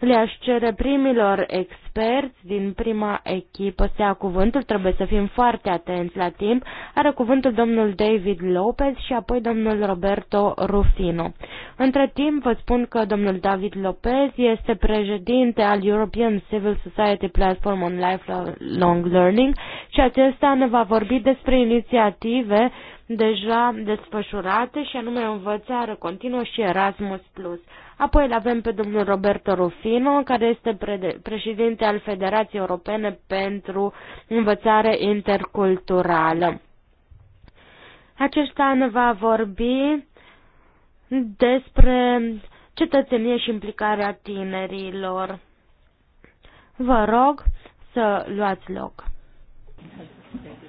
le-aș cere primilor experți din prima echipă să ia cuvântul, trebuie să fim foarte atenți la timp. Are cuvântul domnul David Lopez și apoi domnul Roberto Rufino. Între timp vă spun că domnul David Lopez este președinte al European Civil Society Platform on Lifelong Learning și acesta ne va vorbi despre inițiative deja desfășurate și anume învățare continuă și Erasmus+. Apoi îl avem pe domnul Roberto Rufino, care este președinte al Federației Europene pentru Învățare Interculturală. Acesta ne va vorbi despre cetățenie și implicarea tinerilor. Vă rog să luați loc. Thank you.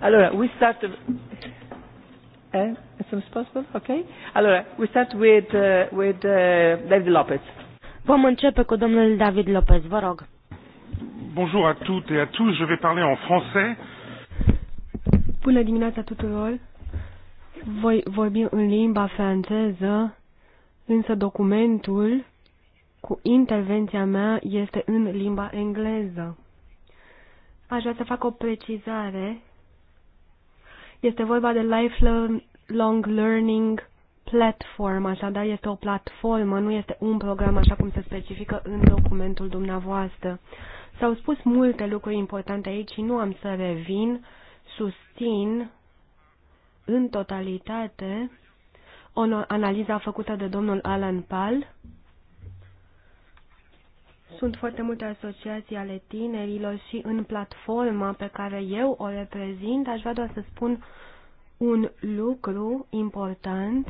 Allora, we start. Eh? As soon as possible, okay? Allora, we start with, uh, with uh, David Lopez. Vom începe cu domnul David Lopez, vă rog. Bonjour à toutes et à tous, je vais parler en français. Bună dimineața tuturor. Voi vorbi în limba franceză, însă documentul cu intervenția mea este în limba engleză. Aș vrea să fac o precizare este vorba de Lifelong Learning Platform, așadar este o platformă, nu este un program așa cum se specifică în documentul dumneavoastră. S-au spus multe lucruri importante aici și nu am să revin, susțin în totalitate o analiza făcută de domnul Alan Pal sunt foarte multe asociații ale tinerilor și în platforma pe care eu o reprezint, aș vrea doar să spun un lucru important.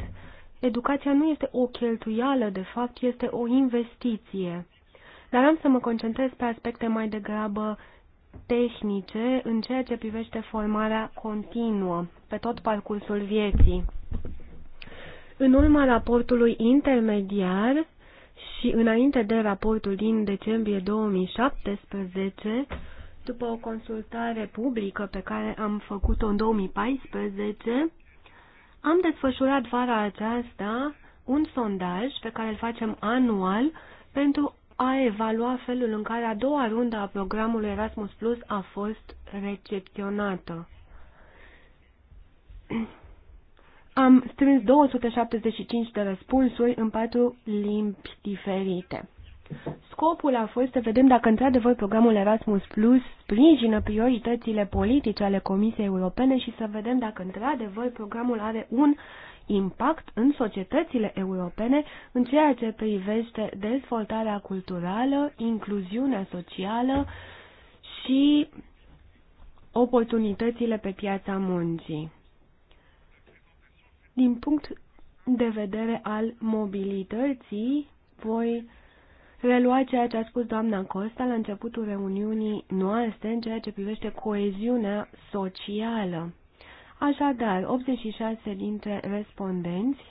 Educația nu este o cheltuială, de fapt, este o investiție. Dar am să mă concentrez pe aspecte mai degrabă tehnice în ceea ce privește formarea continuă pe tot parcursul vieții. În urma raportului intermediar, și înainte de raportul din decembrie 2017, după o consultare publică pe care am făcut-o în 2014, am desfășurat vara aceasta un sondaj pe care îl facem anual pentru a evalua felul în care a doua rundă a programului Erasmus Plus a fost recepționată. Am strâns 275 de răspunsuri în patru limbi diferite. Scopul a fost să vedem dacă într-adevăr programul Erasmus Plus sprijină prioritățile politice ale Comisiei Europene și să vedem dacă într-adevăr programul are un impact în societățile europene în ceea ce privește dezvoltarea culturală, incluziunea socială și oportunitățile pe piața muncii. Din punct de vedere al mobilității, voi relua ceea ce a spus doamna Costa la începutul reuniunii noastre în ceea ce privește coeziunea socială. Așadar, 86 dintre respondenți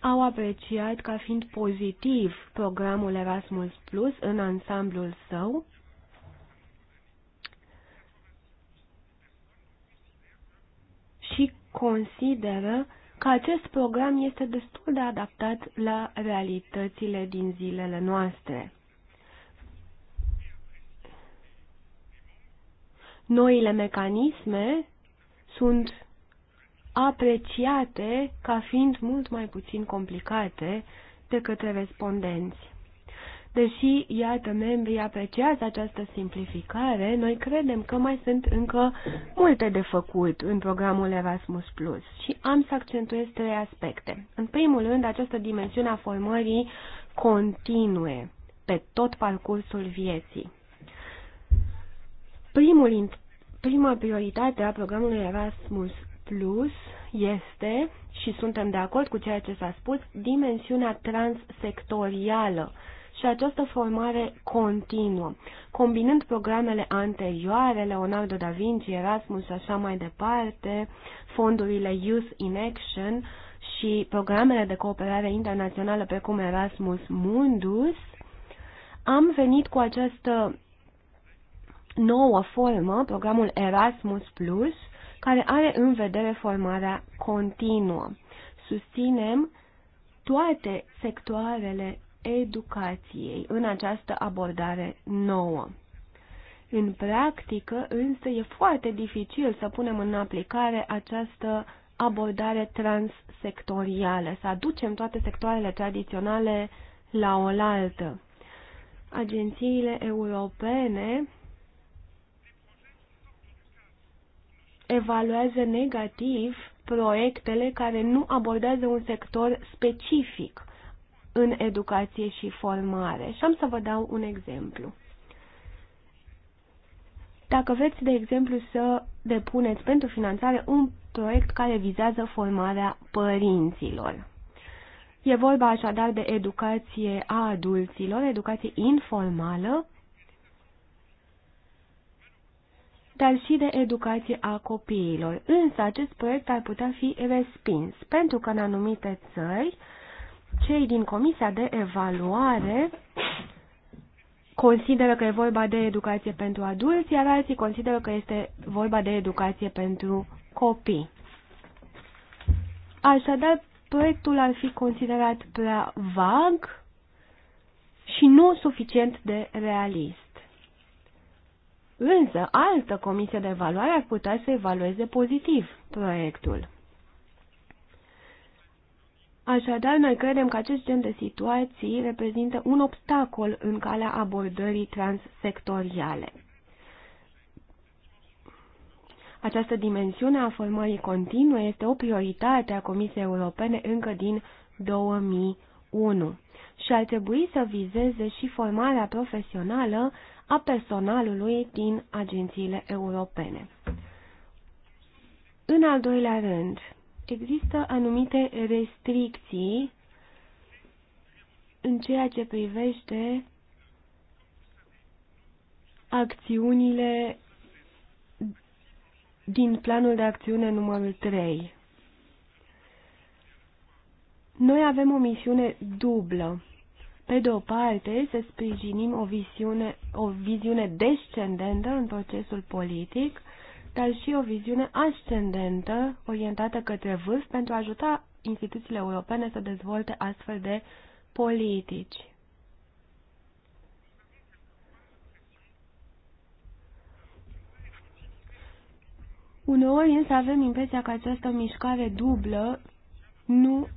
au apreciat ca fiind pozitiv programul Erasmus Plus în ansamblul său, și consideră că acest program este destul de adaptat la realitățile din zilele noastre. Noile mecanisme sunt apreciate ca fiind mult mai puțin complicate de către respondenți. Deși, iată, membrii apreciază această simplificare, noi credem că mai sunt încă multe de făcut în programul Erasmus Plus și am să accentuez trei aspecte. În primul rând, această dimensiune a formării continue pe tot parcursul vieții. Primul, prima prioritate a programului Erasmus Plus este, și suntem de acord cu ceea ce s-a spus, dimensiunea transsectorială și această formare continuă, combinând programele anterioare, Leonardo da Vinci, Erasmus și așa mai departe, fondurile Youth in Action și programele de cooperare internațională precum Erasmus Mundus, am venit cu această nouă formă, programul Erasmus Plus, care are în vedere formarea continuă. Susținem toate sectoarele educației în această abordare nouă. În practică, însă, e foarte dificil să punem în aplicare această abordare transsectorială, să aducem toate sectoarele tradiționale la oaltă. Agențiile europene evaluează negativ proiectele care nu abordează un sector specific în educație și formare. Și am să vă dau un exemplu. Dacă vreți, de exemplu, să depuneți pentru finanțare un proiect care vizează formarea părinților. E vorba așadar de educație a adulților, educație informală, dar și de educație a copiilor. Însă acest proiect ar putea fi respins, pentru că în anumite țări cei din Comisia de Evaluare consideră că e vorba de educație pentru adulți, iar alții consideră că este vorba de educație pentru copii. Așadar, proiectul ar fi considerat prea vag și nu suficient de realist. Însă, altă comisie de evaluare ar putea să evalueze pozitiv proiectul. Așadar, noi credem că acest gen de situații reprezintă un obstacol în calea abordării transsectoriale. Această dimensiune a formării continue este o prioritate a Comisiei Europene încă din 2001 și ar trebui să vizeze și formarea profesională a personalului din agențiile europene. În al doilea rând, Există anumite restricții în ceea ce privește acțiunile din planul de acțiune numărul 3. Noi avem o misiune dublă. Pe de o parte, să sprijinim o visiune, o viziune descendentă în procesul politic dar și o viziune ascendentă orientată către vârf pentru a ajuta instituțiile europene să dezvolte astfel de politici. Uneori însă avem impresia că această mișcare dublă nu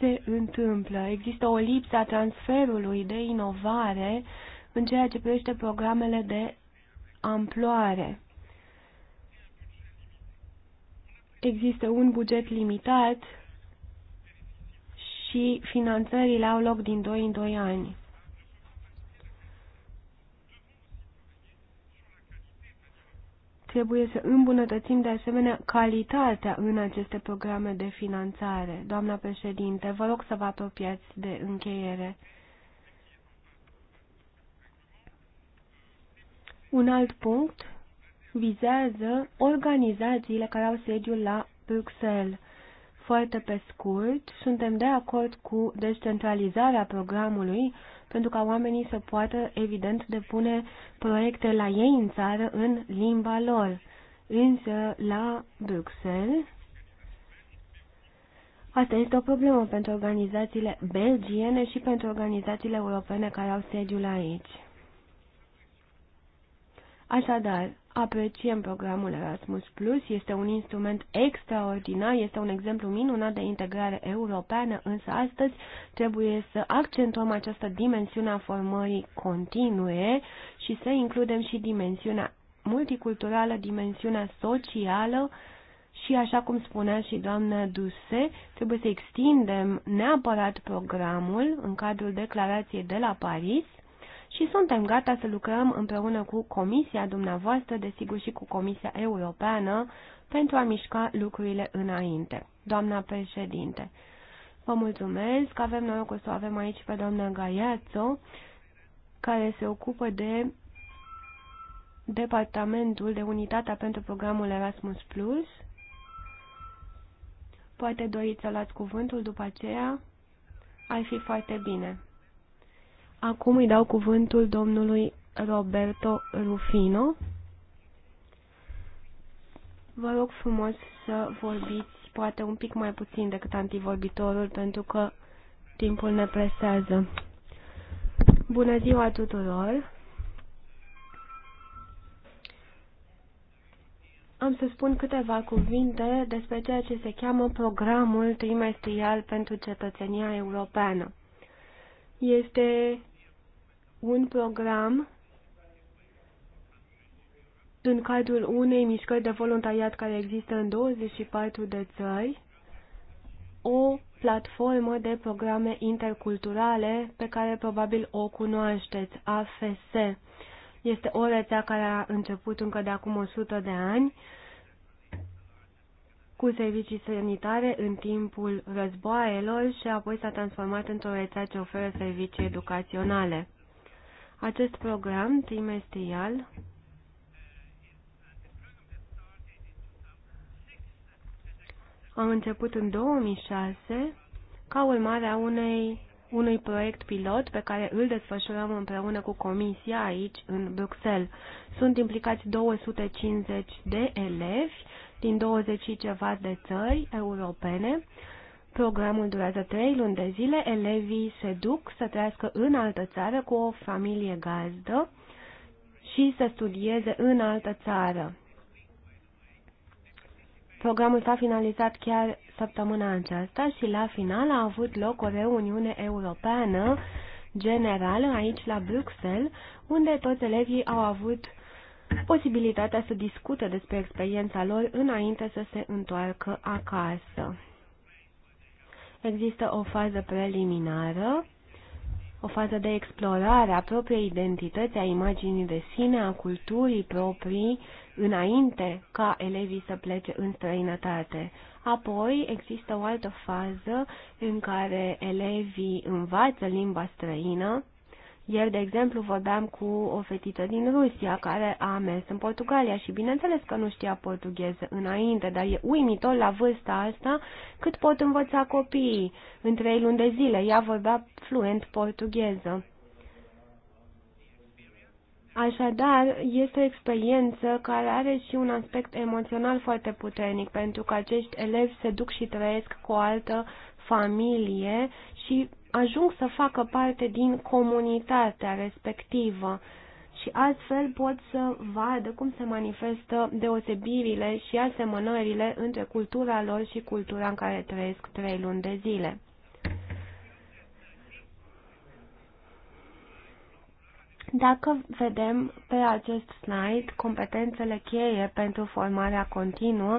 se întâmplă. Există o lipsă a transferului de inovare în ceea ce privește programele de amploare. există un buget limitat și finanțările au loc din 2 în 2 ani. Trebuie să îmbunătățim de asemenea calitatea în aceste programe de finanțare. Doamna președinte, vă rog să vă apropiați de încheiere. Un alt punct vizează organizațiile care au sediul la Bruxelles. Foarte pe scurt, suntem de acord cu descentralizarea programului pentru ca oamenii să poată, evident, depune proiecte la ei în țară în limba lor. Însă, la Bruxelles, asta este o problemă pentru organizațiile belgiene și pentru organizațiile europene care au sediul aici. Așadar, Apreciem programul Erasmus Plus, este un instrument extraordinar, este un exemplu minunat de integrare europeană, însă astăzi trebuie să accentuăm această dimensiune a formării continue și să includem și dimensiunea multiculturală, dimensiunea socială și, așa cum spunea și doamna Duse, trebuie să extindem neapărat programul în cadrul declarației de la Paris – și suntem gata să lucrăm împreună cu Comisia dumneavoastră, desigur și cu Comisia Europeană, pentru a mișca lucrurile înainte. Doamna președinte, vă mulțumesc, că avem norocul să o avem aici pe doamna Gaiațo, care se ocupă de departamentul de unitatea pentru programul Erasmus+. Plus. Poate doriți să luați cuvântul după aceea? Ar fi foarte bine. Acum îi dau cuvântul domnului Roberto Rufino. Vă rog frumos să vorbiți poate un pic mai puțin decât antivorbitorul, pentru că timpul ne presează. Bună ziua tuturor! Am să spun câteva cuvinte despre ceea ce se cheamă programul trimestrial pentru cetățenia europeană. Este un program în cadrul unei mișcări de voluntariat care există în 24 de țări, o platformă de programe interculturale pe care probabil o cunoașteți, AFS. Este o rețea care a început încă de acum 100 de ani cu servicii sanitare în timpul războaielor și apoi s-a transformat într-o rețea ce oferă servicii educaționale. Acest program trimestrial a început în 2006 ca urmare a unei, unui proiect pilot pe care îl desfășurăm împreună cu Comisia aici în Bruxelles. Sunt implicați 250 de elevi din 20 și ceva de țări europene Programul durează trei luni de zile, elevii se duc să trăiască în altă țară cu o familie gazdă și să studieze în altă țară. Programul s-a finalizat chiar săptămâna aceasta și la final a avut loc o reuniune europeană generală aici la Bruxelles, unde toți elevii au avut posibilitatea să discute despre experiența lor înainte să se întoarcă acasă există o fază preliminară, o fază de explorare a propriei identități, a imaginii de sine, a culturii proprii, înainte ca elevii să plece în străinătate. Apoi există o altă fază în care elevii învață limba străină, ieri, de exemplu, vorbeam cu o fetiță din Rusia care a mers în Portugalia și bineînțeles că nu știa portugheză înainte, dar e uimitor la vârsta asta cât pot învăța copiii. În trei luni de zile ea vorbea fluent portugheză. Așadar, este o experiență care are și un aspect emoțional foarte puternic, pentru că acești elevi se duc și trăiesc cu o altă familie și ajung să facă parte din comunitatea respectivă și astfel pot să vadă cum se manifestă deosebirile și asemănările între cultura lor și cultura în care trăiesc trei luni de zile. Dacă vedem pe acest slide competențele cheie pentru formarea continuă,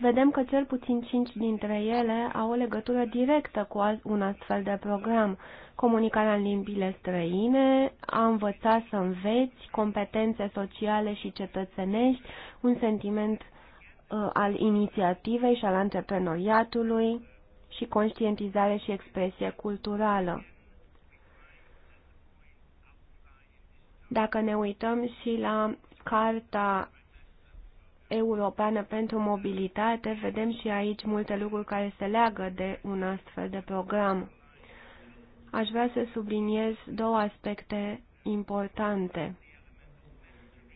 vedem că cel puțin cinci dintre ele au o legătură directă cu un astfel de program. Comunicarea în limbile străine, a învăța să înveți, competențe sociale și cetățenești, un sentiment uh, al inițiativei și al antreprenoriatului și conștientizare și expresie culturală. Dacă ne uităm și la Carta Europeană pentru Mobilitate, vedem și aici multe lucruri care se leagă de un astfel de program. Aș vrea să subliniez două aspecte importante.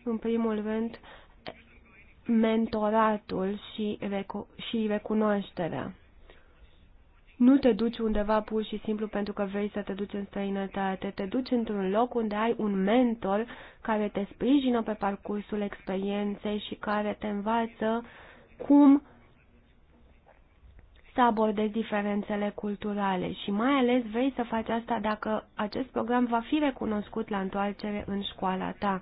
În primul rând, mentoratul și, recu- și recunoașterea. Nu te duci undeva pur și simplu pentru că vrei să te duci în străinătate, te duci într-un loc unde ai un mentor care te sprijină pe parcursul experienței și care te învață cum să abordezi diferențele culturale și mai ales vrei să faci asta dacă acest program va fi recunoscut la întoarcere în școala ta.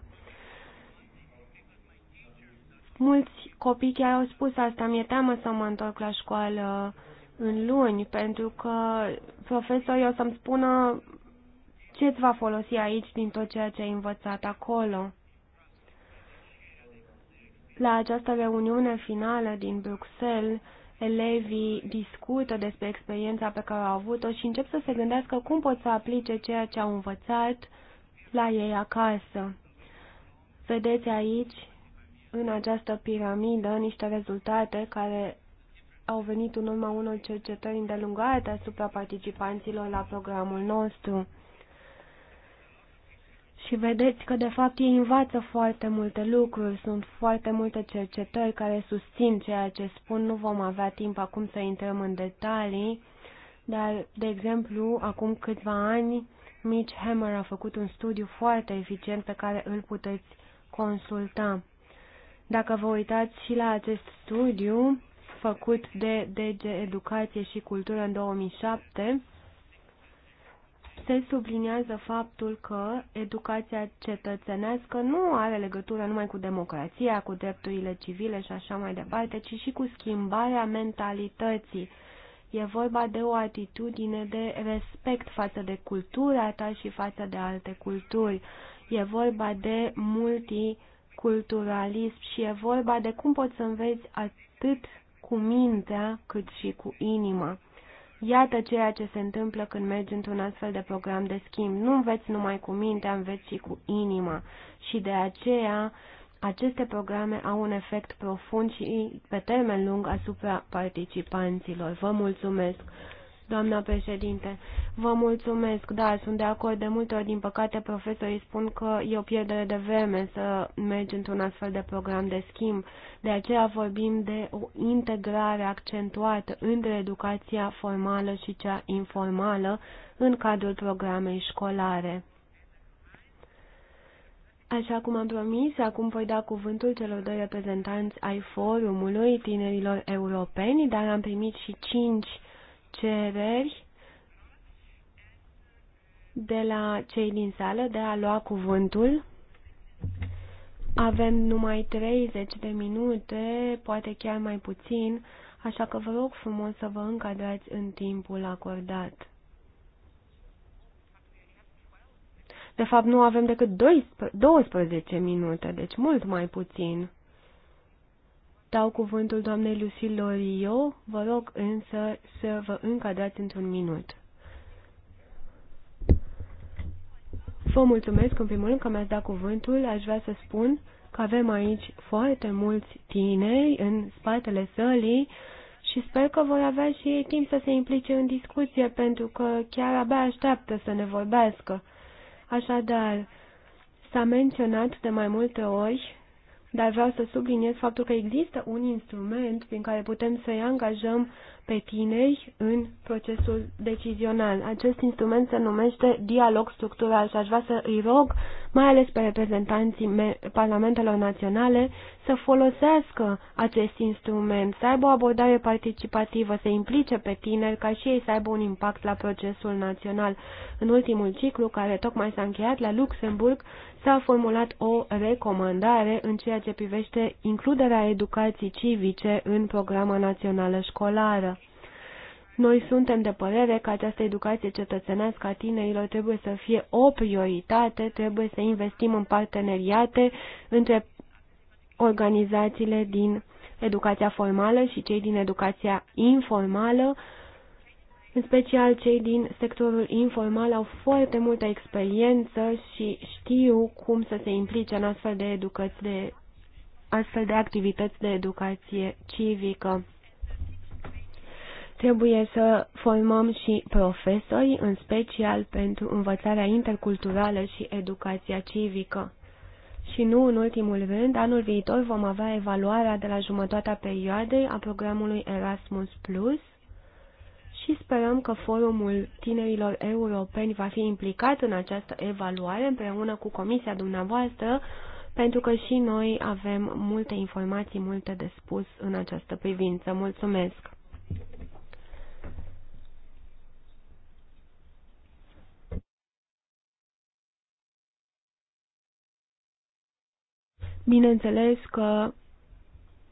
Mulți copii chiar au spus asta, mi-e teamă să mă întorc la școală, uh, în luni, pentru că profesorii o să-mi spună ce îți va folosi aici din tot ceea ce ai învățat acolo. La această reuniune finală din Bruxelles, elevii discută despre experiența pe care au avut-o și încep să se gândească cum pot să aplice ceea ce au învățat la ei acasă. Vedeți aici, în această piramidă, niște rezultate care au venit în urma unor cercetări îndelungate asupra participanților la programul nostru. Și vedeți că, de fapt, ei învață foarte multe lucruri, sunt foarte multe cercetări care susțin ceea ce spun. Nu vom avea timp acum să intrăm în detalii, dar, de exemplu, acum câțiva ani, Mitch Hammer a făcut un studiu foarte eficient pe care îl puteți consulta. Dacă vă uitați și la acest studiu, făcut de DG Educație și Cultură în 2007, se subliniază faptul că educația cetățenească nu are legătură numai cu democrația, cu drepturile civile și așa mai departe, ci și cu schimbarea mentalității. E vorba de o atitudine de respect față de cultura ta și față de alte culturi. E vorba de multiculturalism și e vorba de cum poți să înveți atât cu mintea cât și cu inima. Iată ceea ce se întâmplă când mergi într-un astfel de program de schimb. Nu înveți numai cu mintea, înveți și cu inima. Și de aceea aceste programe au un efect profund și pe termen lung asupra participanților. Vă mulțumesc! doamna președinte. Vă mulțumesc, da, sunt de acord. De multe ori, din păcate, profesorii spun că e o pierdere de vreme să mergi într-un astfel de program de schimb. De aceea vorbim de o integrare accentuată între educația formală și cea informală în cadrul programei școlare. Așa cum am promis, acum voi da cuvântul celor doi reprezentanți ai forumului tinerilor europeni, dar am primit și cinci cereri de la cei din sală de a lua cuvântul. Avem numai 30 de minute, poate chiar mai puțin, așa că vă rog frumos să vă încadrați în timpul acordat. De fapt, nu avem decât 12 minute, deci mult mai puțin. Dau cuvântul doamnei Lucy Lorio, vă rog însă să vă încadrați într-un minut. Vă mulțumesc în primul rând că mi-ați dat cuvântul. Aș vrea să spun că avem aici foarte mulți tineri în spatele sălii și sper că vor avea și ei timp să se implice în discuție, pentru că chiar abia așteaptă să ne vorbească. Așadar, s-a menționat de mai multe ori dar vreau să subliniez faptul că există un instrument prin care putem să-i angajăm pe tineri în procesul decizional. Acest instrument se numește dialog structural și aș vrea să îi rog, mai ales pe reprezentanții parlamentelor naționale, să folosească acest instrument, să aibă o abordare participativă, să implice pe tineri ca și ei să aibă un impact la procesul național. În ultimul ciclu, care tocmai s-a încheiat la Luxemburg, s-a formulat o recomandare în ceea ce privește includerea educației civice în programa națională școlară. Noi suntem de părere că această educație cetățenească a tinerilor trebuie să fie o prioritate, trebuie să investim în parteneriate între organizațiile din educația formală și cei din educația informală, în special cei din sectorul informal au foarte multă experiență și știu cum să se implice în astfel de, educați de, astfel de activități de educație civică. Trebuie să formăm și profesori, în special pentru învățarea interculturală și educația civică. Și nu în ultimul rând, anul viitor vom avea evaluarea de la jumătatea perioadei a programului Erasmus+, și sperăm că forumul tinerilor europeni va fi implicat în această evaluare împreună cu comisia dumneavoastră, pentru că și noi avem multe informații, multe de spus în această privință. Mulțumesc! Bineînțeles că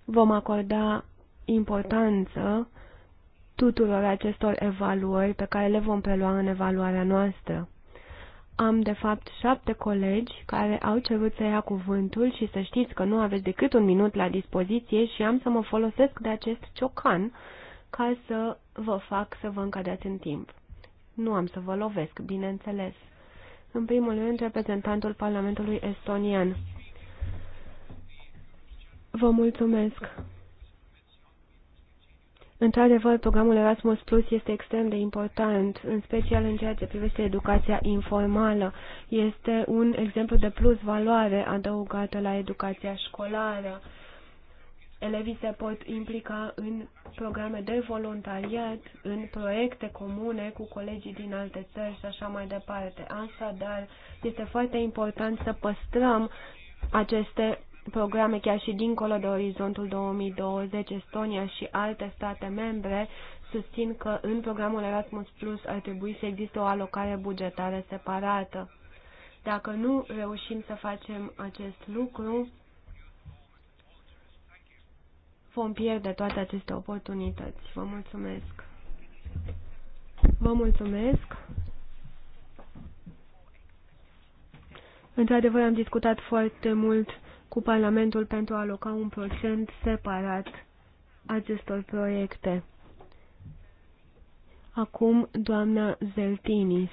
vom acorda importanță tuturor acestor evaluări pe care le vom prelua în evaluarea noastră. Am, de fapt, șapte colegi care au cerut să ia cuvântul și să știți că nu aveți decât un minut la dispoziție și am să mă folosesc de acest ciocan ca să vă fac să vă încadeați în timp. Nu am să vă lovesc, bineînțeles. În primul rând, reprezentantul Parlamentului Estonian. Vă mulțumesc. Într-adevăr, programul Erasmus Plus este extrem de important, în special în ceea ce privește educația informală. Este un exemplu de plus valoare adăugată la educația școlară. Elevii se pot implica în programe de voluntariat, în proiecte comune cu colegii din alte țări și așa mai departe. Așadar, este foarte important să păstrăm aceste programe chiar și dincolo de orizontul 2020, Estonia și alte state membre susțin că în programul Erasmus Plus ar trebui să existe o alocare bugetară separată. Dacă nu reușim să facem acest lucru, vom pierde toate aceste oportunități. Vă mulțumesc! Vă mulțumesc! Într-adevăr, am discutat foarte mult cu Parlamentul pentru a aloca un procent separat acestor proiecte. Acum, doamna Zeltinis,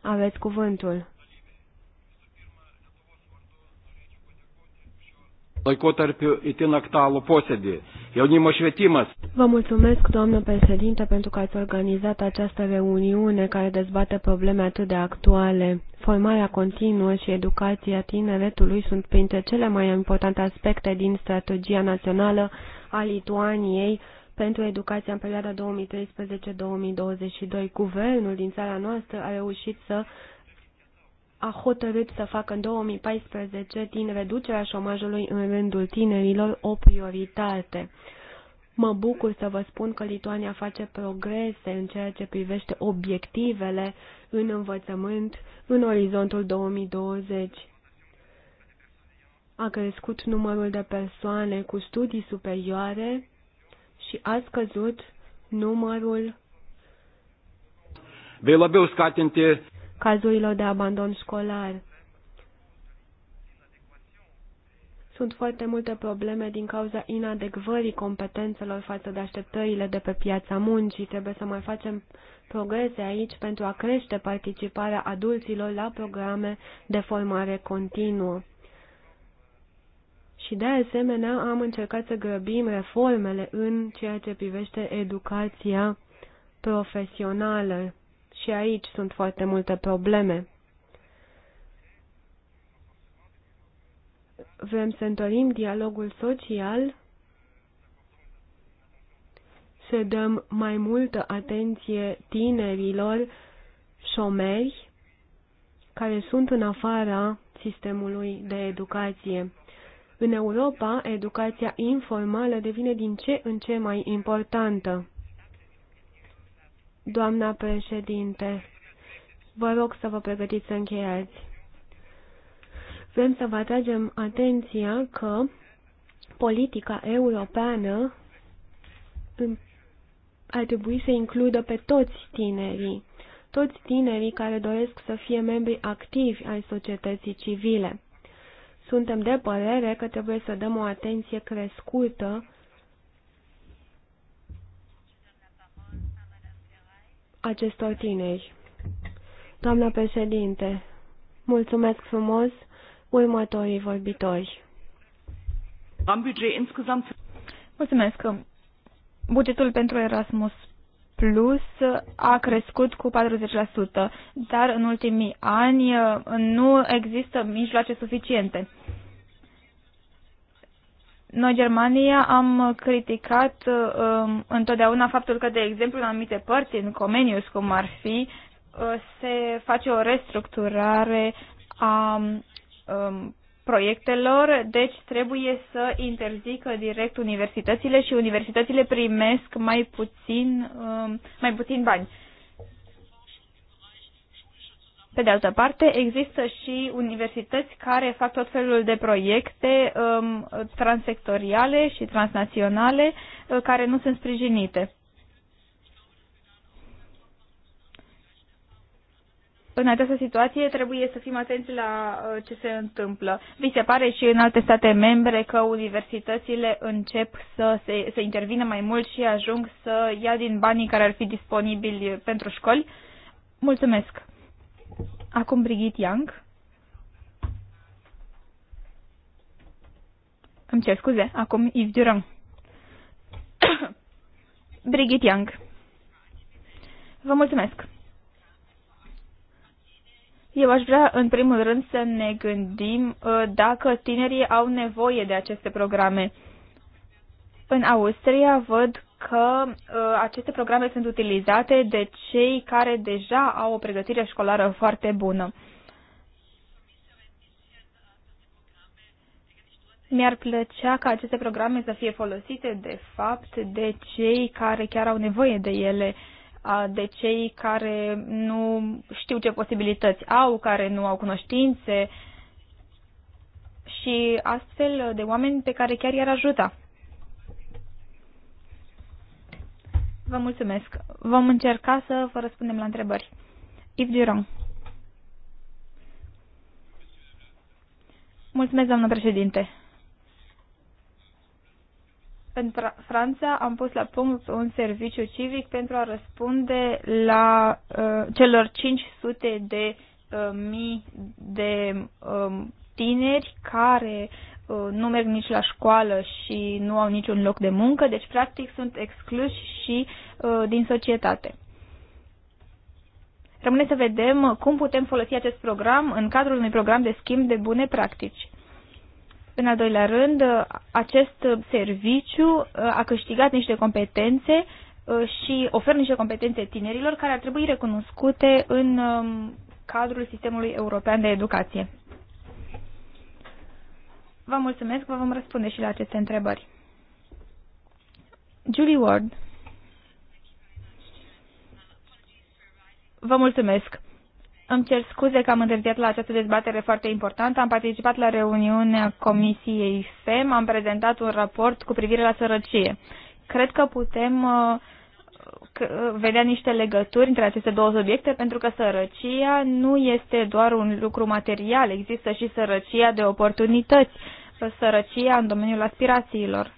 aveți cuvântul. laikotarpiu itin aktualų posėdį. Jaunimo švietimas. Vă mulțumesc, doamnă președinte, pentru că ați organizat această reuniune care dezbate probleme atât de actuale. Formarea continuă și educația tineretului sunt printre cele mai importante aspecte din strategia națională a Lituaniei pentru educația în perioada 2013-2022. Guvernul din țara noastră a reușit să a hotărât să facă în 2014 din reducerea șomajului în rândul tinerilor o prioritate. Mă bucur să vă spun că Lituania face progrese în ceea ce privește obiectivele în învățământ în orizontul 2020. A crescut numărul de persoane cu studii superioare și a scăzut numărul vei labiau scatinti cazurilor de abandon școlar. Sunt foarte multe probleme din cauza inadecvării competențelor față de așteptările de pe piața muncii. Trebuie să mai facem progrese aici pentru a crește participarea adulților la programe de formare continuă. Și de asemenea am încercat să grăbim reformele în ceea ce privește educația profesională. Și aici sunt foarte multe probleme. Vrem să întărim dialogul social, să dăm mai multă atenție tinerilor șomeri care sunt în afara sistemului de educație. În Europa, educația informală devine din ce în ce mai importantă. Doamna președinte, vă rog să vă pregătiți să încheiați. Vrem să vă atragem atenția că politica europeană ar trebui să includă pe toți tinerii, toți tinerii care doresc să fie membri activi ai societății civile. Suntem de părere că trebuie să dăm o atenție crescută acestor tineri. Doamna președinte, mulțumesc frumos următorii vorbitori. Am Mulțumesc. Bugetul pentru Erasmus Plus a crescut cu 40%, dar în ultimii ani nu există mijloace suficiente. Noi, Germania, am criticat um, întotdeauna faptul că, de exemplu, în anumite părți, în Comenius, cum ar fi, uh, se face o restructurare a um, proiectelor, deci trebuie să interzică direct universitățile și universitățile primesc mai puțin, um, mai puțin bani. Pe de altă parte, există și universități care fac tot felul de proiecte um, transsectoriale și transnaționale uh, care nu sunt sprijinite. În această situație trebuie să fim atenți la uh, ce se întâmplă. Vi se pare și în alte state membre că universitățile încep să, se, să intervină mai mult și ajung să ia din banii care ar fi disponibili pentru școli? Mulțumesc! Acum Brigitte Young. Îmi cer scuze, acum Yves Durand. Brigitte Young. Vă mulțumesc. Eu aș vrea, în primul rând, să ne gândim uh, dacă tinerii au nevoie de aceste programe. În Austria văd că uh, aceste programe sunt utilizate de cei care deja au o pregătire școlară foarte bună. Mi-ar plăcea ca aceste programe să fie folosite, de fapt, de cei care chiar au nevoie de ele, de cei care nu știu ce posibilități au, care nu au cunoștințe și astfel de oameni pe care chiar i-ar ajuta. Vă mulțumesc. Vom încerca să vă răspundem la întrebări. Yves Durand. Mulțumesc, doamnă președinte. Pentru Franța am pus la punct un serviciu civic pentru a răspunde la uh, celor 500 de uh, mii de uh, tineri care Uh, nu merg nici la școală și nu au niciun loc de muncă, deci practic sunt excluși și uh, din societate. Rămâne să vedem uh, cum putem folosi acest program în cadrul unui program de schimb de bune practici. În al doilea rând, acest serviciu a câștigat niște competențe și oferă niște competențe tinerilor care ar trebui recunoscute în um, cadrul sistemului european de educație. Vă mulțumesc, vă vom răspunde și la aceste întrebări. Julie Ward. Vă mulțumesc. Îmi cer scuze că am întârziat la această dezbatere foarte importantă. Am participat la reuniunea Comisiei FEM, am prezentat un raport cu privire la sărăcie. Cred că putem uh, uh, vedea niște legături între aceste două subiecte, pentru că sărăcia nu este doar un lucru material, există și sărăcia de oportunități sărăcia în domeniul aspirațiilor.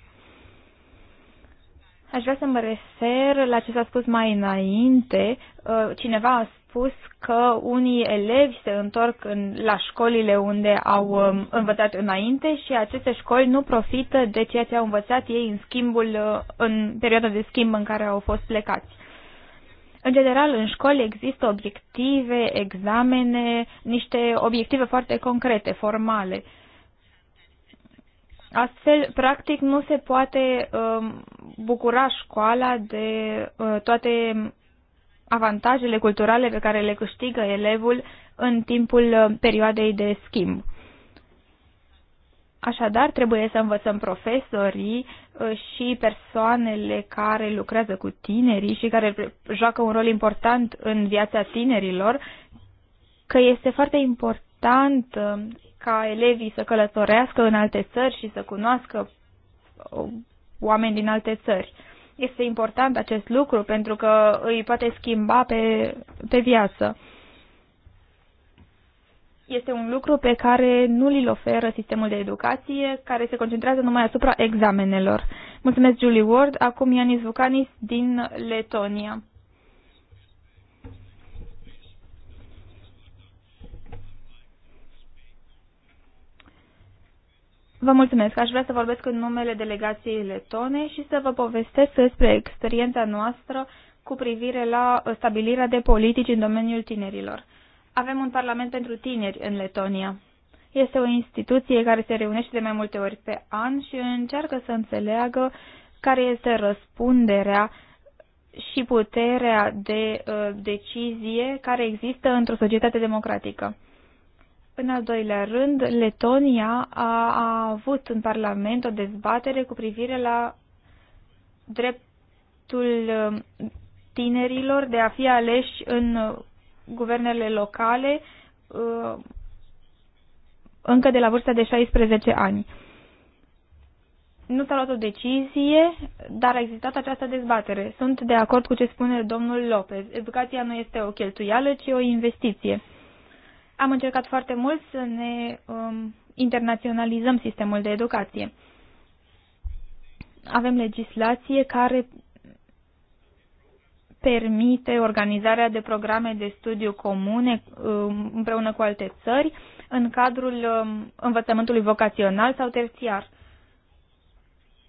Aș vrea să mă refer la ce s-a spus mai înainte. Uh, cineva a spus că unii elevi se întorc în, la școlile unde au um, învățat înainte și aceste școli nu profită de ceea ce au învățat ei în schimbul, uh, în perioada de schimb în care au fost plecați. În general, în școli există obiective, examene, niște obiective foarte concrete, formale. Uh, Astfel, practic, nu se poate um, bucura școala de uh, toate avantajele culturale pe care le câștigă elevul în timpul uh, perioadei de schimb. Așadar, trebuie să învățăm profesorii uh, și persoanele care lucrează cu tinerii și care joacă un rol important în viața tinerilor că este foarte important ca elevii să călătorească în alte țări și să cunoască uh, oameni din alte țări. Este important acest lucru pentru că îi poate schimba pe, pe viață. Este un lucru pe care nu l oferă sistemul de educație, care se concentrează numai asupra examenelor. Mulțumesc, Julie Ward. Acum Ianis Vucanis din Letonia. Vă mulțumesc. Aș vrea să vorbesc în numele delegației letone și să vă povestesc despre experiența noastră cu privire la stabilirea de politici în domeniul tinerilor. Avem un parlament pentru tineri în Letonia. Este o instituție care se reunește de mai multe ori pe an și încearcă să înțeleagă care este răspunderea și puterea de uh, decizie care există într-o societate democratică. În al doilea rând, Letonia a, a avut în Parlament o dezbatere cu privire la dreptul um, tinerilor de a fi aleși în uh, guvernele locale uh, încă de la vârsta de 16 ani. Nu s-a luat o decizie, dar a existat această dezbatere. Sunt de acord cu ce spune domnul Lopez. Educația nu este o cheltuială, ci o investiție. Am încercat foarte mult să ne um, internaționalizăm sistemul de educație. Avem legislație care permite organizarea de programe de studiu comune um, împreună cu alte țări în cadrul um, învățământului vocațional sau terțiar.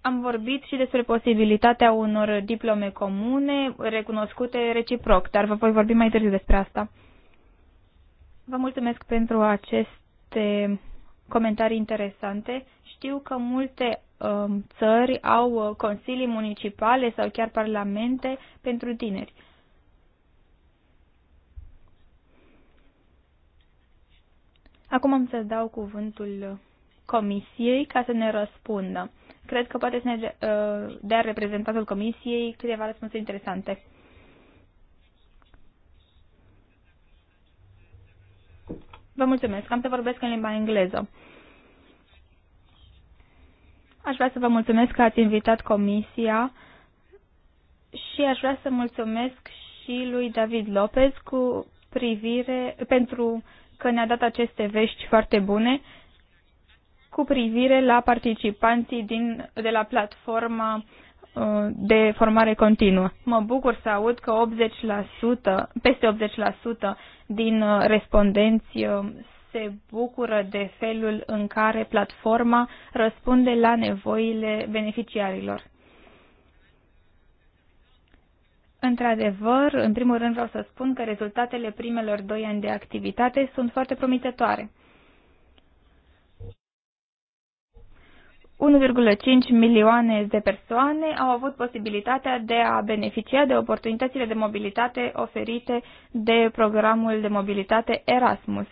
Am vorbit și despre posibilitatea unor diplome comune recunoscute reciproc, dar vă voi vorbi mai târziu despre asta. Vă mulțumesc pentru aceste comentarii interesante. Știu că multe um, țări au uh, consilii municipale sau chiar parlamente pentru tineri. Acum am să dau cuvântul comisiei ca să ne răspundă. Cred că poate să ne uh, dea reprezentantul comisiei câteva răspunsuri interesante. Vă mulțumesc. Am să vorbesc în limba engleză. Aș vrea să vă mulțumesc că ați invitat comisia și aș vrea să mulțumesc și lui David Lopez cu privire pentru că ne-a dat aceste vești foarte bune cu privire la participanții din, de la platforma uh, de formare continuă. Mă bucur să aud că 80%, peste 80% din uh, respondenți uh, se bucură de felul în care platforma răspunde la nevoile beneficiarilor. Într-adevăr, în primul rând vreau să spun că rezultatele primelor doi ani de activitate sunt foarte promitătoare. 1,5 milioane de persoane au avut posibilitatea de a beneficia de oportunitățile de mobilitate oferite de programul de mobilitate Erasmus.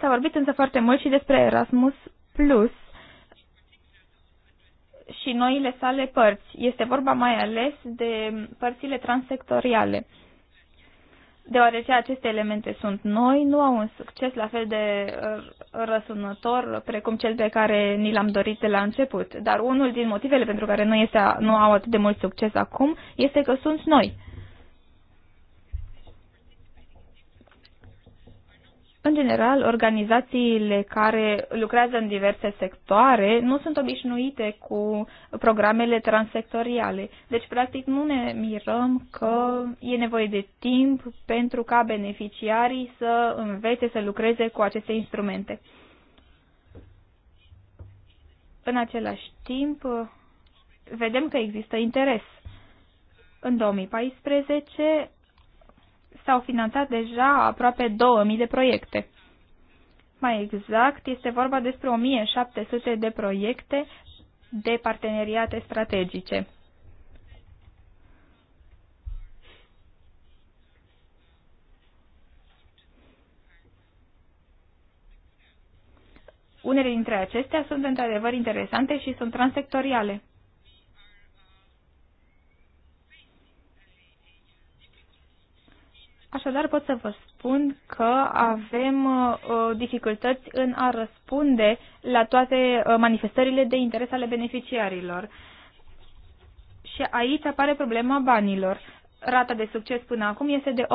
S-a vorbit însă foarte mult și despre Erasmus Plus și noile sale părți. Este vorba mai ales de părțile transsectoriale deoarece aceste elemente sunt noi, nu au un succes la fel de uh, răsunător precum cel pe care ni l-am dorit de la început. Dar unul din motivele pentru care nu, este, nu au atât de mult succes acum este că sunt noi. În general, organizațiile care lucrează în diverse sectoare nu sunt obișnuite cu programele transsectoriale. Deci, practic, nu ne mirăm că e nevoie de timp pentru ca beneficiarii să învețe să lucreze cu aceste instrumente. În același timp, vedem că există interes. În 2014 s-au finanțat deja aproape 2000 de proiecte. Mai exact, este vorba despre 1700 de proiecte de parteneriate strategice. Unele dintre acestea sunt într-adevăr interesante și sunt transectoriale. Așadar pot să vă spun că avem uh, dificultăți în a răspunde la toate uh, manifestările de interes ale beneficiarilor. Și aici apare problema banilor. Rata de succes până acum este de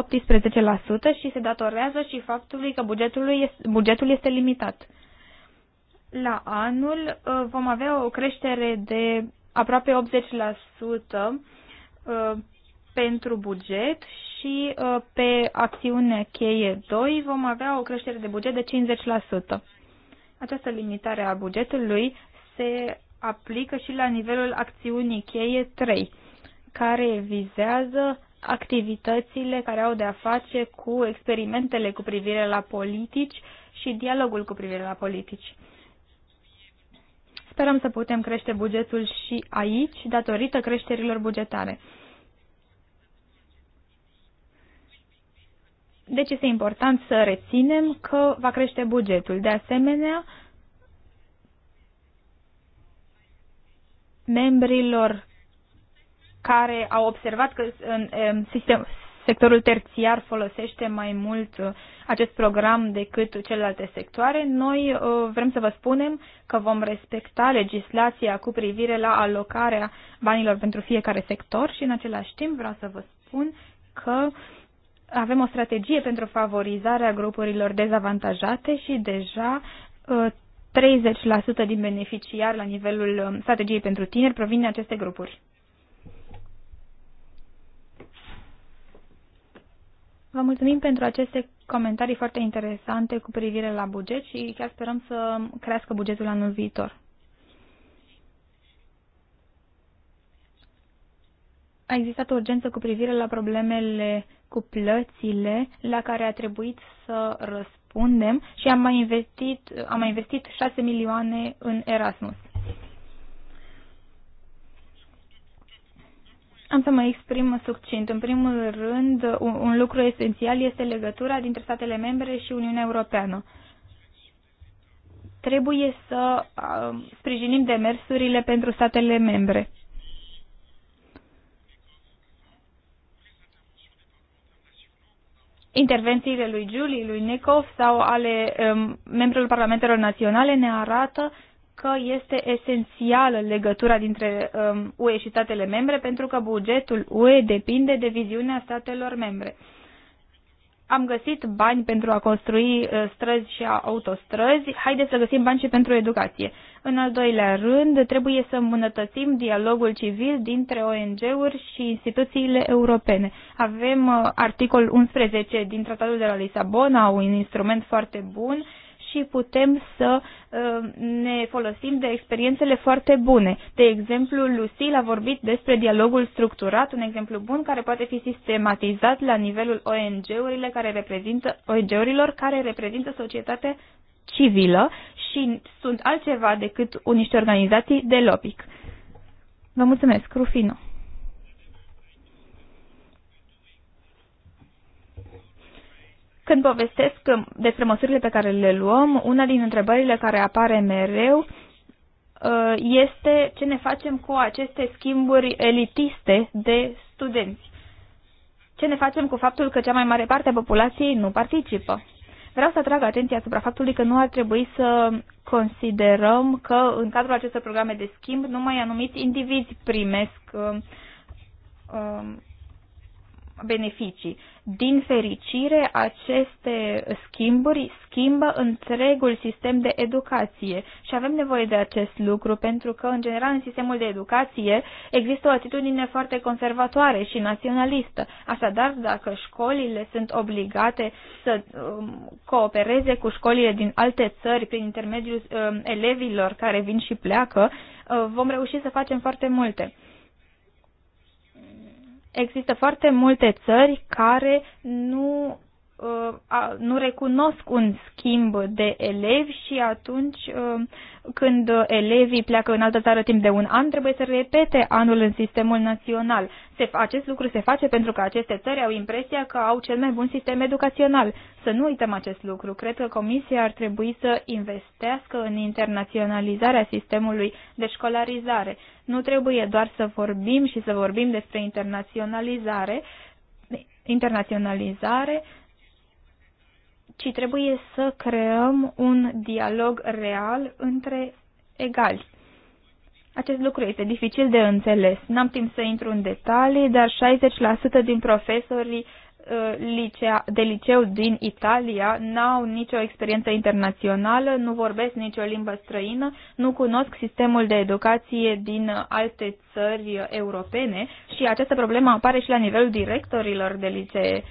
18% și se datorează și faptului că bugetul este, bugetul este limitat. La anul uh, vom avea o creștere de aproape 80% pentru buget și uh, pe acțiune cheie 2 vom avea o creștere de buget de 50%. Această limitare a bugetului se aplică și la nivelul acțiunii cheie 3, care vizează activitățile care au de-a face cu experimentele cu privire la politici și dialogul cu privire la politici. Sperăm să putem crește bugetul și aici, datorită creșterilor bugetare. Deci este important să reținem că va crește bugetul. De asemenea, membrilor care au observat că în, în sistem, sectorul terțiar folosește mai mult uh, acest program decât celelalte sectoare, noi uh, vrem să vă spunem că vom respecta legislația cu privire la alocarea banilor pentru fiecare sector și în același timp vreau să vă spun că uh, avem o strategie pentru favorizarea grupurilor dezavantajate și deja 30% uh, din beneficiari la nivelul um, strategiei pentru tineri provin din aceste grupuri. Vă mulțumim pentru aceste comentarii foarte interesante cu privire la buget și chiar sperăm să crească bugetul anul viitor. A existat o urgență cu privire la problemele cu plățile la care a trebuit să răspundem și am mai investit, am mai investit 6 milioane în Erasmus. Am să mă exprim succint. În primul rând, un, un lucru esențial este legătura dintre statele membre și Uniunea Europeană. Trebuie să uh, sprijinim demersurile pentru statele membre. intervențiile lui Julie, lui Nikov sau ale um, membrilor Parlamentelor Naționale ne arată că este esențială legătura dintre um, UE și statele membre pentru că bugetul UE depinde de viziunea statelor membre. Am găsit bani pentru a construi uh, străzi și autostrăzi, haideți să găsim bani și pentru educație. În al doilea rând, trebuie să îmbunătățim dialogul civil dintre ONG-uri și instituțiile europene. Avem uh, articolul 11 din Tratatul de la Lisabona, un instrument foarte bun și putem să uh, ne folosim de experiențele foarte bune. De exemplu, Lucil a vorbit despre dialogul structurat, un exemplu bun care poate fi sistematizat la nivelul ong urilor care reprezintă ONG-urilor care reprezintă societatea civilă și sunt altceva decât niște organizații de lobic. Vă mulțumesc, Rufino. Când povestesc despre măsurile pe care le luăm, una din întrebările care apare mereu uh, este ce ne facem cu aceste schimburi elitiste de studenți. Ce ne facem cu faptul că cea mai mare parte a populației nu participă? Vreau să atrag atenția asupra faptului că nu ar trebui să considerăm că în cadrul acestor programe de schimb numai anumiți indivizi primesc um, um, beneficii. Din fericire, aceste schimburi schimbă întregul sistem de educație și avem nevoie de acest lucru pentru că, în general, în sistemul de educație există o atitudine foarte conservatoare și naționalistă. Așadar, dacă școlile sunt obligate să um, coopereze cu școlile din alte țări prin intermediul um, elevilor care vin și pleacă, uh, vom reuși să facem foarte multe. Există foarte multe țări care nu Uh, nu recunosc un schimb de elevi și atunci uh, când elevii pleacă în altă țară timp de un an, trebuie să repete anul în sistemul național. Se, acest lucru se face pentru că aceste țări au impresia că au cel mai bun sistem educațional. Să nu uităm acest lucru. Cred că Comisia ar trebui să investească în internaționalizarea sistemului de școlarizare. Nu trebuie doar să vorbim și să vorbim despre internaționalizare, internaționalizare, ci trebuie să creăm un dialog real între egali. Acest lucru este dificil de înțeles. N-am timp să intru în detalii, dar 60% din profesorii uh, de liceu din Italia n-au nicio experiență internațională, nu vorbesc nicio limbă străină, nu cunosc sistemul de educație din alte țări europene și această problemă apare și la nivelul directorilor de licee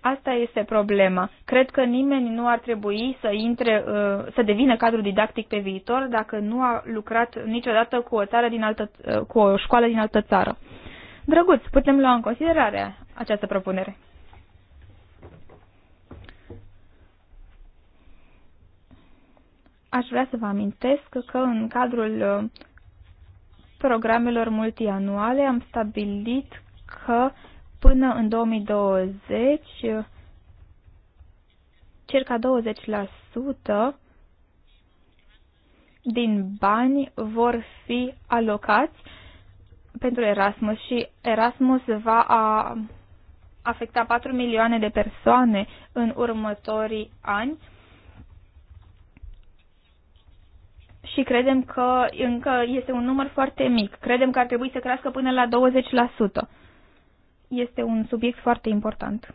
Asta este problema. Cred că nimeni nu ar trebui să intre, uh, să devină cadru didactic pe viitor dacă nu a lucrat niciodată cu o, țară din altă, uh, cu o școală din altă țară. Drăguț, putem lua în considerare această propunere. Aș vrea să vă amintesc că în cadrul uh, programelor multianuale am stabilit că Până în 2020, circa 20% din bani vor fi alocați pentru Erasmus și Erasmus va afecta 4 milioane de persoane în următorii ani. și credem că încă este un număr foarte mic. Credem că ar trebui să crească până la 20% este un subiect foarte important.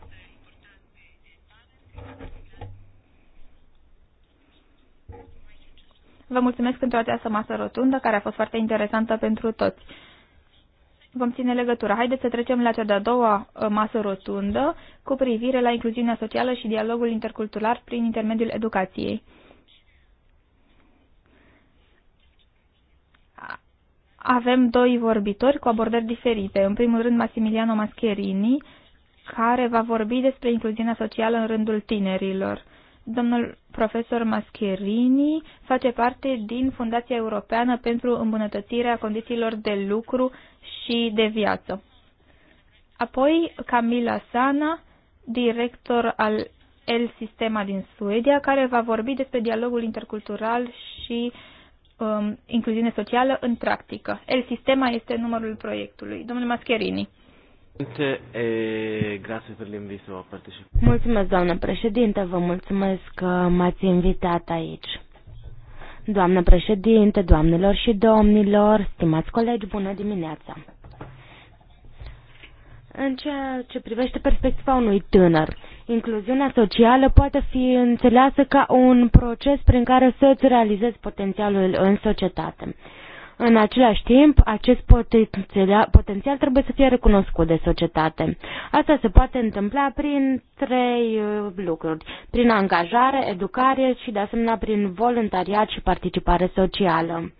Vă mulțumesc pentru această masă rotundă, care a fost foarte interesantă pentru toți. Vom ține legătura. Haideți să trecem la cea de-a doua uh, masă rotundă cu privire la incluziunea socială și dialogul intercultural prin intermediul educației. avem doi vorbitori cu abordări diferite. În primul rând, Massimiliano Mascherini, care va vorbi despre incluziunea socială în rândul tinerilor. Domnul profesor Mascherini face parte din Fundația Europeană pentru îmbunătățirea condițiilor de lucru și de viață. Apoi Camila Sana, director al El Sistema din Suedia, care va vorbi despre dialogul intercultural și uh, um, incluziune socială în practică. El sistema este numărul proiectului. domnule Mascherini. Mulțumesc, doamnă președinte, vă mulțumesc că m-ați invitat aici. Doamnă președinte, doamnelor și domnilor, stimați colegi, bună dimineața! În ceea ce privește perspectiva unui tânăr, Incluziunea socială poate fi înțeleasă ca un proces prin care să îți realizezi potențialul în societate. În același timp, acest potențial, trebuie să fie recunoscut de societate. Asta se poate întâmpla prin trei uh, lucruri. Prin angajare, educare și, de asemenea, prin voluntariat și participare socială.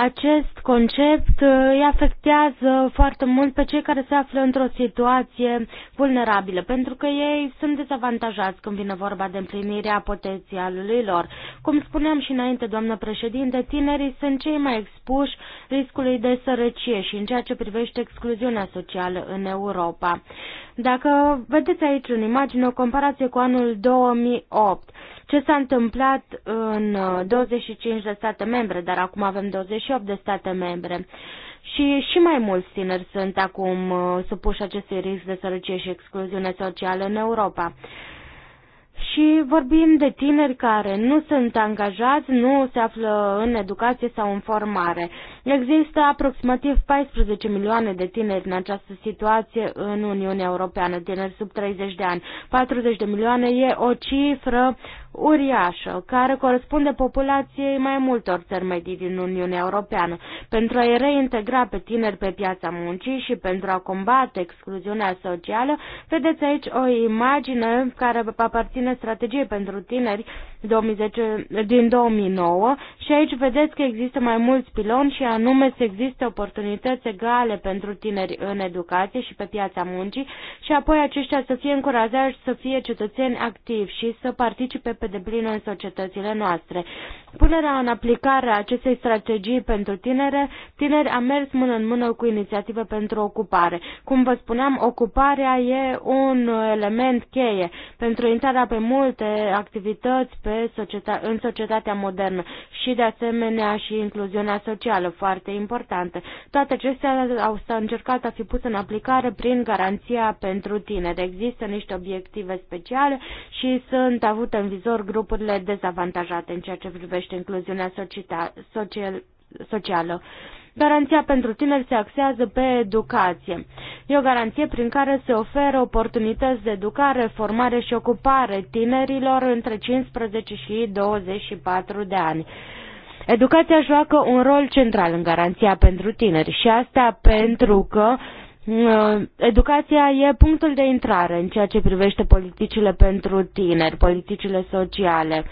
Acest concept uh, îi afectează foarte mult pe cei care se află într-o situație vulnerabilă, pentru că ei sunt dezavantajați când vine vorba de împlinirea potențialului lor. Cum spuneam și înainte, doamnă președinte, tinerii sunt cei mai expuși riscului de sărăcie și în ceea ce privește excluziunea socială în Europa. Dacă vedeți aici în imagine o comparație cu anul 2008, ce s-a întâmplat în 25 uh, de state membre, dar acum avem 28 de state membre. Și și mai mulți tineri sunt acum uh, supuși acestui risc de sărăcie și excluziune socială în Europa. Și vorbim de tineri care nu sunt angajați, nu se află în educație sau în formare. Există aproximativ 14 milioane de tineri în această situație în Uniunea Europeană, tineri sub 30 de ani. 40 de milioane e o cifră uriașă, care corespunde populației mai multor țări medii din Uniunea Europeană, pentru a-i reintegra pe tineri pe piața muncii și pentru a combate excluziunea socială, vedeți aici o imagine care aparține strategiei pentru tineri 2010, din 2009 și aici vedeți că există mai mulți piloni și anume să existe oportunități egale pentru tineri în educație și pe piața muncii și apoi aceștia să fie încurajați să fie cetățeni activi și să participe pe deplin în societățile noastre. Punerea în aplicare a acestei strategii pentru tinere, tineri a mers mână în mână cu inițiative pentru ocupare. Cum vă spuneam, ocuparea e un element cheie pentru intrarea pe multe activități pe societa- în societatea modernă și de asemenea și incluziunea socială foarte importantă. Toate acestea au s-a încercat a fi pus în aplicare prin garanția pentru tineri. Există niște obiective speciale și sunt avute în vizor vizor grupurile dezavantajate în ceea ce privește incluziunea social, socială. Garanția pentru tineri se axează pe educație. E o garanție prin care se oferă oportunități de educare, formare și ocupare tinerilor între 15 și 24 de ani. Educația joacă un rol central în garanția pentru tineri și asta pentru că Mm, educația e punctul de intrare în ceea ce privește politicile pentru tineri, politicile sociale.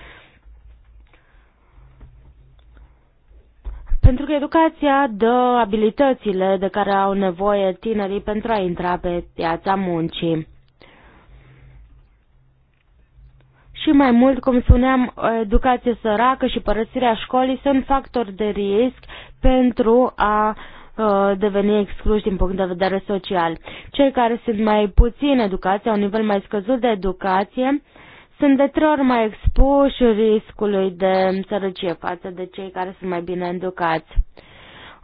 Pentru că educația dă abilitățile de care au nevoie tinerii pentru a intra pe piața muncii. Și mai mult, cum spuneam, educație săracă și părăsirea școlii sunt factori de risc pentru a uh, Uh, deveni excluși din punct de vedere social. Cei care sunt mai puțin educați, au un nivel mai scăzut de educație, sunt de trei ori mai expuși riscului de sărăcie față de cei care sunt mai bine educați.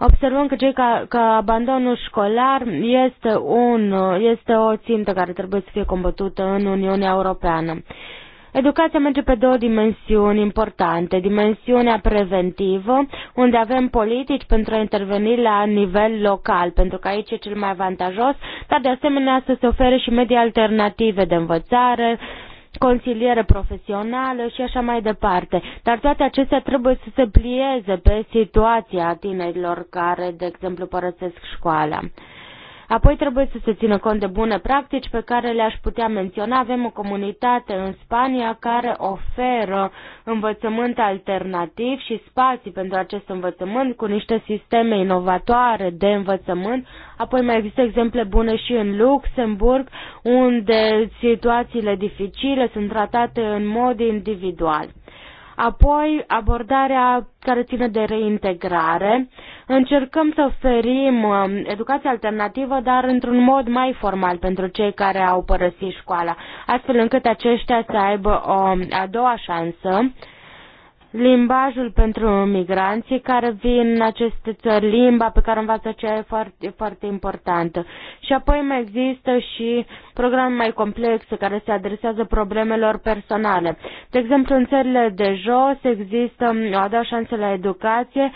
Observăm că, cei ca, că abandonul școlar este, un, este o țintă care trebuie să fie combătută în Uniunea Europeană. Educația merge pe două dimensiuni importante. Dimensiunea preventivă, unde avem politici pentru a interveni la nivel local, pentru că aici e cel mai avantajos, dar de asemenea să se ofere și medii alternative de învățare, consiliere profesională și așa mai departe. Dar toate acestea trebuie să se plieze pe situația tinerilor care, de exemplu, părăsesc școala. Apoi trebuie să se țină cont de bune practici pe care le-aș putea menționa. Avem o comunitate în Spania care oferă învățământ alternativ și spații pentru acest învățământ cu niște sisteme inovatoare de învățământ. Apoi mai există exemple bune și în Luxemburg, unde situațiile dificile sunt tratate în mod individual. Apoi, abordarea care ține de reintegrare. Încercăm să oferim um, educație alternativă, dar într-un mod mai formal pentru cei care au părăsit școala, astfel încât aceștia să aibă o um, a doua șansă limbajul pentru migranții care vin în aceste țări, limba pe care învață cea e foarte, foarte importantă. Și apoi mai există și programe mai complexe care se adresează problemelor personale. De exemplu, în țările de jos există o um, a doua șansă la educație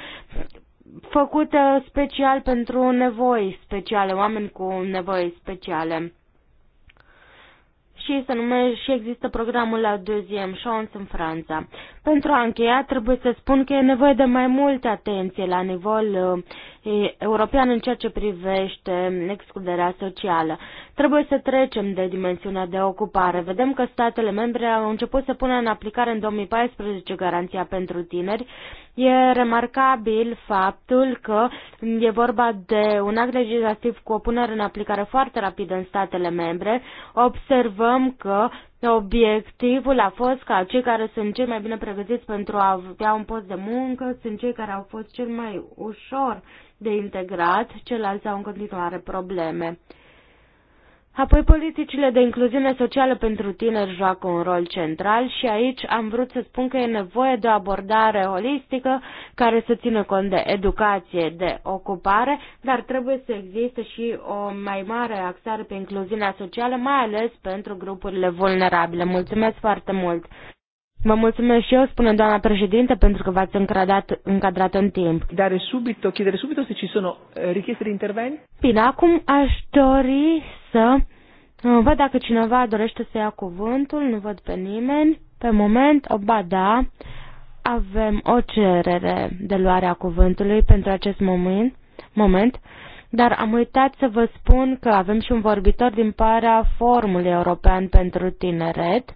făcută special pentru nevoi speciale, oameni cu nevoi speciale și se numește și există programul la Deuxième Chance în Franța. Pentru a încheia, trebuie să spun că e nevoie de mai multă atenție la nivel uh, european în ceea ce privește excluderea socială. Trebuie să trecem de dimensiunea de ocupare. Vedem că statele membre au început să pună în aplicare în 2014 garanția pentru tineri. E remarcabil faptul că e vorba de un act legislativ cu o punere în aplicare foarte rapidă în statele membre. Observăm că Obiectivul a fost ca cei care sunt cei mai bine pregătiți pentru a avea un post de muncă sunt cei care au fost cel mai ușor de integrat, ceilalți au în continuare probleme. Apoi, politicile de incluziune socială pentru tineri joacă un rol central și aici am vrut să spun că e nevoie de o abordare holistică care să țină cont de educație, de ocupare, dar trebuie să existe și o mai mare axare pe incluziunea socială, mai ales pentru grupurile vulnerabile. Mulțumesc foarte mult! Vă mulțumesc și eu, spune doamna președinte, pentru că v-ați încadrat, încadrat în timp. Dare subito, chiedere subito se ci sono eh, richieste de interveni? Bine, acum aș dori să uh, văd dacă cineva dorește să ia cuvântul, nu văd pe nimeni. Pe moment, o ba da, avem o cerere de luare a cuvântului pentru acest moment, moment, dar am uitat să vă spun că avem și un vorbitor din partea Forumului European pentru Tineret.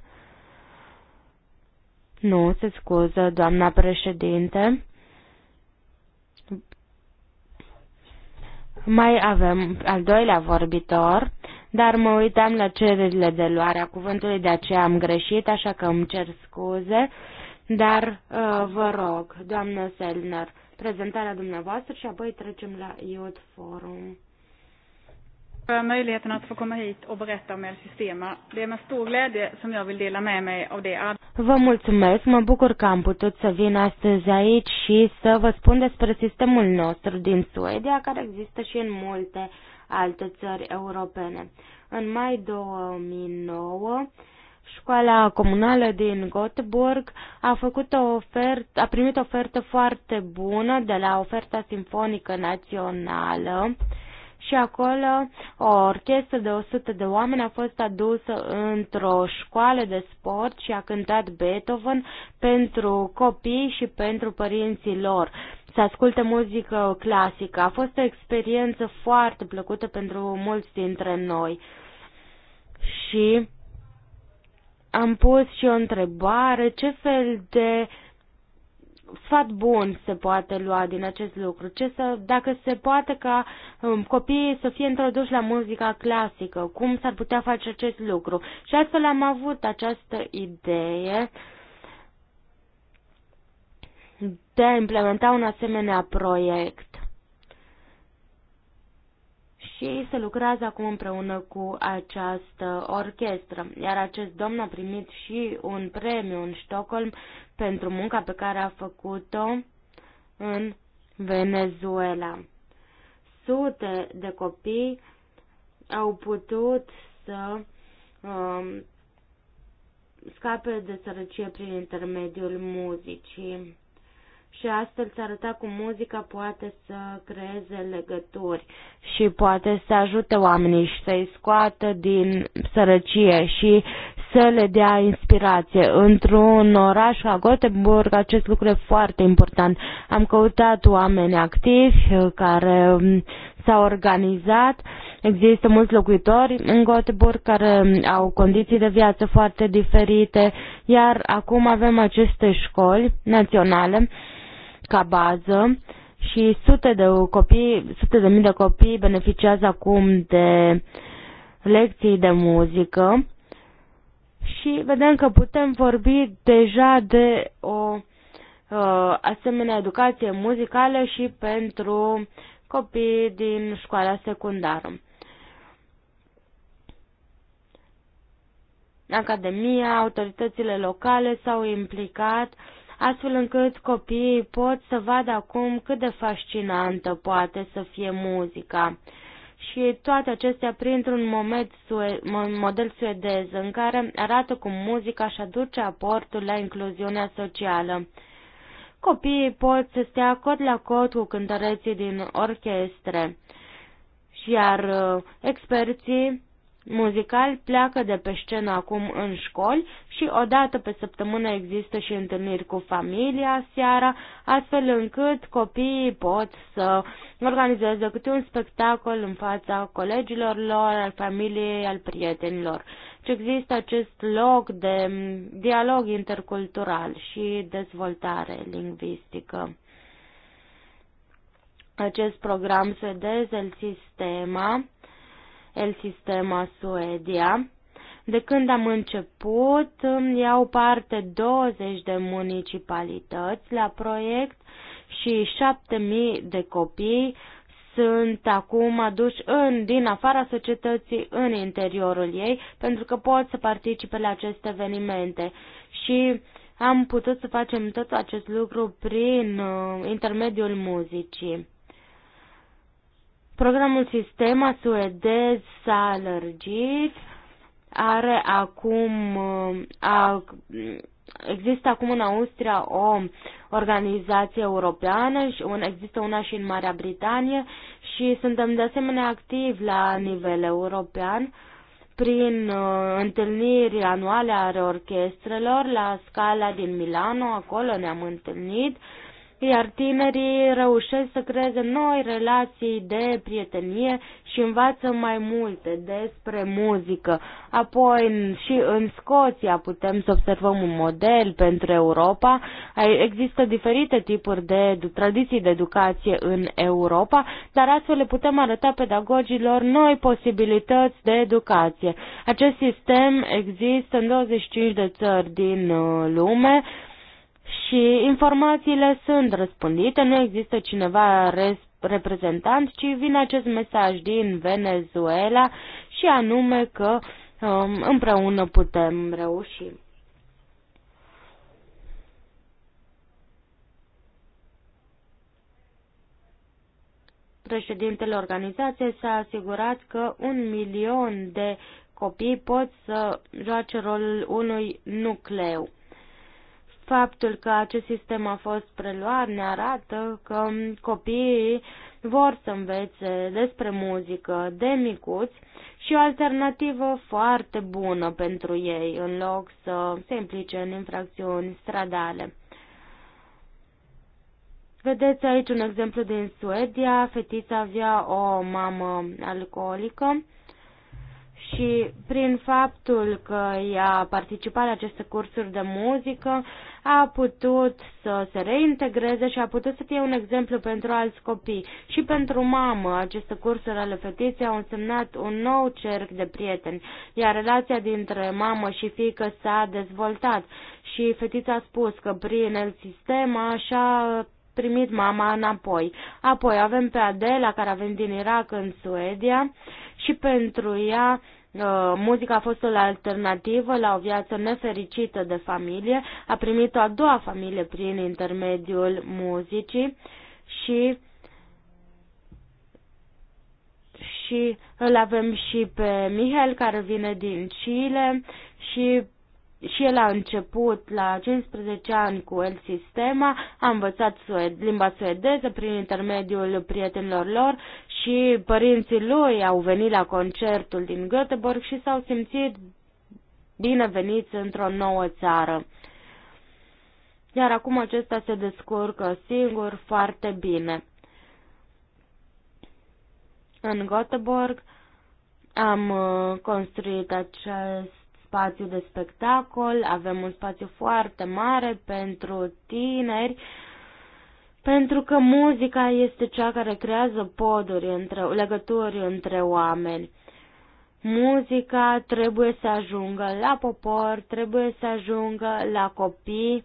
Nu, se scuză, doamna președinte. Mai avem al doilea vorbitor dar mă uitam la cererile de luare a cuvântului, de aceea am greșit, așa că îmi cer scuze, dar uh, vă rog, doamnă Selner, prezentarea dumneavoastră și apoi trecem la Youth Forum. möjligheten att få komma hit och berätta om El er Sistema. Det är med stor glädje som jag vill dela med mig av det Vă mulțumesc, mă bucur că am putut să vin astăzi aici și să vă spun despre sistemul nostru din Suedia, care există și în multe uh, alte țări europene. În mai 2009, Școala comunală din Göteborg a făcut o a primit o ofertă foarte bună de la oferta simfonică națională și acolo o orchestră de 100 de oameni a fost adusă într-o școală de sport și a cântat Beethoven pentru copii și pentru părinții lor să asculte muzică clasică. A fost o experiență foarte plăcută pentru mulți dintre noi. Și am pus și o întrebare, ce fel de sfat bun se poate lua din acest lucru? Ce să, dacă se poate ca um, copiii să fie introduși la muzica clasică, cum s-ar putea face acest lucru? Și astfel am avut această idee uh, de a implementa un asemenea proiect. Și se lucrează acum împreună cu această orchestră, iar acest domn a primit și un premiu în Stockholm pentru munca pe care a făcut-o în Venezuela. Sute de copii au putut să um, scape de sărăcie prin intermediul muzicii și astfel ți-arăta cum muzica poate să creeze legături și poate să ajute oamenii și să-i scoată din sărăcie și să le dea inspirație. Într-un oraș ca Göteborg acest lucru e foarte important. Am căutat oameni activi uh, care um, s-au organizat. Există mulți locuitori în Göteborg care um, au condiții de viață foarte diferite, iar acum avem aceste școli naționale ca bază și sute de copii, sute de mii de copii beneficiază acum de lecții de muzică și vedem că putem vorbi deja de o uh, asemenea educație muzicală și pentru copii din școala secundară. Academia, autoritățile locale s-au implicat uh, astfel încât copiii pot să vadă acum cât de fascinantă poate să fie muzica. Și toate acestea printr-un model suedez în care arată cum muzica și aduce aportul la incluziunea socială. Copiii pot să stea cot la cot cu cântăreții din orchestre, și iar uh, experții muzical pleacă de pe scenă acum în școli și odată pe săptămână există și întâlniri cu familia seara, astfel încât copiii pot să organizeze câte un spectacol în fața colegilor lor, al familiei, al prietenilor. Și deci există acest loc de dialog intercultural și dezvoltare lingvistică. Acest program se El Sistema, el Sistema Suedia. De când am început, iau parte 20 de municipalități la proiect și 7.000 de copii sunt acum aduși în, din afara societății în interiorul ei, pentru că pot să participe la aceste evenimente. Și am putut să facem tot acest lucru prin uh, intermediul muzicii. Programul Sistema suedez s-a lărgit, are acum, a, există acum în Austria o organizație europeană, și un, există una și în Marea Britanie și suntem de asemenea activi la nivel european prin uh, întâlniri anuale ale orchestrelor la scala din Milano, acolo ne-am întâlnit uh, iar tinerii reușesc să creeze noi relații de prietenie și învață mai multe despre muzică. Apoi și în Scoția putem să observăm un model pentru Europa. Există diferite tipuri de tradiții de educație în Europa, dar astfel le putem arăta pedagogilor noi posibilități de educație. Acest sistem există în 25 de țări din uh, lume și informațiile sunt răspândite, nu există cineva reprezentant, ci vine acest mesaj din Venezuela și anume că um, împreună putem reuși. Președintele organizației s-a asigurat că un milion de copii pot să joace rolul unui nucleu. Faptul că acest sistem a fost preluat ne arată că copiii vor să învețe despre muzică de micuți și o alternativă foarte bună pentru ei în loc să se implice în infracțiuni stradale. Vedeți aici un exemplu din Suedia. Fetița avea o mamă alcoolică și prin faptul că ea participat la aceste cursuri de muzică, a putut să se reintegreze și a putut să fie un exemplu pentru alți copii. Și pentru mamă, aceste cursuri ale fetiței au însemnat un nou cerc de prieteni, iar relația dintre mamă și fiică s-a dezvoltat. Și fetița a spus că prin el sistem așa primit mama înapoi. Apoi avem pe Adela, care a venit din Irak în Suedia și pentru ea Uh, muzica a fost o alternativă la o viață nefericită de familie, a primit o a doua familie prin intermediul muzicii și și îl avem și pe Mihel care vine din Chile și și el a început la 15 ani cu El Sistema, a învățat sued, limba suedeză prin intermediul prietenilor lor și părinții lui au venit la concertul din Göteborg și s-au simțit bineveniți într-o nouă țară. Iar acum acesta se descurcă singur foarte bine. În Göteborg am uh, construit acest spațiu de spectacol, avem un spațiu foarte mare pentru tineri, pentru că muzica este cea care creează poduri, între, legături între oameni. Muzica trebuie să ajungă la popor, trebuie să ajungă la copii,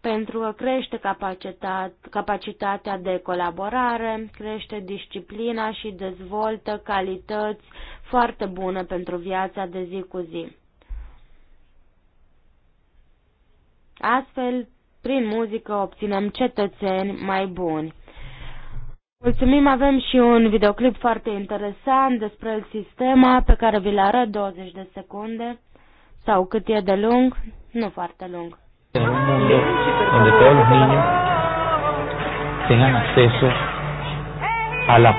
pentru că crește capacitatea de colaborare, crește disciplina și dezvoltă calități foarte bune pentru viața de zi cu zi. Astfel, prin muzică obținem cetățeni mai buni. Mulțumim, avem și un videoclip foarte interesant despre el sistema pe care vi-l arăt 20 de secunde sau cât e de lung, nu foarte lung. En un mundo donde todos los niños tengan acceso a, la,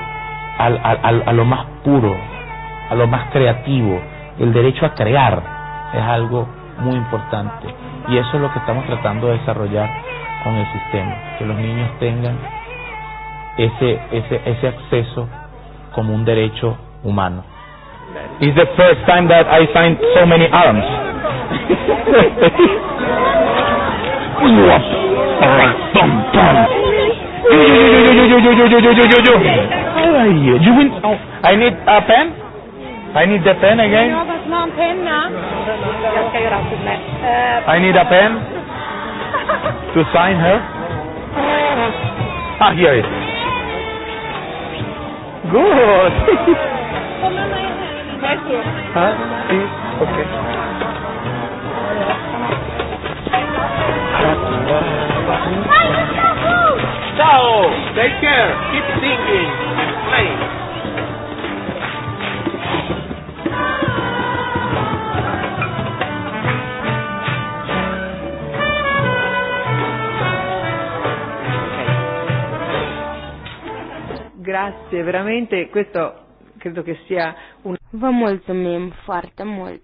a, a, a lo más puro, a lo más creativo. El derecho a crear es algo muy importante. Y eso es lo que estamos tratando de desarrollar con el sistema, que los niños tengan ese, ese, ese acceso como un derecho humano. It's the first time that I signed so many arms. Oh, I need a pen. I need the pen again saknar en penna. Da? Jag ska göra allt med. Uh, I need a pen. to sign her. Ah, here it is. Good. huh? See? Okay. Ciao! Take care! Keep singing and playing! Grazie, veramente questo credo che sia un... Vă mulțumim foarte mult.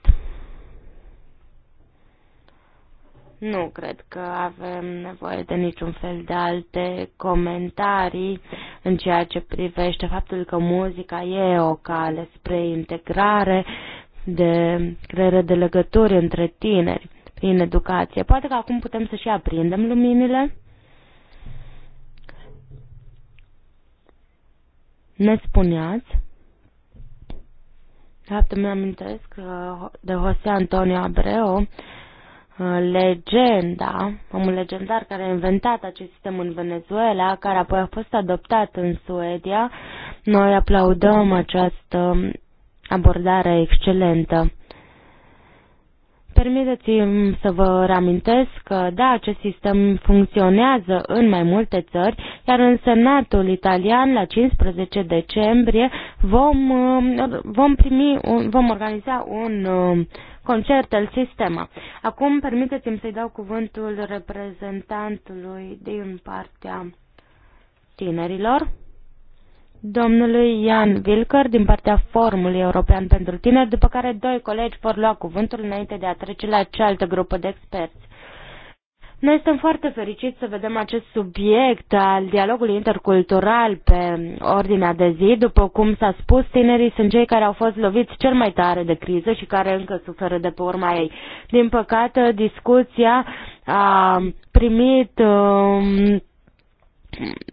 Nu cred că avem nevoie de niciun fel de alte comentarii în ceea ce privește faptul că muzica e o cale spre integrare, de creare de legături între tineri prin educație. Poate că acum putem să și aprindem luminile. Ne spuneați, de fapt îmi amintesc uh, de José Antonio Abreu, uh, legenda, omul legendar care a inventat acest sistem în Venezuela, care apoi a fost adoptat în Suedia, noi aplaudăm această abordare excelentă. Permiteți-mi să vă reamintesc că, da, acest sistem funcționează în mai multe țări, iar în Senatul italian, la 15 decembrie, vom, uh, vom, primi, vom organiza un uh, concert al Sistema. Acum, permiteți-mi să-i dau cuvântul reprezentantului din partea tinerilor domnului Ian Wilker din partea Forumului European pentru Tineri, după care doi colegi vor lua cuvântul înainte de a trece la cealaltă grupă de experți. Noi suntem foarte fericiți să vedem acest subiect al dialogului intercultural pe ordinea de zi. După cum s-a spus, tinerii sunt cei care au fost loviți cel mai tare de criză și care încă suferă de pe urma ei. Din păcate, discuția a primit um,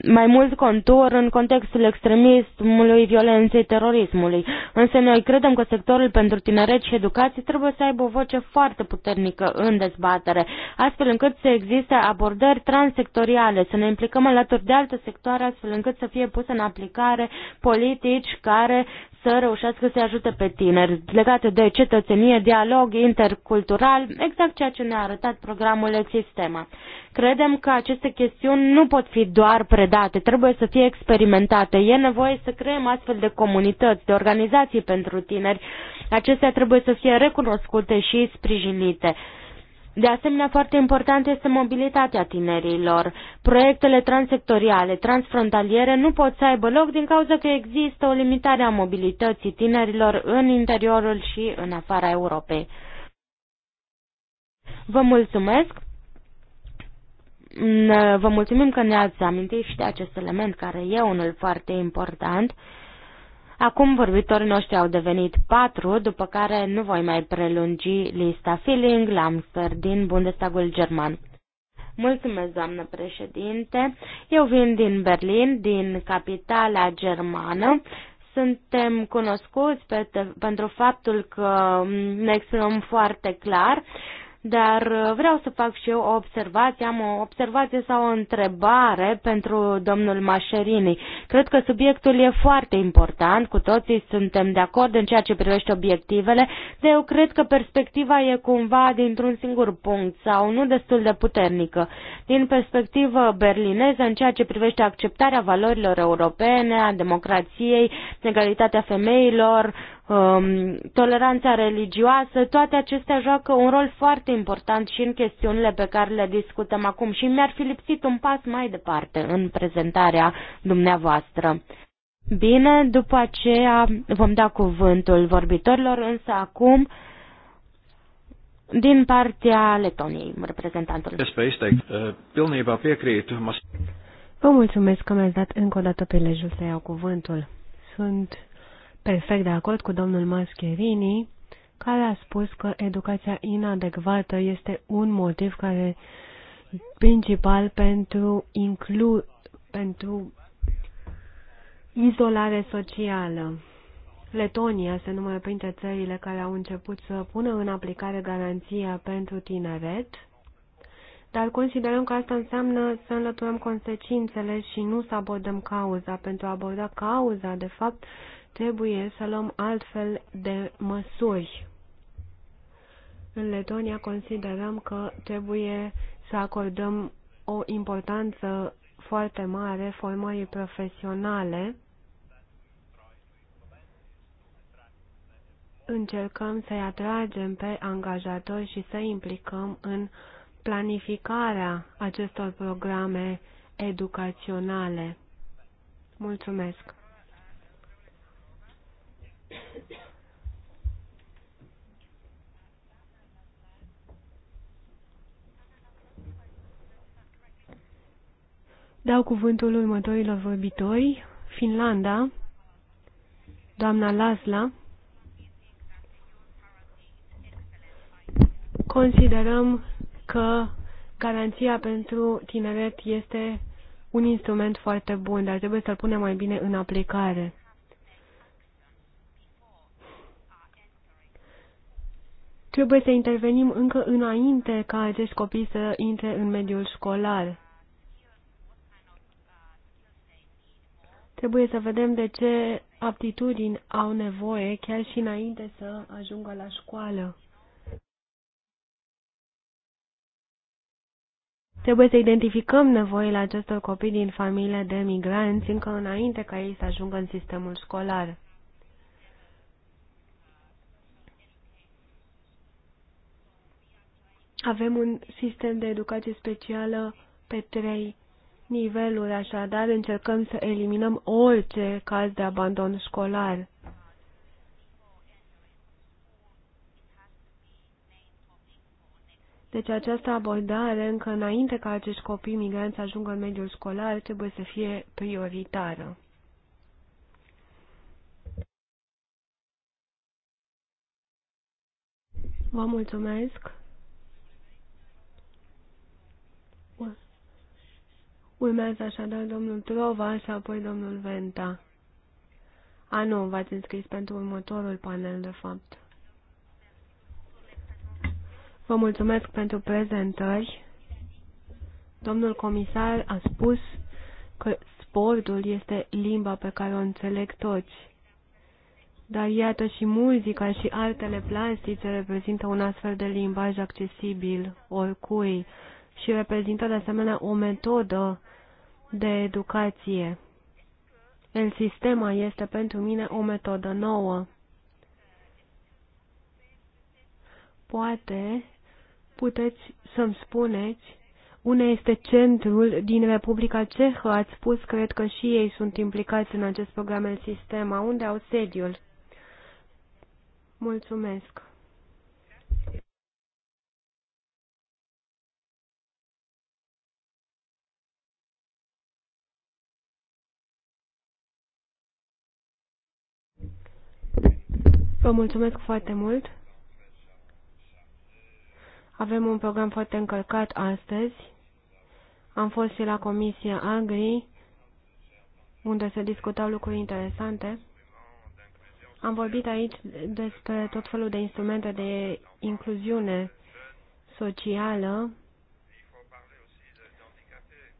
mai mult contur în contextul extremismului, violenței, terorismului. Însă noi credem că sectorul pentru tineret și educație trebuie să aibă o voce foarte puternică în dezbatere, astfel încât să existe abordări transsectoriale, să ne implicăm alături de alte sectoare, astfel încât să fie puse în aplicare politici care să reușească să-i ajute pe tineri, legate de cetățenie, dialog intercultural, exact ceea ce ne-a arătat programul Sistema. Credem că aceste chestiuni nu pot fi doar predate, trebuie să fie experimentate. E nevoie să creăm astfel de comunități, de organizații pentru tineri. Acestea trebuie să fie recunoscute și sprijinite. De asemenea, foarte important este mobilitatea tinerilor. Proiectele transsectoriale, transfrontaliere nu pot să aibă loc din cauza că există o limitare a mobilității tinerilor în interiorul și în afara Europei. Vă mulțumesc! Vă mulțumim că ne-ați amintit și de acest element care e unul foarte important. Acum vorbitorii noștri au devenit patru, după care nu voi mai prelungi lista Filling Lamster din Bundestagul German. Mulțumesc, doamnă președinte. Eu vin din Berlin, din capitala germană. Suntem cunoscuți pe, pentru faptul că ne exprimăm foarte clar. Uh, dar uh, vreau să fac și eu o observație, am o observație sau o întrebare pentru domnul Mașerini. Cred că subiectul e foarte important, cu toții suntem de acord în ceea ce privește obiectivele, dar eu cred că perspectiva e cumva dintr-un singur punct sau nu destul de puternică. Din perspectivă berlineză, în ceea ce privește acceptarea valorilor europene, a democrației, egalitatea femeilor, um, toleranța religioasă, toate acestea joacă un rol foarte important și în chestiunile pe care le discutăm acum și mi-ar fi lipsit un pas mai departe în prezentarea dumneavoastră. Bine, după aceea vom da cuvântul vorbitorilor, însă acum din partea Letoniei, reprezentantul. Uh, vă mulțumesc că mi-ați dat încă o dată prilejul să iau cuvântul. Sunt perfect de acord cu domnul Mascherini, care a spus că educația inadecvată este un motiv care principal pentru, inclu, pentru izolare socială. Letonia se numără printre țările care au început să pună în aplicare garanția pentru tineret, dar considerăm că asta înseamnă să înlăturăm consecințele și nu să abordăm cauza. Pentru a aborda cauza, de fapt, Trebuie să luăm altfel de măsuri. În Letonia considerăm că trebuie să acordăm o importanță foarte mare formării profesionale. Încercăm să-i atragem pe angajatori și să implicăm în planificarea acestor programe educaționale. Mulțumesc! Dau cuvântul următorilor vorbitori. Finlanda, doamna Lasla. Considerăm că garanția pentru tineret este un instrument foarte bun, dar trebuie să-l punem mai bine în aplicare. Trebuie să intervenim încă înainte ca acești copii să intre în mediul școlar. Trebuie să vedem de ce aptitudini au nevoie chiar și înainte să ajungă la școală. Trebuie să identificăm nevoile acestor copii din familie de migranți încă înainte ca ei să ajungă în sistemul școlar. Avem un sistem de educație specială pe trei niveluri, așadar încercăm să eliminăm orice caz de abandon școlar. Deci această abordare, încă înainte ca acești copii migranți ajungă în mediul școlar, trebuie să fie prioritară. Vă mulțumesc! Urmează așadar domnul Trova și apoi domnul Venta. A, nu, v-ați înscris pentru următorul panel, de fapt. Vă mulțumesc pentru prezentări. Domnul comisar a spus că sportul este limba pe care o înțeleg toți. Dar iată și muzica și artele plastice reprezintă un astfel de limbaj accesibil oricui și reprezintă de asemenea o metodă de educație. El sistema este pentru mine o metodă nouă. Poate puteți să-mi spuneți unde este centrul din Republica Cehă. Ați spus, cred că și ei sunt implicați în acest program El Sistema. Unde au sediul? Mulțumesc. Vă mulțumesc foarte mult. Avem un program foarte încărcat astăzi. Am fost și la Comisia Agri, unde se discutau lucruri interesante. Am vorbit aici despre tot felul de instrumente de incluziune socială.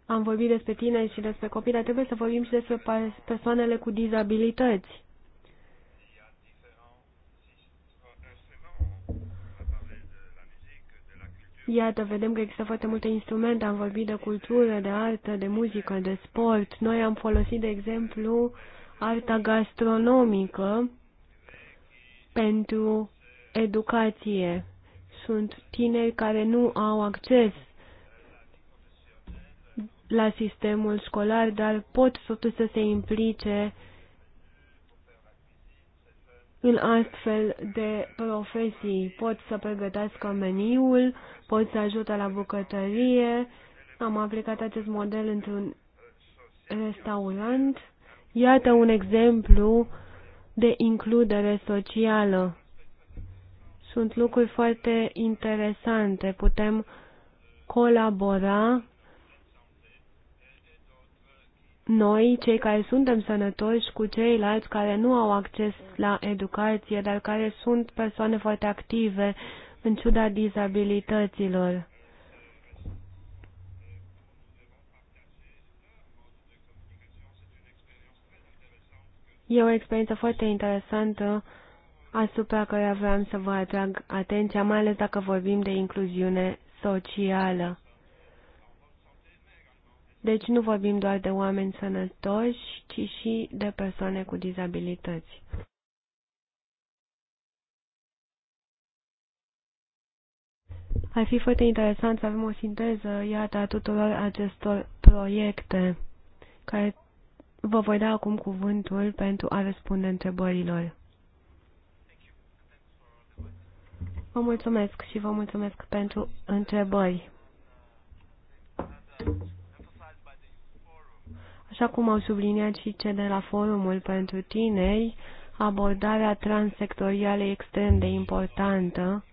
Am vorbit despre tineri și despre copii, dar trebuie să vorbim și despre persoanele cu dizabilități. Iată, vedem că există foarte multe instrumente, am vorbit de cultură, de artă, de muzică, de sport. Noi am folosit, de exemplu, arta gastronomică pentru educație. Sunt tineri care nu au acces la sistemul școlar, dar pot totuși să se implice în astfel de profesii. Pot să pregătească meniul, pot să ajute la bucătărie. Am aplicat acest model într-un restaurant. Iată un exemplu de includere socială. Sunt lucruri foarte interesante. Putem colabora noi, cei care suntem sănătoși, cu ceilalți care nu au acces la educație, dar care sunt persoane foarte active, în ciuda dizabilităților. E o experiență foarte interesantă asupra care vreau să vă atrag atenția, mai ales dacă vorbim de incluziune socială. Deci nu vorbim doar de oameni sănătoși, ci și de persoane cu dizabilități. Ar fi foarte interesant să avem o sinteză, iată, a tuturor acestor proiecte, care vă voi da acum cuvântul pentru a răspunde întrebărilor. Vă mulțumesc și vă mulțumesc pentru întrebări. Așa cum au subliniat și cei de la Forumul pentru Tineri, abordarea transsectorială e extrem de importantă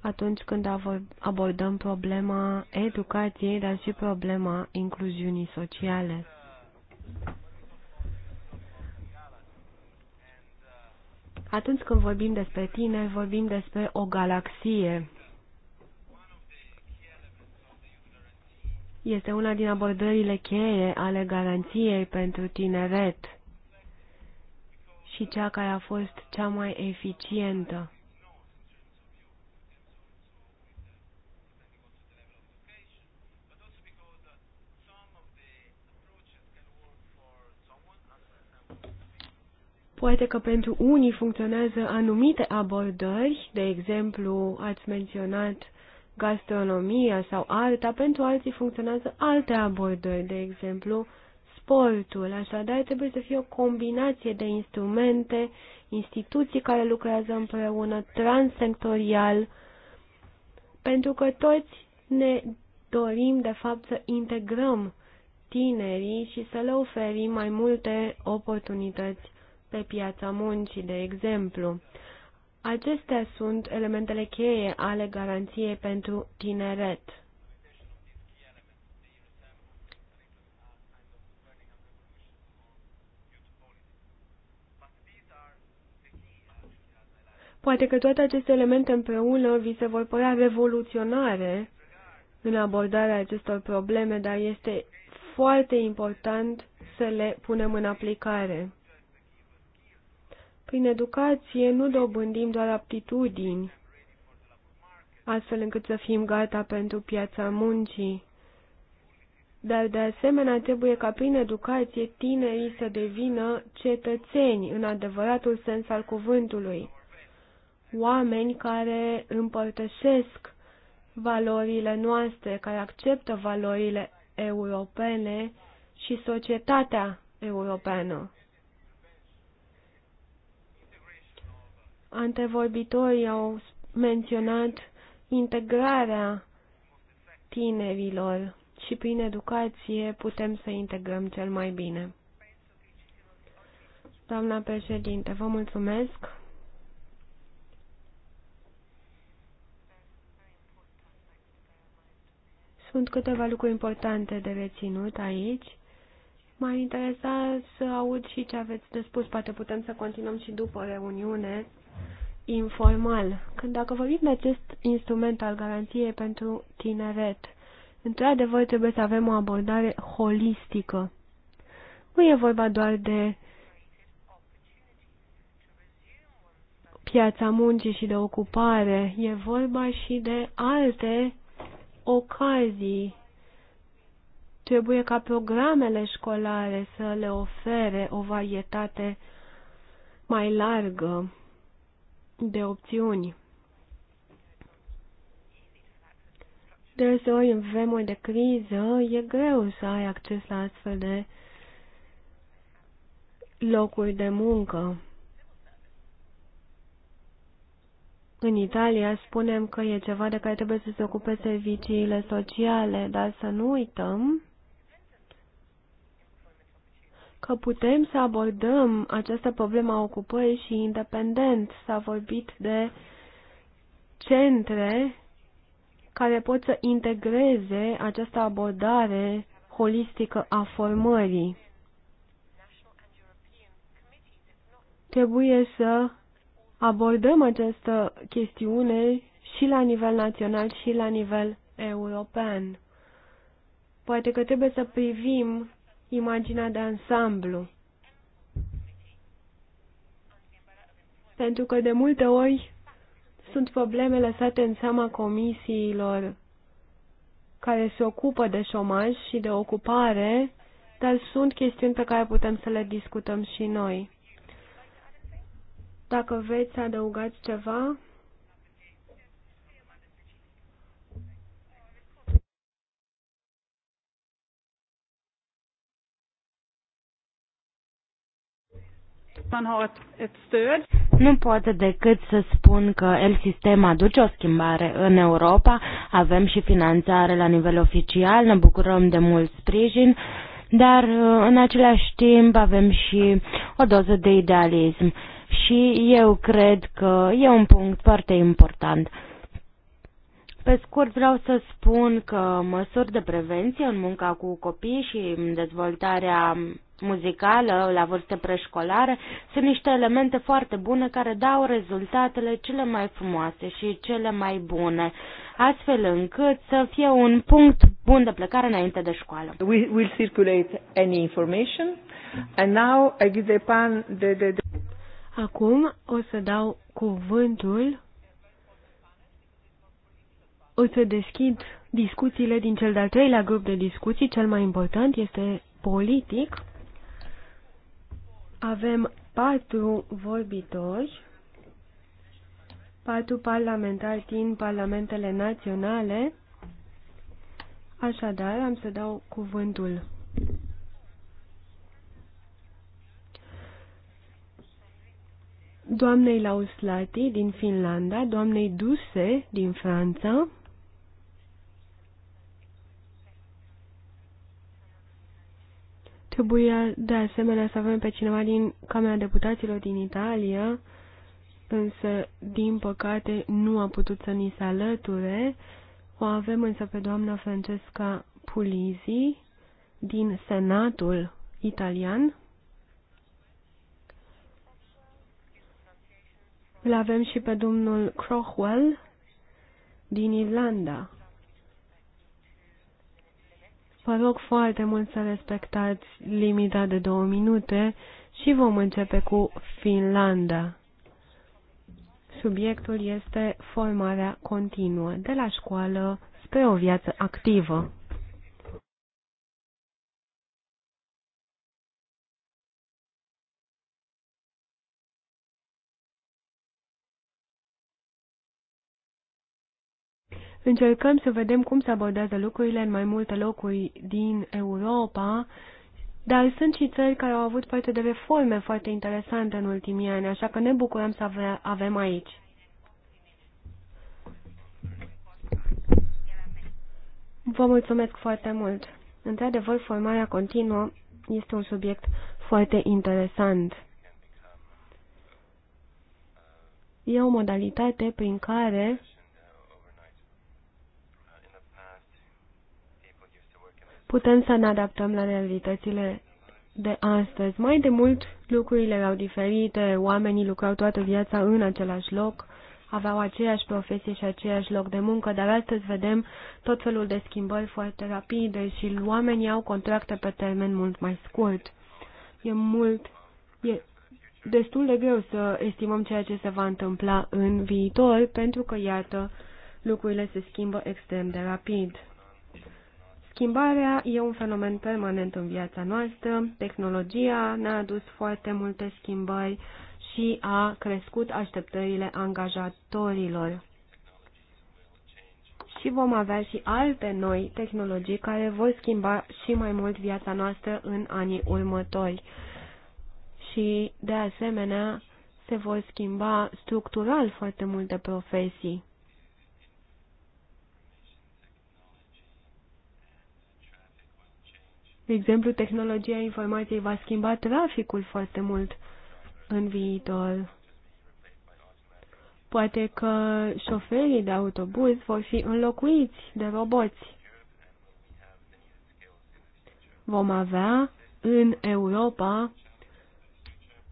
atunci când abordăm problema educației, dar și problema incluziunii sociale. Atunci când vorbim despre tine, vorbim despre o galaxie Este una din abordările cheie ale garanției pentru tineret și cea care a fost cea mai eficientă. Poate că pentru unii funcționează anumite abordări, de exemplu, ați menționat gastronomia sau alta, pentru alții funcționează alte abordări, de exemplu sportul. Așadar, trebuie să fie o combinație de instrumente, instituții care lucrează împreună, transsectorial, pentru că toți ne dorim, de fapt, să integrăm tinerii și să le oferim mai multe oportunități pe piața muncii, de exemplu. Acestea sunt elementele cheie ale garanției pentru tineret. Poate că toate aceste elemente împreună vi se vor părea revoluționare în abordarea acestor probleme, dar este foarte important să le punem în aplicare. Prin educație nu dobândim doar aptitudini, astfel încât să fim gata pentru piața muncii, dar de asemenea trebuie ca prin educație tinerii să devină cetățeni în adevăratul sens al cuvântului, oameni care împărtășesc valorile noastre, care acceptă valorile europene și societatea europeană. Antevorbitorii au menționat integrarea tinerilor și prin educație putem să integrăm cel mai bine. Doamna președinte, vă mulțumesc. Sunt câteva lucruri importante de reținut aici. M-ar interesa să aud și ce aveți de spus. Poate putem să continuăm și după reuniune informal. Când dacă vorbim de acest instrument al garanției pentru tineret, într-adevăr trebuie să avem o abordare holistică. Nu e vorba doar de piața muncii și de ocupare, e vorba și de alte ocazii. Trebuie ca programele școlare să le ofere o varietate mai largă de opțiuni. deseori, în vremuri de criză, e greu să ai acces la astfel de locuri de muncă. În Italia spunem că e ceva de care trebuie să se ocupe serviciile sociale, dar să nu uităm că putem să abordăm această problemă a ocupării și independent. S-a vorbit de centre care pot să integreze această abordare holistică a formării. Trebuie să abordăm această chestiune și la nivel național și la nivel european. Poate că trebuie să privim imaginea de ansamblu. Pentru că de multe ori sunt probleme lăsate în seama comisiilor care se ocupă de șomaj și de ocupare, dar sunt chestiuni pe care putem să le discutăm și noi. Dacă veți adăugați ceva, Nu pot decât să spun că el sistem aduce o schimbare în Europa, avem și finanțare la nivel oficial, ne bucurăm de mult sprijin, dar uh, în același timp avem și o doză de idealism și eu cred că e un punct foarte important. Pe scurt vreau să spun că măsuri de prevenție în munca cu copii și dezvoltarea muzicală la vârste preșcolare sunt niște elemente foarte bune care dau rezultatele cele mai frumoase și cele mai bune, astfel încât să fie un punct bun de plecare înainte de școală. We will circulate any information and now I give the pan the, the, the... Acum o să dau cuvântul o să deschid discuțiile din cel de-al treilea grup de discuții, cel mai important este politic. Avem patru vorbitori, patru parlamentari din parlamentele naționale. Așadar, am să dau cuvântul. Doamnei Lauslati din Finlanda, doamnei Duse din Franța, Trebuie de asemenea să avem pe cineva din Camera Deputaților din Italia, însă, din păcate, nu a putut să ni se alăture. O avem însă pe doamna Francesca Pulizi din Senatul italian. Îl avem și pe domnul Crochwell din Irlanda. Vă rog foarte mult să respectați limita de două minute și vom începe cu Finlanda. Subiectul este formarea continuă de la școală spre o viață activă. Încercăm să vedem cum se abordează lucrurile în mai multe locuri din Europa, dar sunt și țări care au avut parte de reforme foarte interesante în ultimii ani, așa că ne bucurăm să avem aici. Vă mulțumesc foarte mult. Într-adevăr, formarea continuă este un subiect foarte interesant. E o modalitate prin care putem să ne adaptăm la realitățile de astăzi. Mai de mult, lucrurile erau diferite, oamenii lucrau toată viața în același loc, aveau aceeași profesie și aceeași loc de muncă, dar astăzi vedem tot felul de schimbări foarte rapide și oamenii au contracte pe termen mult mai scurt. E mult, e destul de greu să estimăm ceea ce se va întâmpla în viitor, pentru că, iată, lucrurile se schimbă extrem de rapid. Schimbarea e un fenomen permanent în viața noastră, tehnologia ne-a adus foarte multe schimbări și a crescut așteptările angajatorilor. Și vom avea și alte noi tehnologii care vor schimba și mai mult viața noastră în anii următori. Și, de asemenea, se vor schimba structural foarte multe profesii. De exemplu, tehnologia informației va schimba traficul foarte mult în viitor. Poate că șoferii de autobuz vor fi înlocuiți de roboți. Vom avea în Europa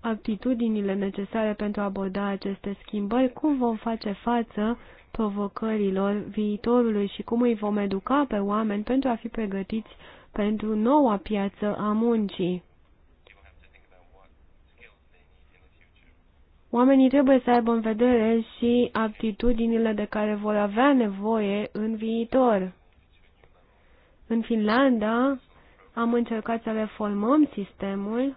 aptitudinile necesare pentru a aborda aceste schimbări, cum vom face față provocărilor viitorului și cum îi vom educa pe oameni pentru a fi pregătiți pentru noua piață a muncii. Oamenii trebuie să aibă în vedere și aptitudinile de care vor avea nevoie în viitor. În Finlanda am încercat să reformăm sistemul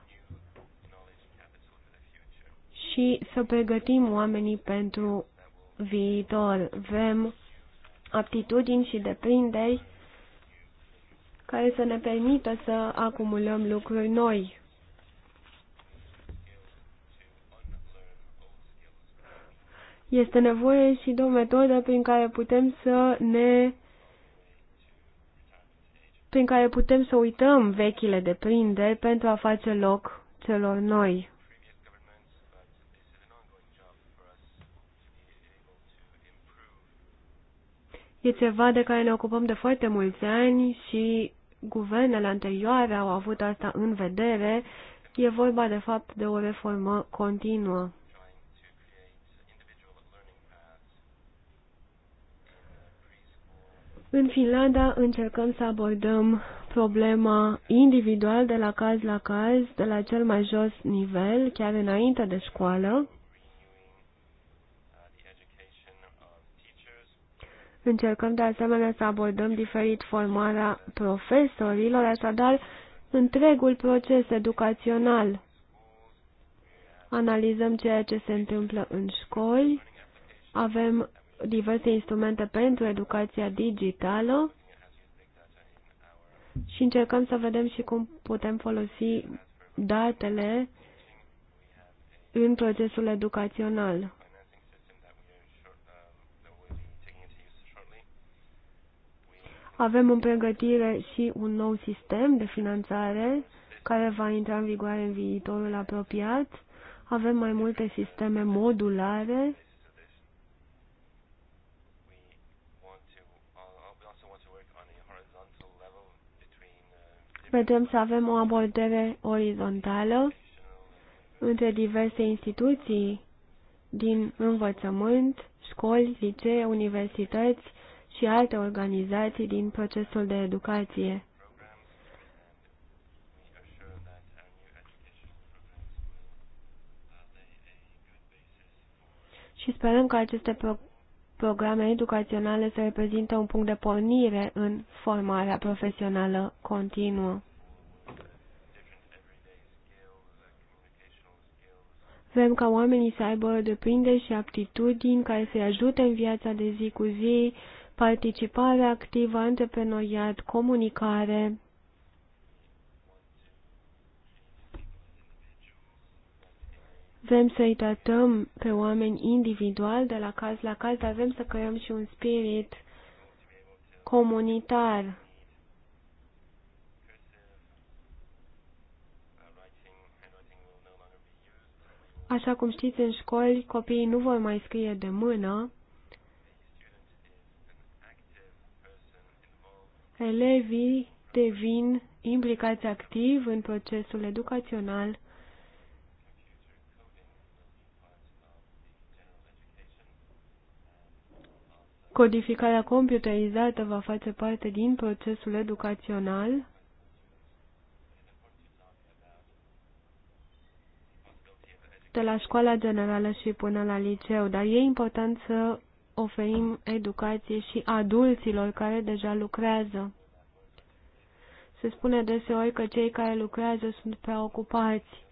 și să pregătim oamenii pentru viitor. Vrem aptitudini și deprinderi care să ne permită să acumulăm lucruri noi. Este nevoie și de o metodă prin care putem să ne prin care putem să uităm vechile deprinderi pentru a face loc celor noi. E ceva de care ne ocupăm de foarte mulți ani și guvernele anterioare au avut asta în vedere. E vorba, de fapt, de o reformă continuă. În Finlanda încercăm să abordăm problema individual de la caz la caz, de la cel mai jos nivel, chiar înainte de școală. Încercăm de asemenea să abordăm diferit formarea profesorilor, așadar întregul proces educațional. Analizăm ceea ce se întâmplă în școli, avem diverse instrumente pentru educația digitală și încercăm să vedem și cum putem folosi datele în procesul educațional. Avem în pregătire și un nou sistem de finanțare care va intra în vigoare în viitorul apropiat. Avem mai multe sisteme modulare. Vedem să avem o abordare orizontală între diverse instituții din învățământ, școli, licee, universități, și alte organizații din procesul de educație. Și sperăm că aceste pro programe educaționale să reprezintă un punct de pornire în formarea profesională continuă. Vrem ca oamenii să aibă deprinde și aptitudini care să-i ajute în viața de zi cu zi, participare activă, antreprenoriat, comunicare. Vrem să-i tratăm pe oameni individual, de la caz la caz, dar vrem să creăm și un spirit comunitar. Așa cum știți, în școli copiii nu vor mai scrie de mână, elevii devin implicați activ în procesul educațional Codificarea computerizată va face parte din procesul educațional de la școala generală și până la liceu, dar e important să oferim educație și adulților care deja lucrează. Se spune deseori că cei care lucrează sunt preocupați.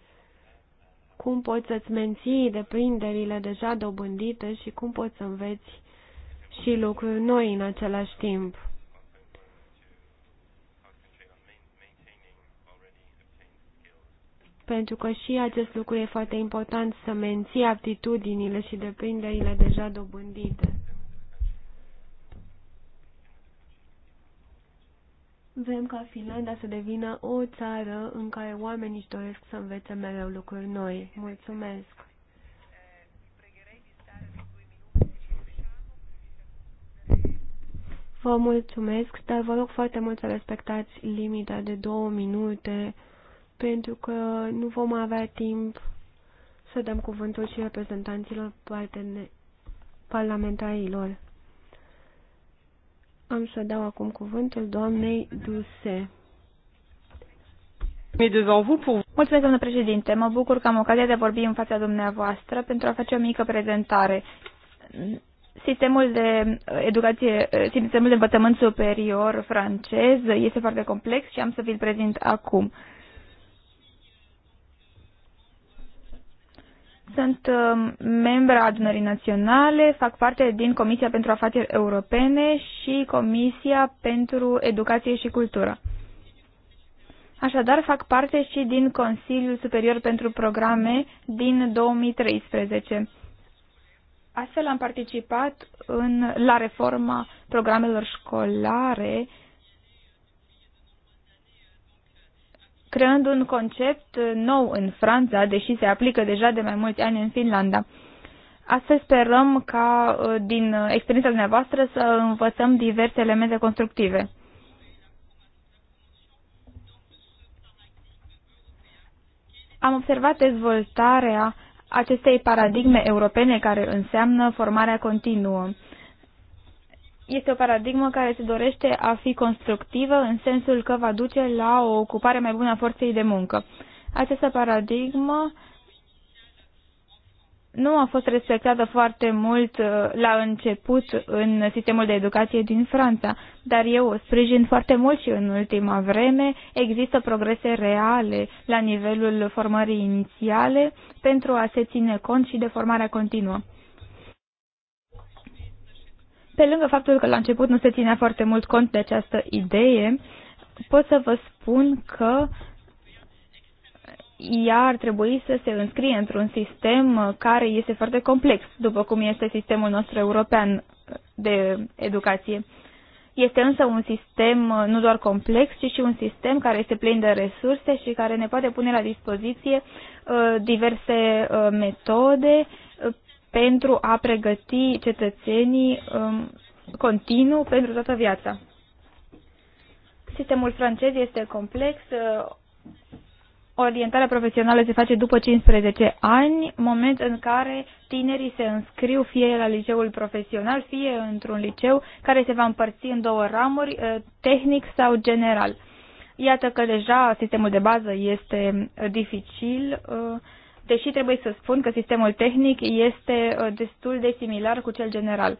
Cum poți să-ți menții deprinderile deja dobândite și cum poți să înveți și lucruri noi în același timp? pentru că și acest lucru e foarte important să menții aptitudinile și deprinderile deja dobândite. Vrem ca Finlanda să devină o țară în care oamenii își doresc să învețe mereu lucruri noi. Mulțumesc! Vă mulțumesc, dar vă rog foarte mult să respectați limita de două minute pentru că nu vom avea timp să dăm cuvântul și reprezentanților parlamentarilor. Am să dau acum cuvântul doamnei Duse. Mulțumesc, domnule președinte. Mă bucur că am ocazia de a vorbi în fața dumneavoastră pentru a face o mică prezentare. Sistemul de educație, sistemul de învățământ superior francez este foarte complex și am să vi-l prezint acum. Uh, Sunt um, membra adunării naționale, fac parte din Comisia pentru Afaceri Europene și Comisia pentru Educație și Cultură. Așadar, fac parte și din Consiliul Superior pentru Programe din 2013. Astfel am participat în, la reforma programelor școlare creând un concept nou în Franța, deși se aplică deja de mai mulți ani în Finlanda. Astăzi sperăm ca uh, din experiența dumneavoastră să învățăm diverse elemente constructive. Am observat dezvoltarea acestei paradigme europene care înseamnă formarea continuă. Este o paradigmă care se dorește a fi constructivă în sensul că va duce la o ocupare mai bună a forței de muncă. Această paradigmă nu a fost respectată foarte mult uh, la început în sistemul de educație din Franța, dar eu o sprijin foarte mult și în ultima vreme există progrese reale la nivelul formării inițiale pentru a se ține cont și de formarea continuă. Pe lângă faptul că la început nu se ținea foarte mult cont de această idee, pot să vă spun că ea ar trebui să se înscrie într-un sistem uh, care este foarte complex, după cum este sistemul nostru european uh, de educație. Este însă un sistem uh, nu doar complex, ci și un sistem care este plin de resurse și care ne poate pune la dispoziție diverse metode pentru a pregăti cetățenii um, continuu pentru toată viața. Sistemul francez este complex. Orientarea profesională se face după 15 ani, moment în care tinerii se înscriu fie la liceul profesional, fie într-un liceu care se va împărți în două ramuri, uh, tehnic sau general. Iată că deja sistemul de bază este uh, dificil uh, deși trebuie să spun că sistemul tehnic este uh, destul de similar cu cel general.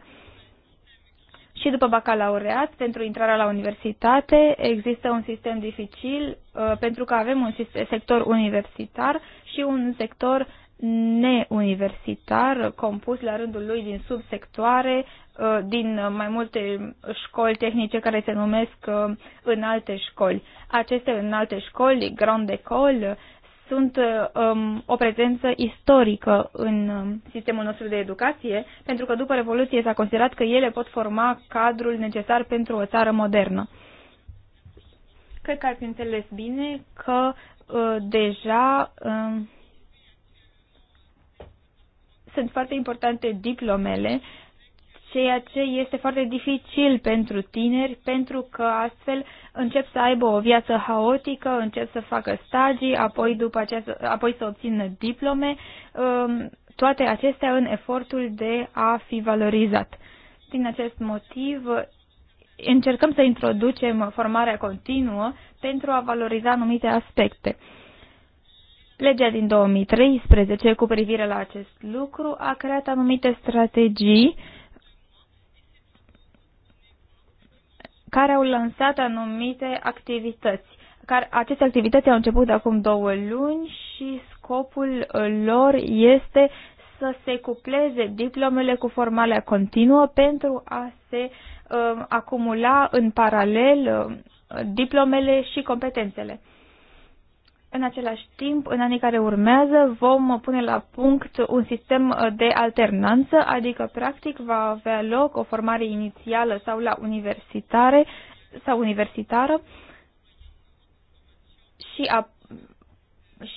Și după bacalaureat, pentru intrarea la universitate, există un sistem dificil uh, pentru că avem un sector universitar și un sector neuniversitar, compus la rândul lui din subsectoare, uh, din mai multe școli tehnice care se numesc în alte școli. Aceste în alte școli, grand col sunt um, o prezență istorică în um, sistemul nostru de educație, pentru că după Revoluție s-a considerat că ele pot forma cadrul necesar pentru o țară modernă. Cred că ar fi înțeles bine că uh, deja uh, sunt foarte importante diplomele ceea ce este foarte dificil pentru tineri, pentru că astfel încep să aibă o viață haotică, încep să facă stagii, apoi, după aceea, apoi să obțină diplome, um, toate acestea în efortul de a fi valorizat. Din acest motiv, încercăm să introducem formarea continuă pentru a valoriza anumite aspecte. Legea din 2013 cu privire la acest lucru a creat anumite strategii uh, care au lansat anumite activități. Care, aceste activități au început acum două luni și scopul uh, lor este să se cupleze diplomele cu formarea continuă pentru a se uh, acumula în paralel uh, diplomele și competențele. În același timp, în anii care urmează, vom pune la punct un sistem de alternanță, adică practic va avea loc o formare inițială sau la universitare sau universitară și, a,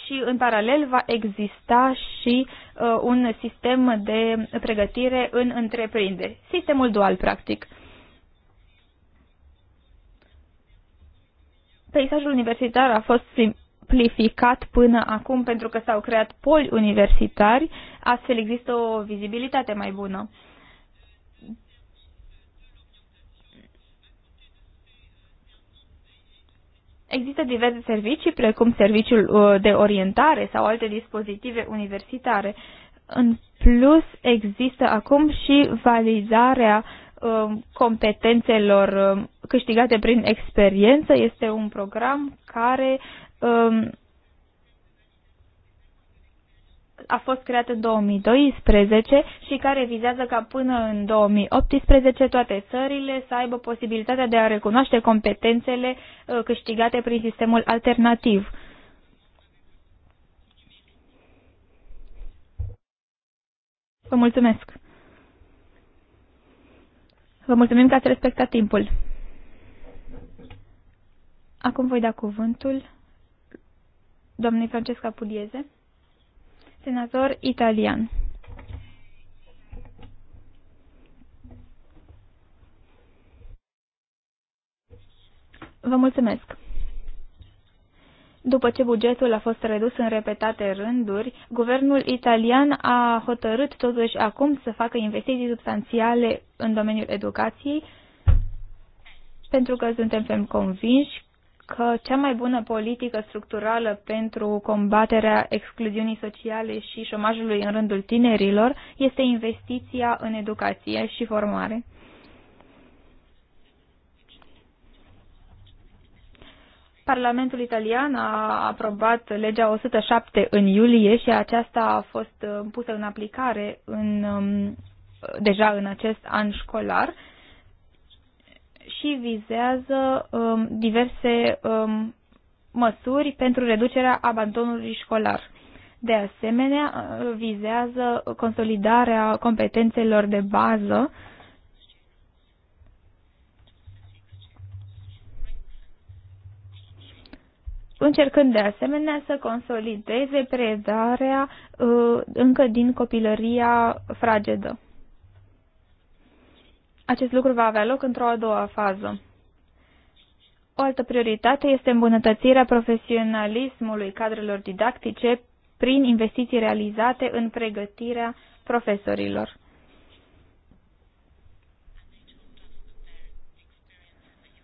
și în paralel va exista și uh, un sistem de pregătire în întreprinderi, sistemul dual practic. Peisajul universitar a fost simplificat până acum pentru că s-au creat poli universitari, astfel există o vizibilitate mai bună. Există diverse servicii, precum serviciul uh, de orientare sau alte dispozitive universitare. În plus, există acum și validarea uh, competențelor uh, câștigate prin experiență. Este un program care Um, a fost creat în 2012 și care vizează ca până în 2018 toate țările să aibă posibilitatea de a recunoaște competențele uh, câștigate prin sistemul alternativ. Vă mulțumesc! Vă mulțumim că ați respectat timpul. Acum voi da cuvântul doamnei Francesca Pulieze, senator italian. Vă mulțumesc! După ce bugetul a fost redus în repetate rânduri, guvernul italian a hotărât totuși acum să facă investiții substanțiale în domeniul educației, pentru că suntem convinși că cea mai bună politică structurală pentru combaterea excluziunii sociale și șomajului în rândul tinerilor este investiția în educație și formare. Parlamentul italian a aprobat legea 107 în iulie și aceasta a fost pusă în aplicare în, um, deja în acest an școlar și vizează um, diverse um, măsuri pentru reducerea abandonului școlar. De asemenea, uh, vizează consolidarea competențelor de bază încercând de asemenea să consolideze predarea uh, încă din copilăria fragedă. Acest lucru va avea loc într-o a doua fază. O altă prioritate este îmbunătățirea profesionalismului cadrelor didactice prin investiții realizate în pregătirea profesorilor.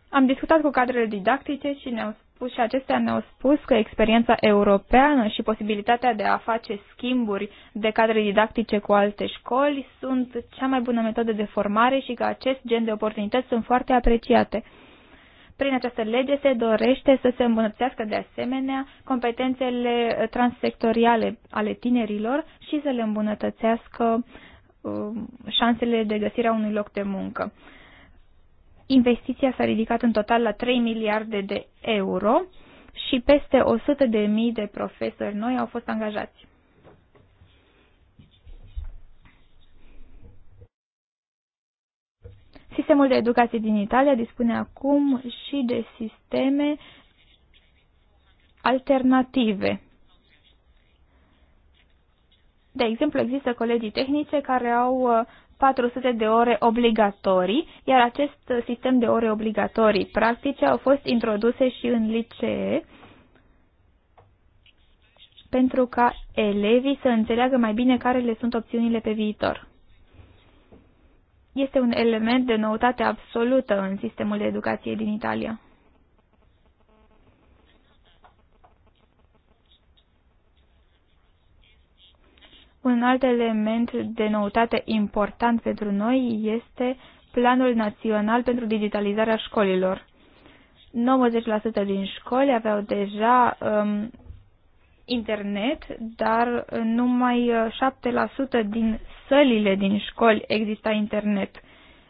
Am discutat cu cadrele didactice și ne-au spus și acestea ne-au spus că experiența europeană și posibilitatea de a face schimburi de cadre didactice cu alte școli sunt cea mai bună metodă de formare și că acest gen de oportunități sunt foarte apreciate. Prin această lege se dorește să se îmbunătățească de asemenea competențele transsectoriale ale tinerilor și să le îmbunătățească um, șansele de găsirea unui loc de muncă. Investiția s-a ridicat în total la 3 miliarde de euro și peste 100 de mii de profesori noi au fost angajați. Sistemul de educație din Italia dispune acum și de sisteme alternative. De exemplu, există colegii tehnice care au uh, 400 de ore obligatorii, iar acest sistem de ore obligatorii practice au fost introduse și în licee pentru ca elevii să înțeleagă mai bine care le sunt opțiunile pe viitor. Este un element de noutate absolută în sistemul de educație din Italia. Un alt element de noutate important pentru noi este Planul Național pentru Digitalizarea Școlilor. 90% din școli aveau deja um, internet, dar numai 7% uh, din sălile din școli exista internet.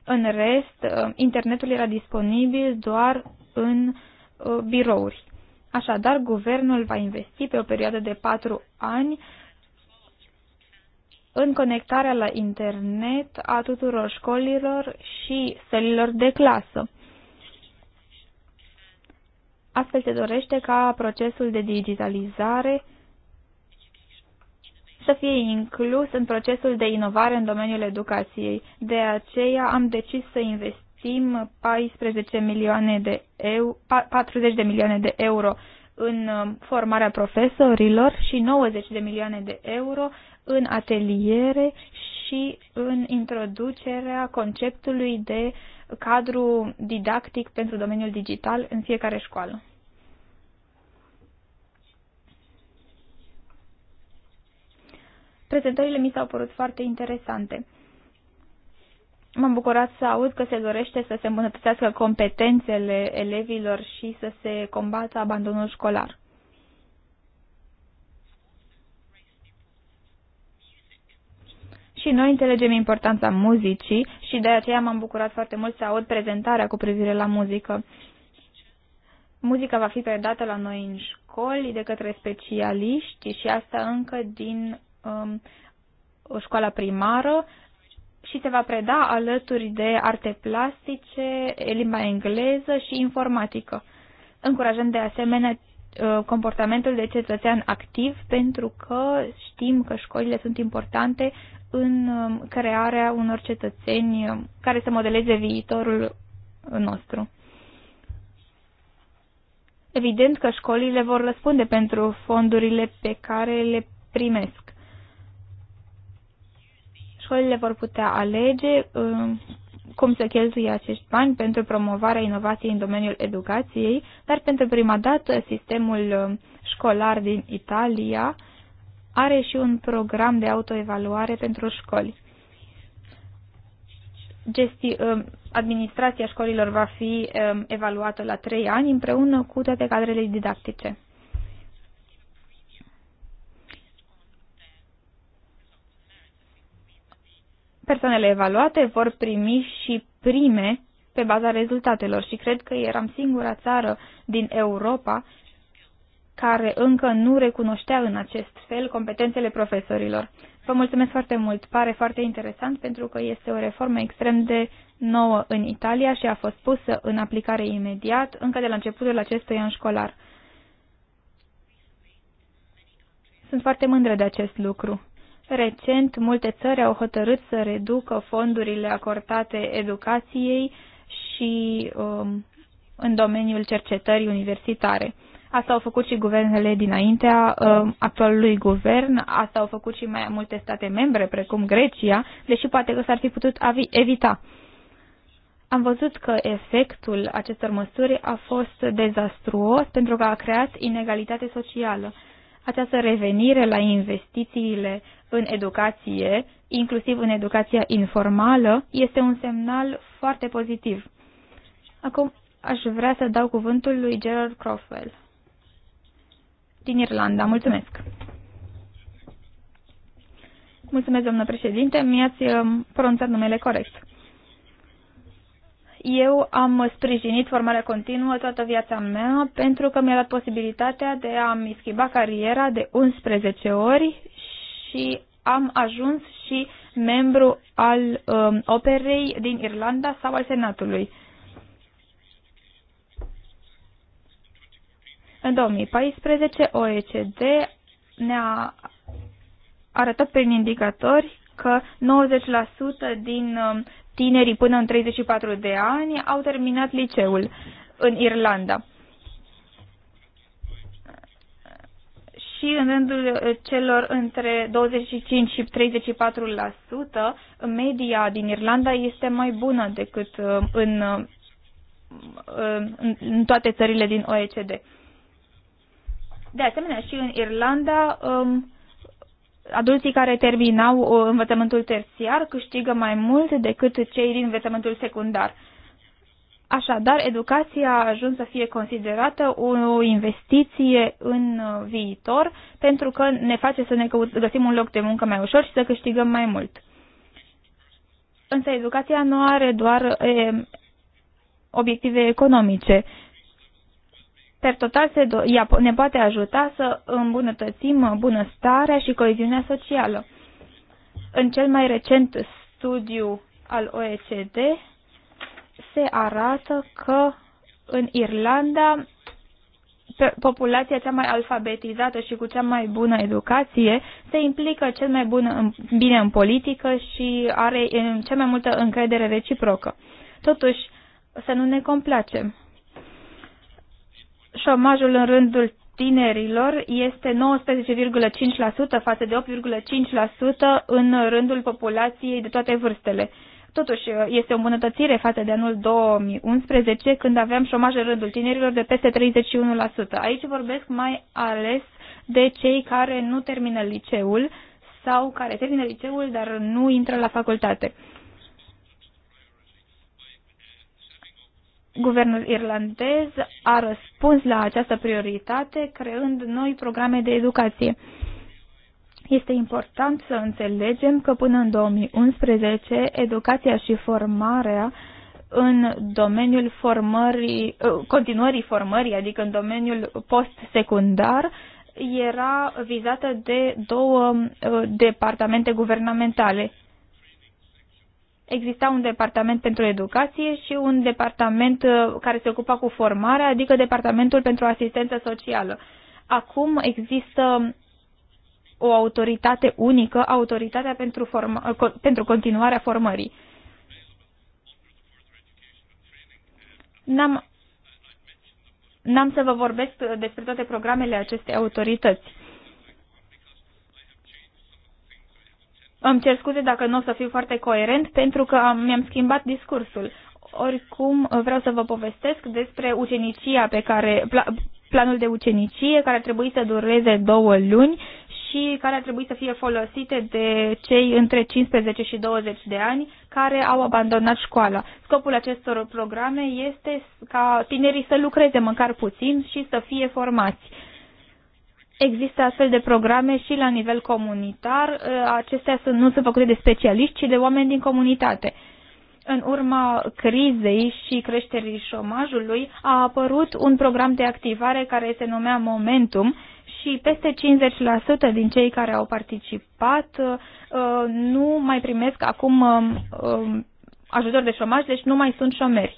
În rest, uh, internetul era disponibil doar în uh, birouri. Așadar, guvernul va investi pe o perioadă de 4 ani în conectarea la internet a tuturor școlilor și sălilor de clasă. Astfel se dorește ca procesul de digitalizare să fie inclus în procesul de inovare în domeniul educației. De aceea am decis să investim 14 milioane de eu, 40 de milioane de euro în um, formarea profesorilor și 90 de milioane de euro în ateliere și în introducerea conceptului de cadru didactic pentru domeniul digital în fiecare școală. Prezentările mi s-au părut foarte interesante. M-am bucurat să aud că se dorește să se îmbunătățească competențele elevilor și să se combată abandonul școlar. și noi înțelegem importanța muzicii și de aceea m-am bucurat foarte mult să aud prezentarea cu privire la muzică. Muzica va fi predată la noi în școli de către specialiști și asta încă din um, școală primară și se va preda alături de arte plastice, limba engleză și informatică, încurajând de asemenea uh, comportamentul de cetățean activ pentru că știm că școlile sunt importante în um, crearea unor cetățeni um, care să modeleze viitorul uh, nostru. Evident că școlile vor răspunde pentru fondurile pe care le primesc. Școlile vor putea alege um, cum să cheltuie acești bani pentru promovarea inovației în domeniul educației, dar pentru prima dată sistemul școlar din Italia are și un program de autoevaluare pentru școli. Gesti um, administrația școlilor va fi um, evaluată la trei ani împreună cu toate cadrele didactice. Persoanele evaluate vor primi și prime pe baza rezultatelor și cred că eram singura țară din Europa care încă nu recunoștea în acest fel competențele profesorilor. Vă mulțumesc foarte mult, pare foarte interesant pentru că este o reformă extrem de nouă în Italia și a fost pusă în aplicare imediat, încă de la începutul acestui an școlar. Sunt foarte mândră de acest lucru. Recent, multe țări au hotărât să reducă fondurile acordate educației și um, în domeniul cercetării universitare. Asta au făcut și guvernele dinaintea uh, actualului guvern, asta au făcut și mai multe state membre, precum Grecia, deși poate că s-ar fi putut evita. Am văzut că efectul acestor măsuri a fost dezastruos pentru că a creat inegalitate socială. Această revenire la investițiile în educație, inclusiv în educația informală, este un semnal foarte pozitiv. Acum aș vrea să dau cuvântul lui Gerard Crofwell din Irlanda. Mulțumesc! Mulțumesc, domnul președinte, mi-ați uh, pronunțat numele corect. Eu am sprijinit formarea continuă toată viața mea pentru că mi-a dat posibilitatea de a-mi schimba cariera de 11 ori și am ajuns și membru al um, operei din Irlanda sau al Senatului. Uh, În 2014, OECD ne-a arătat prin indicatori că 90% din um, tinerii până în 34 de ani au terminat liceul în Irlanda. Și în rândul uh, celor între 25 și 34%, media din Irlanda este mai bună decât uh, uh, în, în toate țările din OECD. De asemenea, și în Irlanda, um, adulții care terminau uh, învățământul terțiar câștigă mai mult decât cei din învățământul secundar. Așadar, educația a ajuns să fie considerată o investiție în uh, viitor pentru că ne face să ne găsim un loc de muncă mai ușor și să câștigăm mai mult. Însă educația nu are doar e, eh, obiective economice. Per total, se do- ea ne poate ajuta să îmbunătățim bunăstarea și coeziunea socială. În cel mai recent studiu al OECD se arată că în Irlanda populația cea mai alfabetizată și cu cea mai bună educație se implică cel mai în, bine în politică și are cea mai multă încredere reciprocă. Totuși, să nu ne complacem șomajul în rândul tinerilor este 19,5% față de 8,5% în rândul populației de toate vârstele. Totuși, este o îmbunătățire față de anul 2011, când aveam șomaj în rândul tinerilor de peste 31%. Aici vorbesc mai ales de cei care nu termină liceul sau care termină liceul, dar nu intră la facultate. Guvernul irlandez a răspuns la această prioritate creând noi programe de educație. Este important să înțelegem că până în 2011 educația și formarea în domeniul formării, uh, continuării formării, adică în domeniul postsecundar, era vizată de două uh, departamente guvernamentale, exista un departament pentru educație și un departament uh, care se ocupa cu formarea, adică departamentul pentru asistență socială. Acum există o autoritate unică, autoritatea pentru, forma- uh, pentru continuarea formării. N-am, n-am să vă vorbesc despre toate programele acestei autorități. Îmi cer scuze dacă nu o să fiu foarte coerent, pentru că am, mi-am schimbat discursul. Oricum, vreau să vă povestesc despre ucenicia pe care, pla, planul de ucenicie, care trebuie să dureze două luni și care ar trebui să fie folosite de cei între 15 și 20 de ani care au abandonat școala. Scopul acestor programe este ca tinerii să lucreze măcar puțin și să fie formați Există astfel de programe și la nivel comunitar. Uh, acestea sunt, nu sunt făcute de specialiști, ci de oameni din comunitate. În urma crizei și creșterii șomajului a apărut un program de activare care se numea Momentum și peste 50% din cei care au participat uh, nu mai primesc acum um, um, ajutor de șomaj, deci nu mai sunt șomeri.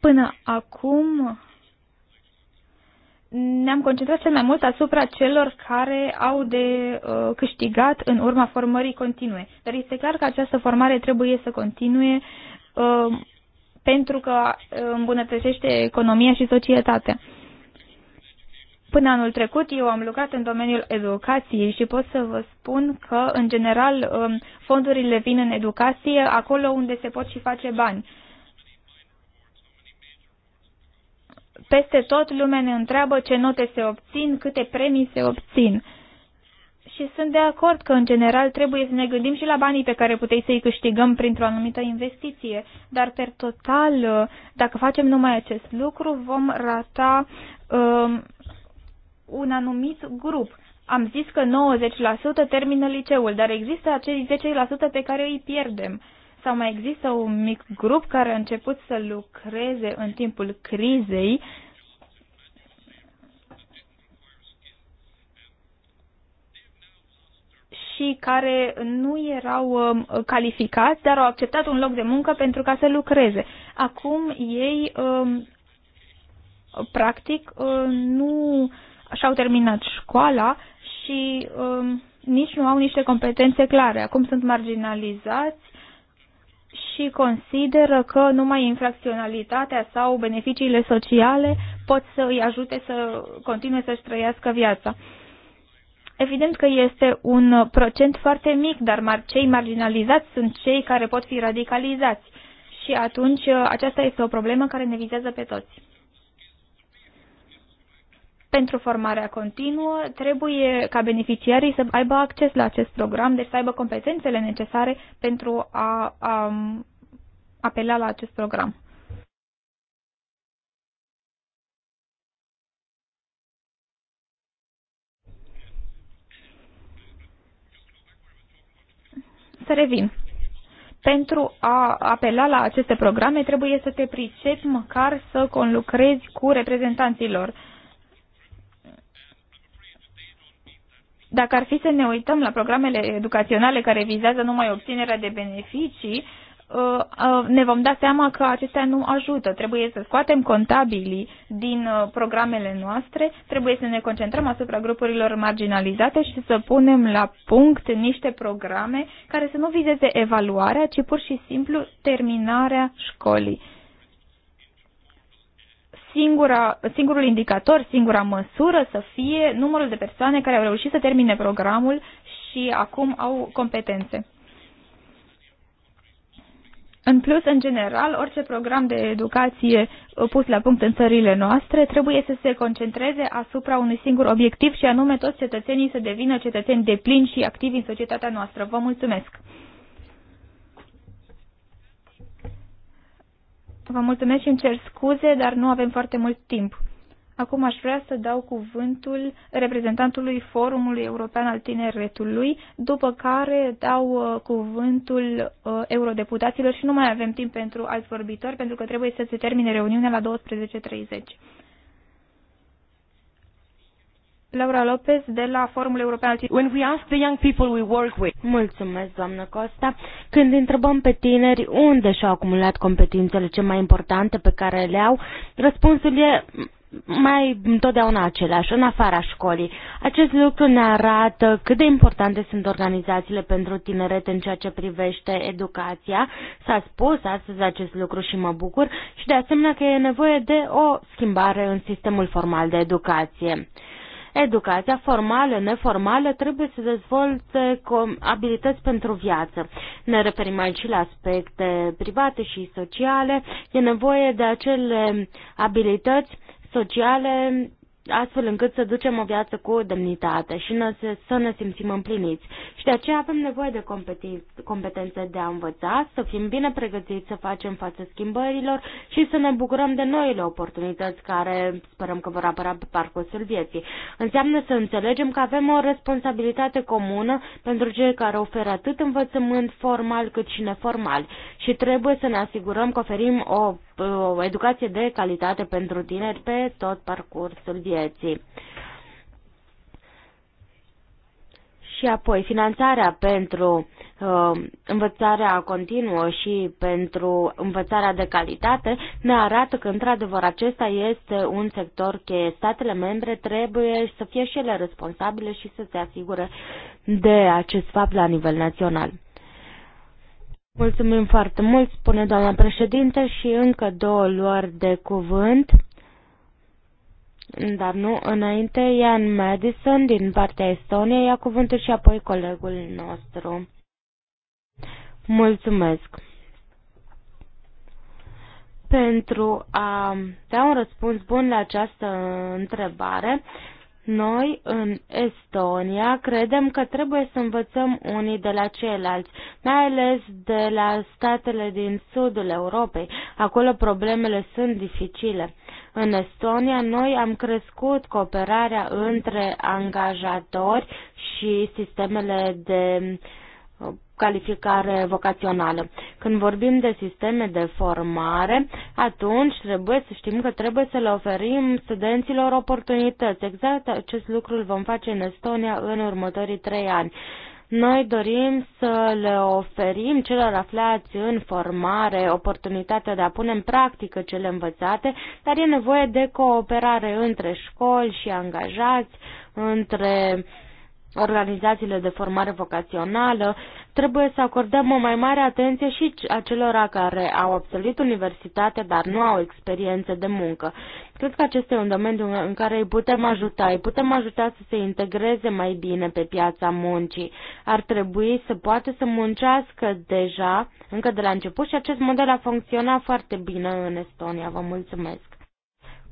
Până acum ne-am concentrat cel mai mult asupra celor care au de uh, câștigat în urma formării continue. Dar este clar că această formare trebuie să continue uh, pentru că uh, îmbunătățește economia și societatea. Până anul trecut eu am lucrat în domeniul educației și pot să vă spun că, în general, um, fondurile vin în educație acolo unde se pot și face bani. peste tot lumea ne întreabă ce note se obțin, câte premii se obțin. Și sunt de acord că, în general, trebuie să ne gândim și la banii pe care puteai să-i câștigăm printr-o anumită investiție. Dar, per total, dacă facem numai acest lucru, vom rata um, un anumit grup. Am zis că 90% termină liceul, dar există acei 10% pe care îi pierdem. Uh, sau mai există un mic grup care a început să lucreze în timpul crizei și care nu erau um, calificați, dar au acceptat un loc de muncă pentru ca să lucreze. Acum ei, um, practic, uh, nu și-au terminat școala și um, nici nu au niște competențe clare. Acum sunt marginalizați și consideră că numai infracționalitatea sau beneficiile sociale pot să îi ajute să continue să-și trăiască viața. Evident că este un procent foarte mic, dar cei marginalizați sunt cei care pot fi radicalizați. Și atunci aceasta este o problemă care ne vizează pe toți. Pentru formarea continuă trebuie ca beneficiarii să aibă acces la acest program, deci să aibă competențele necesare pentru a, a apela la acest program. Să revin pentru a apela la aceste programe trebuie să te pricepi măcar să conlucrezi cu reprezentanții lor. Dacă ar fi să ne uităm la programele educaționale care vizează numai obținerea de beneficii, ă, ă, ne vom da seama că acestea nu ajută. Trebuie să scoatem contabilii din ă, programele noastre, trebuie să ne concentrăm asupra grupurilor marginalizate și să punem la punct niște programe care să nu vizeze evaluarea, ci pur și simplu terminarea școlii singura, singurul indicator, singura măsură să fie numărul de persoane care au reușit să termine programul și acum au competențe. În plus, în general, orice program de educație pus la punct în țările noastre trebuie să se concentreze asupra unui singur obiectiv și anume toți cetățenii să devină cetățeni de plin și activi în societatea noastră. Vă mulțumesc! Vă mulțumesc și îmi cer scuze, dar nu avem foarte mult timp. Acum aș vrea să dau cuvântul reprezentantului Forumului European al Tineretului, după care dau uh, cuvântul uh, eurodeputaților și nu mai avem timp pentru alți vorbitori, pentru că trebuie să se termine reuniunea la 12.30. Laura Lopez de la Forumul European When we ask the young people we work with. Mulțumesc, doamnă Costa. Când întrebăm pe tineri unde și-au acumulat competențele cele mai importante pe care le au, răspunsul e mai întotdeauna același, în afara școlii. Acest lucru ne arată cât de importante sunt organizațiile pentru tineret în ceea ce privește educația. S-a spus astăzi acest lucru și mă bucur și de asemenea că e nevoie de o schimbare în sistemul formal de educație. Educația formală, neformală trebuie să dezvolte abilități pentru viață. Ne referim aici la aspecte private și sociale. E nevoie de acele abilități sociale astfel încât să ducem o viață cu demnitate și să ne simțim împliniți. Și de aceea avem nevoie de competențe de a învăța, să fim bine pregătiți să facem față schimbărilor și să ne bucurăm de noile oportunități care sperăm că vor apărea pe parcursul vieții. Înseamnă să înțelegem că avem o responsabilitate comună pentru cei care oferă atât învățământ formal cât și neformal și trebuie să ne asigurăm că oferim o, o educație de calitate pentru tineri pe tot parcursul vieții vieții. Și apoi, finanțarea pentru uh, învățarea continuă și pentru învățarea de calitate ne arată că, într-adevăr, acesta este un sector cheie. Statele membre trebuie să fie și ele responsabile și să se asigure de acest fapt la nivel național. Mulțumim foarte mult, spune doamna președinte, și încă două luări de cuvânt dar nu, înainte Ian Madison din partea Estoniei ia cuvântul și apoi colegul nostru. Mulțumesc! Pentru a da un răspuns bun la această întrebare, noi, în Estonia, credem că trebuie să învățăm unii de la ceilalți, mai ales de la statele din sudul Europei. Acolo problemele sunt dificile. În Estonia, noi am crescut cooperarea între angajatori și sistemele de uh, calificare vocațională. Când vorbim de sisteme de formare, atunci trebuie să știm că trebuie să le oferim studenților oportunități. Exact acest lucru îl vom face în Estonia în următorii trei ani. Noi dorim să le oferim celor aflați în formare oportunitatea de a pune în practică cele învățate, dar e nevoie de cooperare între școli și angajați, între uh, organizațiile de formare vocațională, trebuie să acordăm o mai mare atenție și acelora care au absolvit universitate, dar nu au experiențe de muncă. Cred că acesta e un domeniu în care îi putem ajuta, îi putem ajuta să se integreze mai bine pe piața muncii. Ar trebui să poată să muncească deja, încă de la început, și acest model a funcționat foarte bine în Estonia. Vă mulțumesc!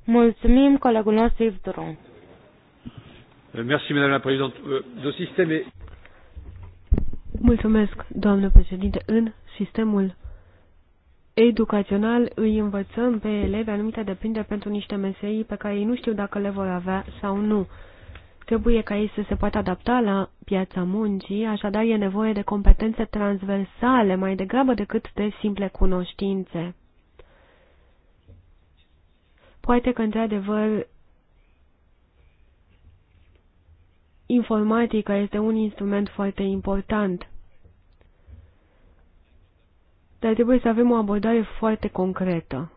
Mulțumim colegul nostru Yves Duron. Euh, merci, Madame la Présidente. Euh, Mulțumesc, doamnă președinte. În sistemul educațional îi învățăm pe elevi anumite depinde pentru niște mesei pe care ei nu știu dacă le vor avea sau nu. Trebuie ca ei să se poată adapta la piața muncii, așadar e nevoie de competențe transversale mai degrabă decât de simple cunoștințe. Poate că, într-adevăr, informatica este un instrument foarte important. Dar trebuie să avem o abordare foarte concretă.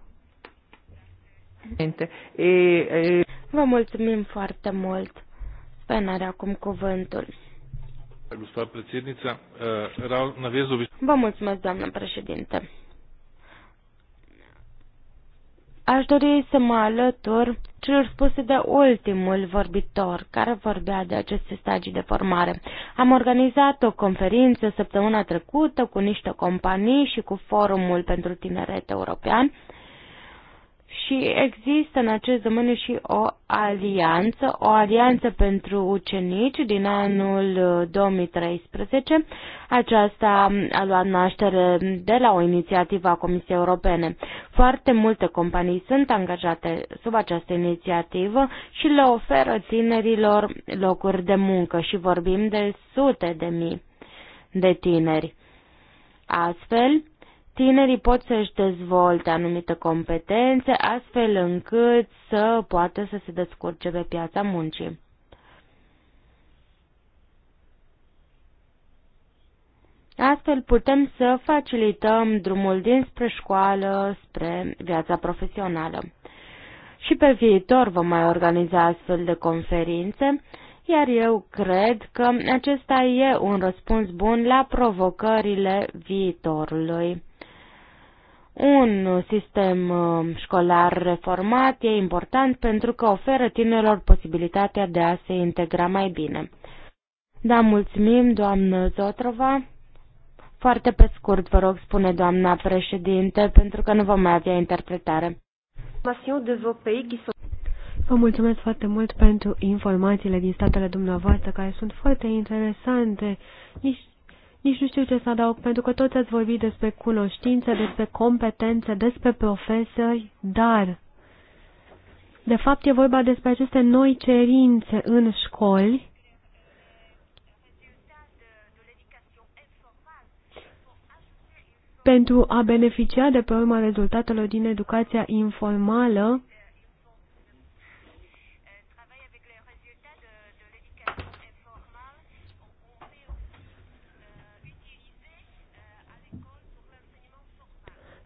Vă mulțumim foarte mult. Spenare acum cuvântul. Eh, Vă mulțumesc, doamnă președinte. Aș dori să mă alătur celor spuse de ultimul vorbitor care vorbea de aceste stagii de formare. Am organizat o conferință săptămâna trecută cu niște companii și cu Forumul pentru Tineret European și există în acest domeniu și o alianță, o alianță pentru ucenici din anul 2013. Uh, Aceasta a luat naștere de la o inițiativă a Comisiei Europene. Foarte multe companii sunt angajate sub această inițiativă și le oferă tinerilor locuri de muncă și vorbim de sute de mii de tineri. Astfel, tinerii pot să-și dezvolte anumite competențe astfel încât să poată să se descurce pe piața muncii. Astfel putem să facilităm drumul dinspre școală spre viața profesională. Și pe viitor vom mai organiza astfel de conferințe, iar eu cred că acesta e un răspuns bun la provocările viitorului. Un sistem uh, școlar reformat e important pentru că oferă tinerilor posibilitatea de a se integra mai bine. Da, mulțumim, doamnă Zotrova. Foarte pe scurt, vă rog, spune doamna președinte, pentru că nu vom mai avea interpretare. Vă mulțumesc foarte mult pentru informațiile din statele dumneavoastră, care sunt foarte interesante. Nici nici nu știu ce să adaug, pentru că toți ați vorbit despre cunoștințe, despre competențe, despre profesori, dar, de fapt, e vorba despre aceste noi cerințe în școli pentru a beneficia de pe urma rezultatelor din educația informală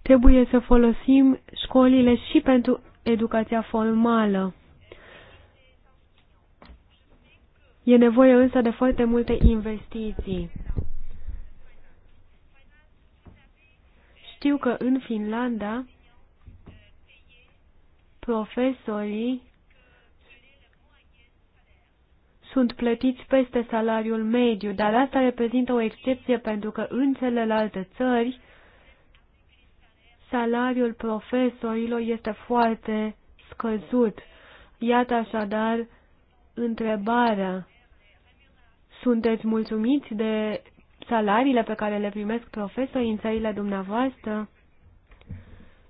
Trebuie să folosim școlile și pentru educația formală. E nevoie însă de foarte multe investiții. Știu că în Finlanda profesorii sunt plătiți peste salariul mediu, dar asta reprezintă o excepție pentru că în celelalte țări salariul profesorilor este foarte scăzut. Iată așadar întrebarea. Sunteți mulțumiți de salariile pe care le primesc profesorii în țările dumneavoastră?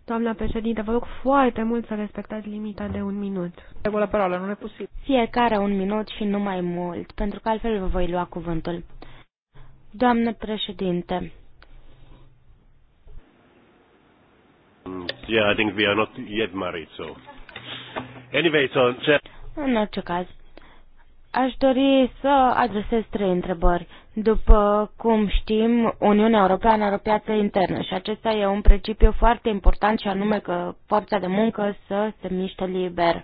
Doamna președinte, vă rog foarte mult să respectați limita de un minut. Regulă parola, nu e posibil. Fiecare un minut și nu mai mult, pentru că altfel vă voi lua cuvântul. Doamnă președinte, yeah, I think we are not yet married, so. Anyway, so. În orice caz, aș dori să adresez trei întrebări. După cum știm, Uniunea Europeană are o piață internă și acesta e un principiu foarte important și anume că forța de muncă să se miște liber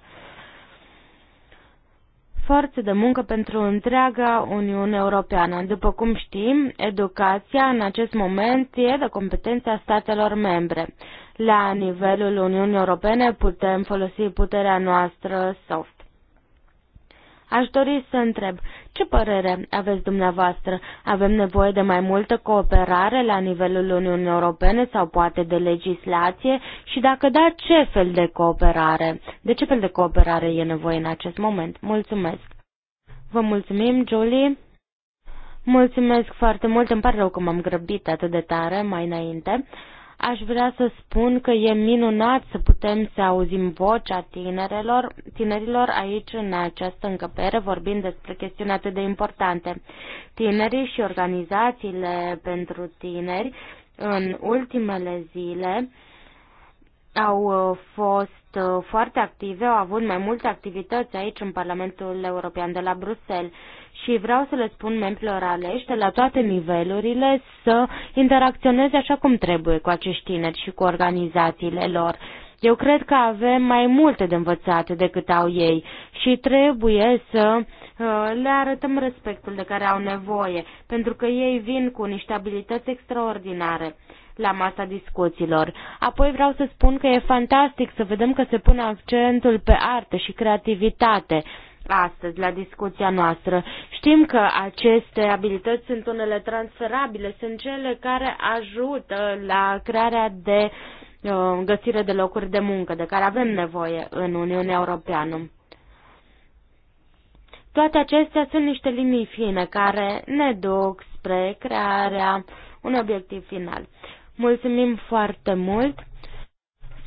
forță de muncă pentru întreaga Uniune Europeană. După cum știm, educația în acest moment e de competența statelor membre. La nivelul Uniunii Europene putem folosi puterea noastră soft. Aș dori să întreb, ce părere aveți dumneavoastră? Avem nevoie de mai multă cooperare la nivelul Uniunii Europene sau poate de legislație? Și dacă da, ce fel de cooperare? De ce fel de cooperare e nevoie în acest moment? Mulțumesc! Vă mulțumim, Julie! Mulțumesc foarte mult, îmi pare rău că m-am grăbit atât de tare mai înainte. Aș vrea să spun că e minunat să putem să auzim vocea tinerilor, tinerilor aici în această încăpere vorbind despre chestiuni atât de importante. Tinerii și organizațiile pentru tineri în ultimele zile au uh, fost uh, foarte active, au avut mai multe activități aici în Parlamentul European de la Bruxelles și vreau să le spun membrilor aleși la toate nivelurile să interacționeze așa cum trebuie cu acești tineri și cu organizațiile lor. Eu cred că avem mai multe de învățat decât au ei și trebuie să uh, le arătăm respectul de care au nevoie, pentru că ei vin cu niște abilități extraordinare la masa discuțiilor. Apoi vreau să spun că e fantastic să vedem că se pune accentul pe artă și creativitate astăzi la discuția noastră. Știm că aceste abilități sunt unele transferabile, sunt cele care ajută la crearea de uh, găsire de locuri de muncă, de care avem nevoie în Uniunea Europeană. Toate acestea sunt niște linii fine care ne duc spre crearea unui obiectiv final. Mulțumim foarte mult!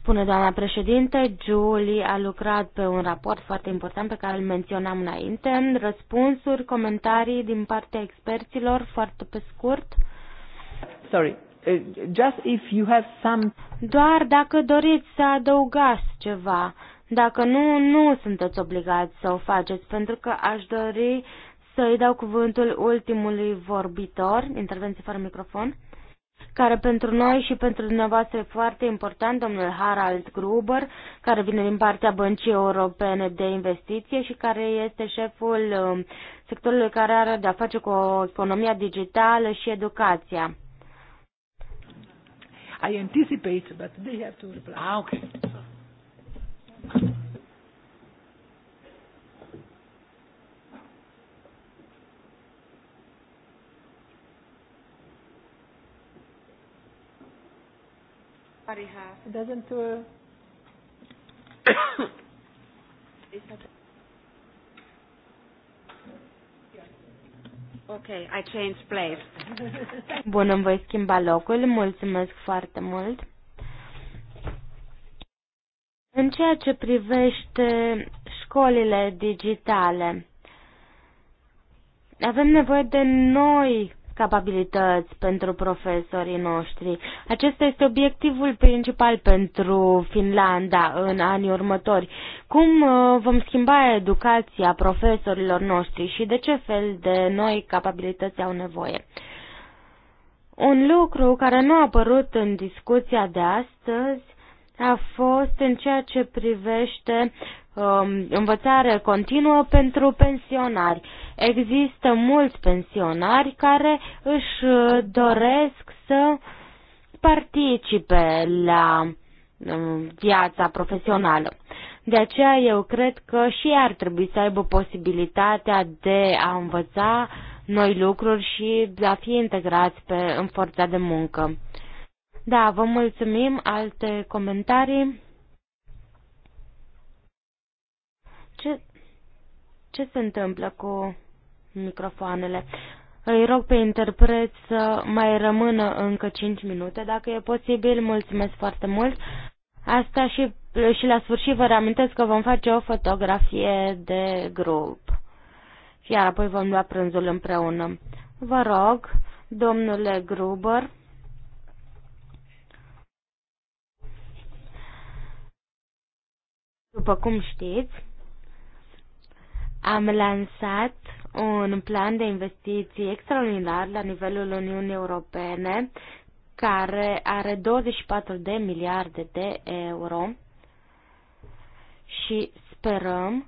Spune doamna președinte, Julie a lucrat pe un raport foarte important pe care îl menționam înainte. Răspunsuri, comentarii din partea experților, foarte pe scurt. Sorry, uh, just if you have some... Doar dacă doriți să adăugați ceva. Dacă nu, nu sunteți obligați să o faceți, pentru că aș dori să îi dau cuvântul ultimului vorbitor. Intervenție fără microfon care pentru noi și pentru dumneavoastră e foarte important, domnul Harald Gruber, care vine din partea Băncii Europene de Investiție și care este șeful um, sectorului care are de-a face cu economia digitală și educația. I anticipate, but they have to reply. Ah, okay. doesn't. Uh... ok, I changed place. Bun, îmi voi schimba locul. Mulțumesc foarte mult. În ceea ce privește școlile digitale, avem nevoie de noi capabilități pentru profesorii noștri. Acesta este obiectivul principal pentru Finlanda în anii următori. Cum uh, vom schimba educația profesorilor noștri și de ce fel de noi capabilități au nevoie? Un lucru care nu a apărut în discuția de astăzi a fost în ceea ce privește Um, învățare continuă pentru pensionari. Există mulți pensionari care își uh, doresc să participe la um, viața profesională. De aceea eu cred că și ei ar trebui să aibă posibilitatea de a învăța noi lucruri și de a fi integrați pe, în forța de muncă. Da, vă mulțumim. Alte comentarii? Ce se întâmplă cu microfoanele? Îi rog pe interpret să mai rămână încă 5 minute, dacă e posibil. Mulțumesc foarte mult. Asta și, și la sfârșit vă reamintesc că vom face o fotografie de grup. Iar apoi vom lua prânzul împreună. Vă rog, domnule Gruber. După cum știți, am lansat un plan de investiții extraordinar la nivelul Uniunii Europene care are 24 de miliarde de euro și sperăm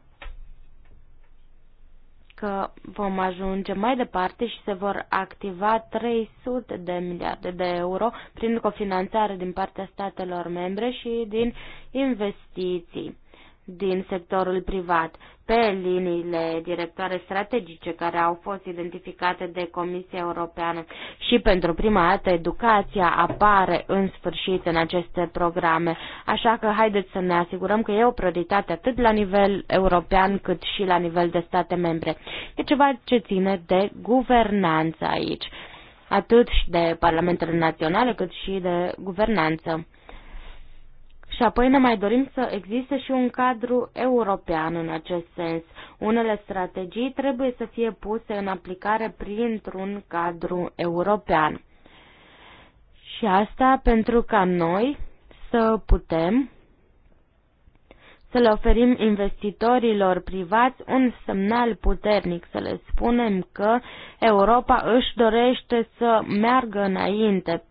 că vom ajunge mai departe și se vor activa 300 de miliarde de euro prin cofinanțare din partea statelor membre și din investiții din sectorul privat pe liniile directoare strategice care au fost identificate de Comisia Europeană și pentru prima dată educația apare în sfârșit în aceste programe. Așa că haideți să ne asigurăm că e o prioritate atât la nivel european cât și la nivel de state membre. E ceva ce ține de guvernanță aici, atât și de parlamentele naționale cât și de guvernanță. Și apoi ne mai dorim să existe și un cadru european în acest sens. Unele strategii trebuie să fie puse în aplicare printr-un cadru european. Și asta pentru ca noi să putem să le oferim investitorilor privați un semnal puternic, să le spunem că Europa își dorește să meargă înainte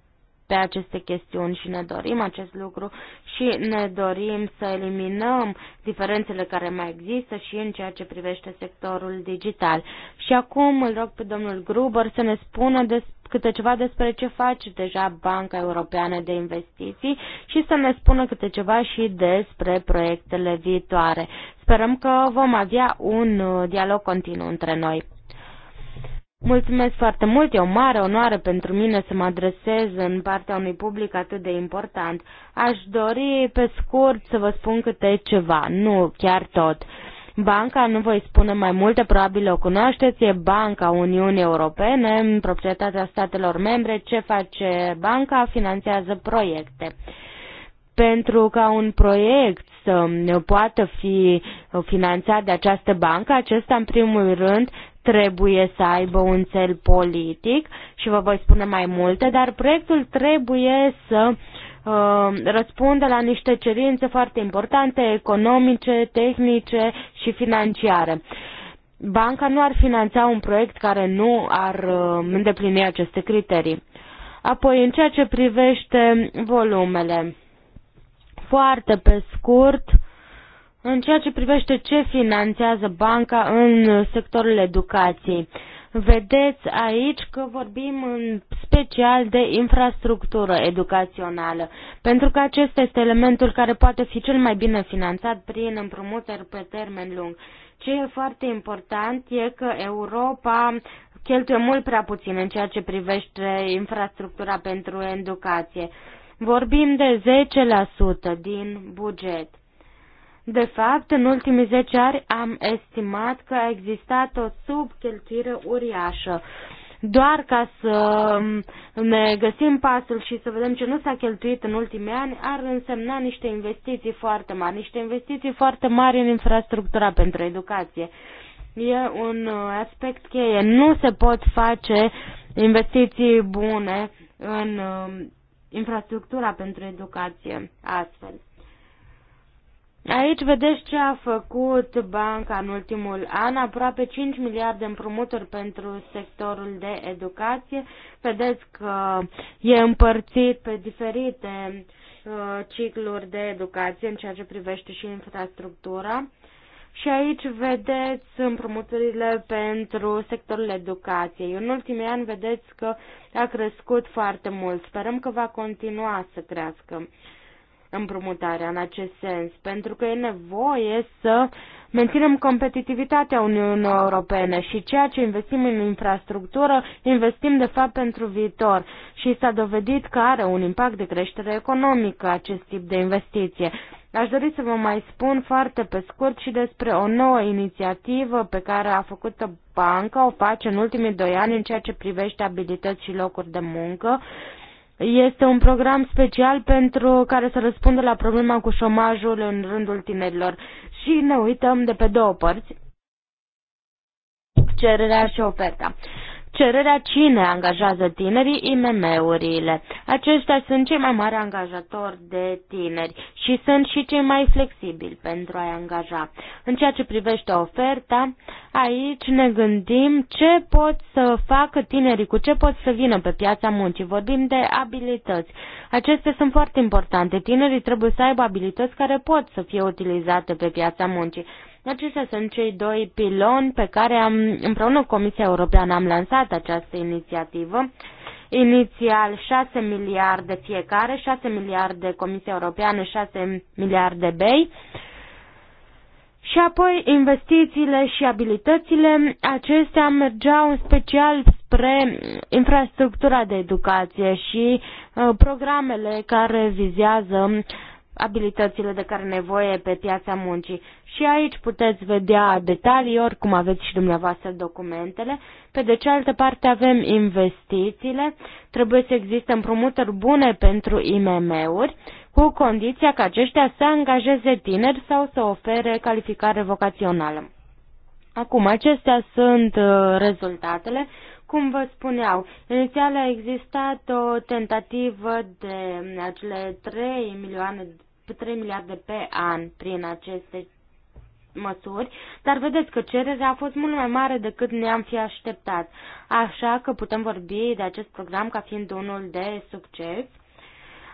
pe aceste chestiuni și ne dorim acest lucru și ne dorim să eliminăm diferențele care mai există și în ceea ce privește sectorul digital. Și acum îl rog pe domnul Gruber să ne spună despre câte ceva despre ce face deja Banca Europeană de Investiții și să ne spună câte ceva și despre proiectele viitoare. Sperăm că vom avea un uh, dialog continuu între noi. Mulțumesc foarte mult, e o mare onoare pentru mine să mă adresez în partea unui public atât de important. Aș dori pe scurt să vă spun câte ceva, nu chiar tot. Banca, nu voi spune mai multe, probabil o cunoașteți, e Banca Uniunii Europene, în proprietatea statelor membre. Ce face banca? Finanțează proiecte. Pentru ca un proiect să poată fi finanțat de această bancă, acesta în primul rând trebuie să aibă un cel politic și vă voi spune mai multe, dar proiectul trebuie să uh, răspundă la niște cerințe foarte importante, economice, tehnice și financiare. Banca nu ar finanța un proiect care nu ar uh, îndeplini aceste criterii. Apoi, în ceea ce privește volumele, foarte pe scurt, uh, în ceea ce privește ce finanțează banca în sectorul educației, vedeți aici că vorbim în special de infrastructură educațională, pentru că acesta este elementul care poate fi cel mai bine finanțat prin împrumuturi pe termen lung. Ce e foarte important e că Europa cheltuie mult prea puțin în ceea ce privește infrastructura pentru educație. Vorbim de 10% din buget. De fapt, în ultimii 10 ani am estimat că a existat o subcheltuire uriașă. Doar ca să ne găsim pasul și să vedem ce nu s-a cheltuit în ultimii ani, ar însemna niște investiții foarte mari, niște investiții foarte mari în infrastructura pentru educație. E un aspect cheie. Nu se pot face investiții bune în um, infrastructura pentru educație astfel. Aici vedeți ce a făcut banca în ultimul an, aproape 5 miliarde împrumuturi pentru sectorul de educație. Vedeți că e împărțit pe diferite uh, cicluri de educație în ceea ce privește și infrastructura. Și aici vedeți împrumuturile pentru sectorul educației. În ultimii ani vedeți că a crescut foarte mult. Sperăm că va continua să crească împrumutarea în acest sens, pentru că e nevoie să menținem competitivitatea Uniunii Europene și ceea ce investim în infrastructură, investim de fapt pentru viitor și s-a dovedit că are un impact de creștere economică acest tip de investiție. Aș dori să vă mai spun foarte pe scurt și despre o nouă inițiativă pe care a făcut-o banca, o face în ultimii doi ani în ceea ce privește abilități și locuri de muncă. Uh, este un program special pentru care să răspundă la problema cu șomajul în rândul tinerilor. Și ne uităm de pe două părți, cererea și oferta. Cererea cine angajează tinerii? IMM-urile. Aceștia sunt cei mai mari angajatori de tineri și sunt și cei mai flexibili pentru a-i angaja. În ceea ce privește oferta, aici ne gândim ce pot să facă tinerii, cu ce pot să vină pe piața muncii. Vorbim de abilități. Acestea sunt foarte importante. Tinerii trebuie să aibă abilități care pot să fie utilizate pe piața muncii Acestea sunt cei doi piloni pe care am, împreună cu Comisia Europeană am lansat această inițiativă. Inițial 6 miliarde fiecare, 6 miliarde Comisia Europeană, 6 miliarde BEI. Și apoi investițiile și abilitățile, acestea mergeau în special spre infrastructura de educație și uh, programele care vizează abilitățile de care nevoie pe piața muncii. Și aici puteți vedea detalii, oricum aveți și dumneavoastră documentele. Pe de cealaltă parte avem investițiile. Trebuie să existe împrumuturi bune pentru IMM-uri, cu condiția ca aceștia să angajeze tineri sau să ofere calificare vocațională. Acum, acestea sunt uh, rezultatele. Cum vă spuneau, inițial a existat o tentativă de acele 3 milioane 3 miliarde pe an prin aceste măsuri, dar vedeți că cererea a fost mult mai mare decât ne-am fi așteptat, așa că putem vorbi de acest program ca fiind unul de succes.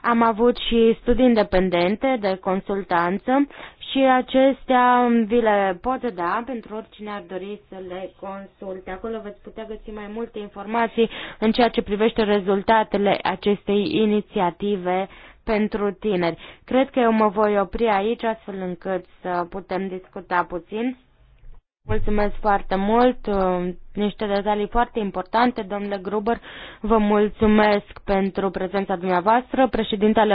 Am avut și studii independente de consultanță și acestea vi le pot da pentru oricine ar dori să le consulte. Acolo veți putea găsi mai multe informații în ceea ce privește rezultatele acestei inițiative pentru tineri. Cred că eu mă voi opri aici astfel încât să putem discuta puțin. Mulțumesc foarte mult, uh, niște detalii foarte importante, domnule Gruber. Vă mulțumesc pentru prezența dumneavoastră. Președintele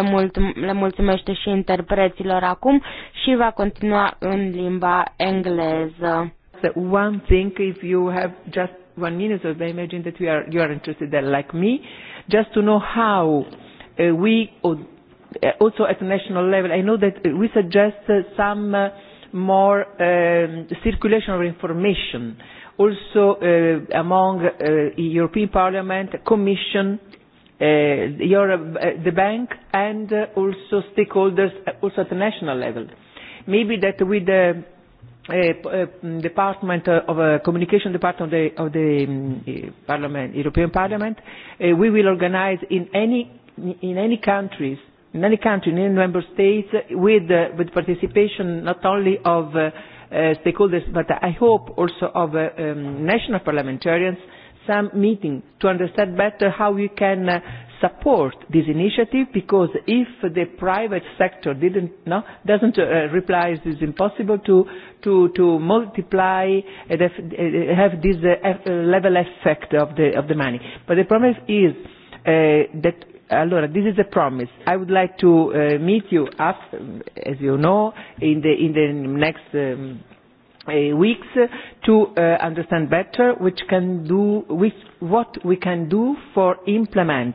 le mulțumește și interpreților acum și va continua în limba engleză. So one thing, if you have just one minute, or so imagine that you are, you are interested like me, just to know how uh, we Uh, also at national level. I know that we suggest uh, some uh, more um, circulation of information also uh, among uh, European Parliament, Commission, uh, uh, the bank and uh, also stakeholders also at the national level. Maybe that with the uh, department of uh, communication department of the, of the um, parliament, European Parliament, uh, we will organize in any, in any countries in any country, in any member states, with, uh, with participation not only of uh, uh, stakeholders, but I hope also of uh, um, national parliamentarians, some meeting to understand better how we can uh, support this initiative because if the private sector didn't no doesn't uh, reply it is impossible to to to multiply and uh, uh, have this uh, level effect of the of the money but the problem is uh, that Allora, this is a promise. I would like to uh, meet you, up, as you know, in the, in the next um, uh, weeks to uh, understand better which can do, which, what we can do for implement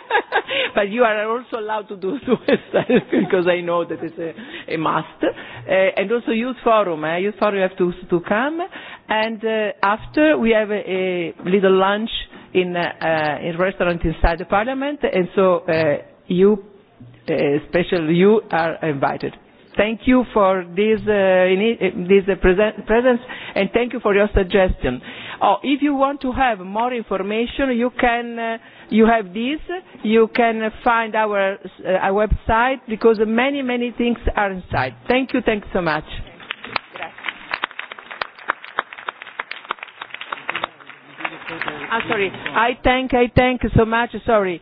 but you are also allowed to do suicide because I know that it's a, a must. Uh, and also youth forum, uh, youth forum you have to, to come. And uh, after we have a, a little lunch in uh, uh in restaurant inside the parliament. And so uh, you, uh, especially you, are invited. Thank you for this, uh, uh, this uh, presen- presence and thank you for your suggestion. Oh, if you want to have more information, you can uh, you have this. You can find our, uh, our website because many many things are inside. Thank you. Thanks so much. I'm ah, sorry. I thank I thank so much. Sorry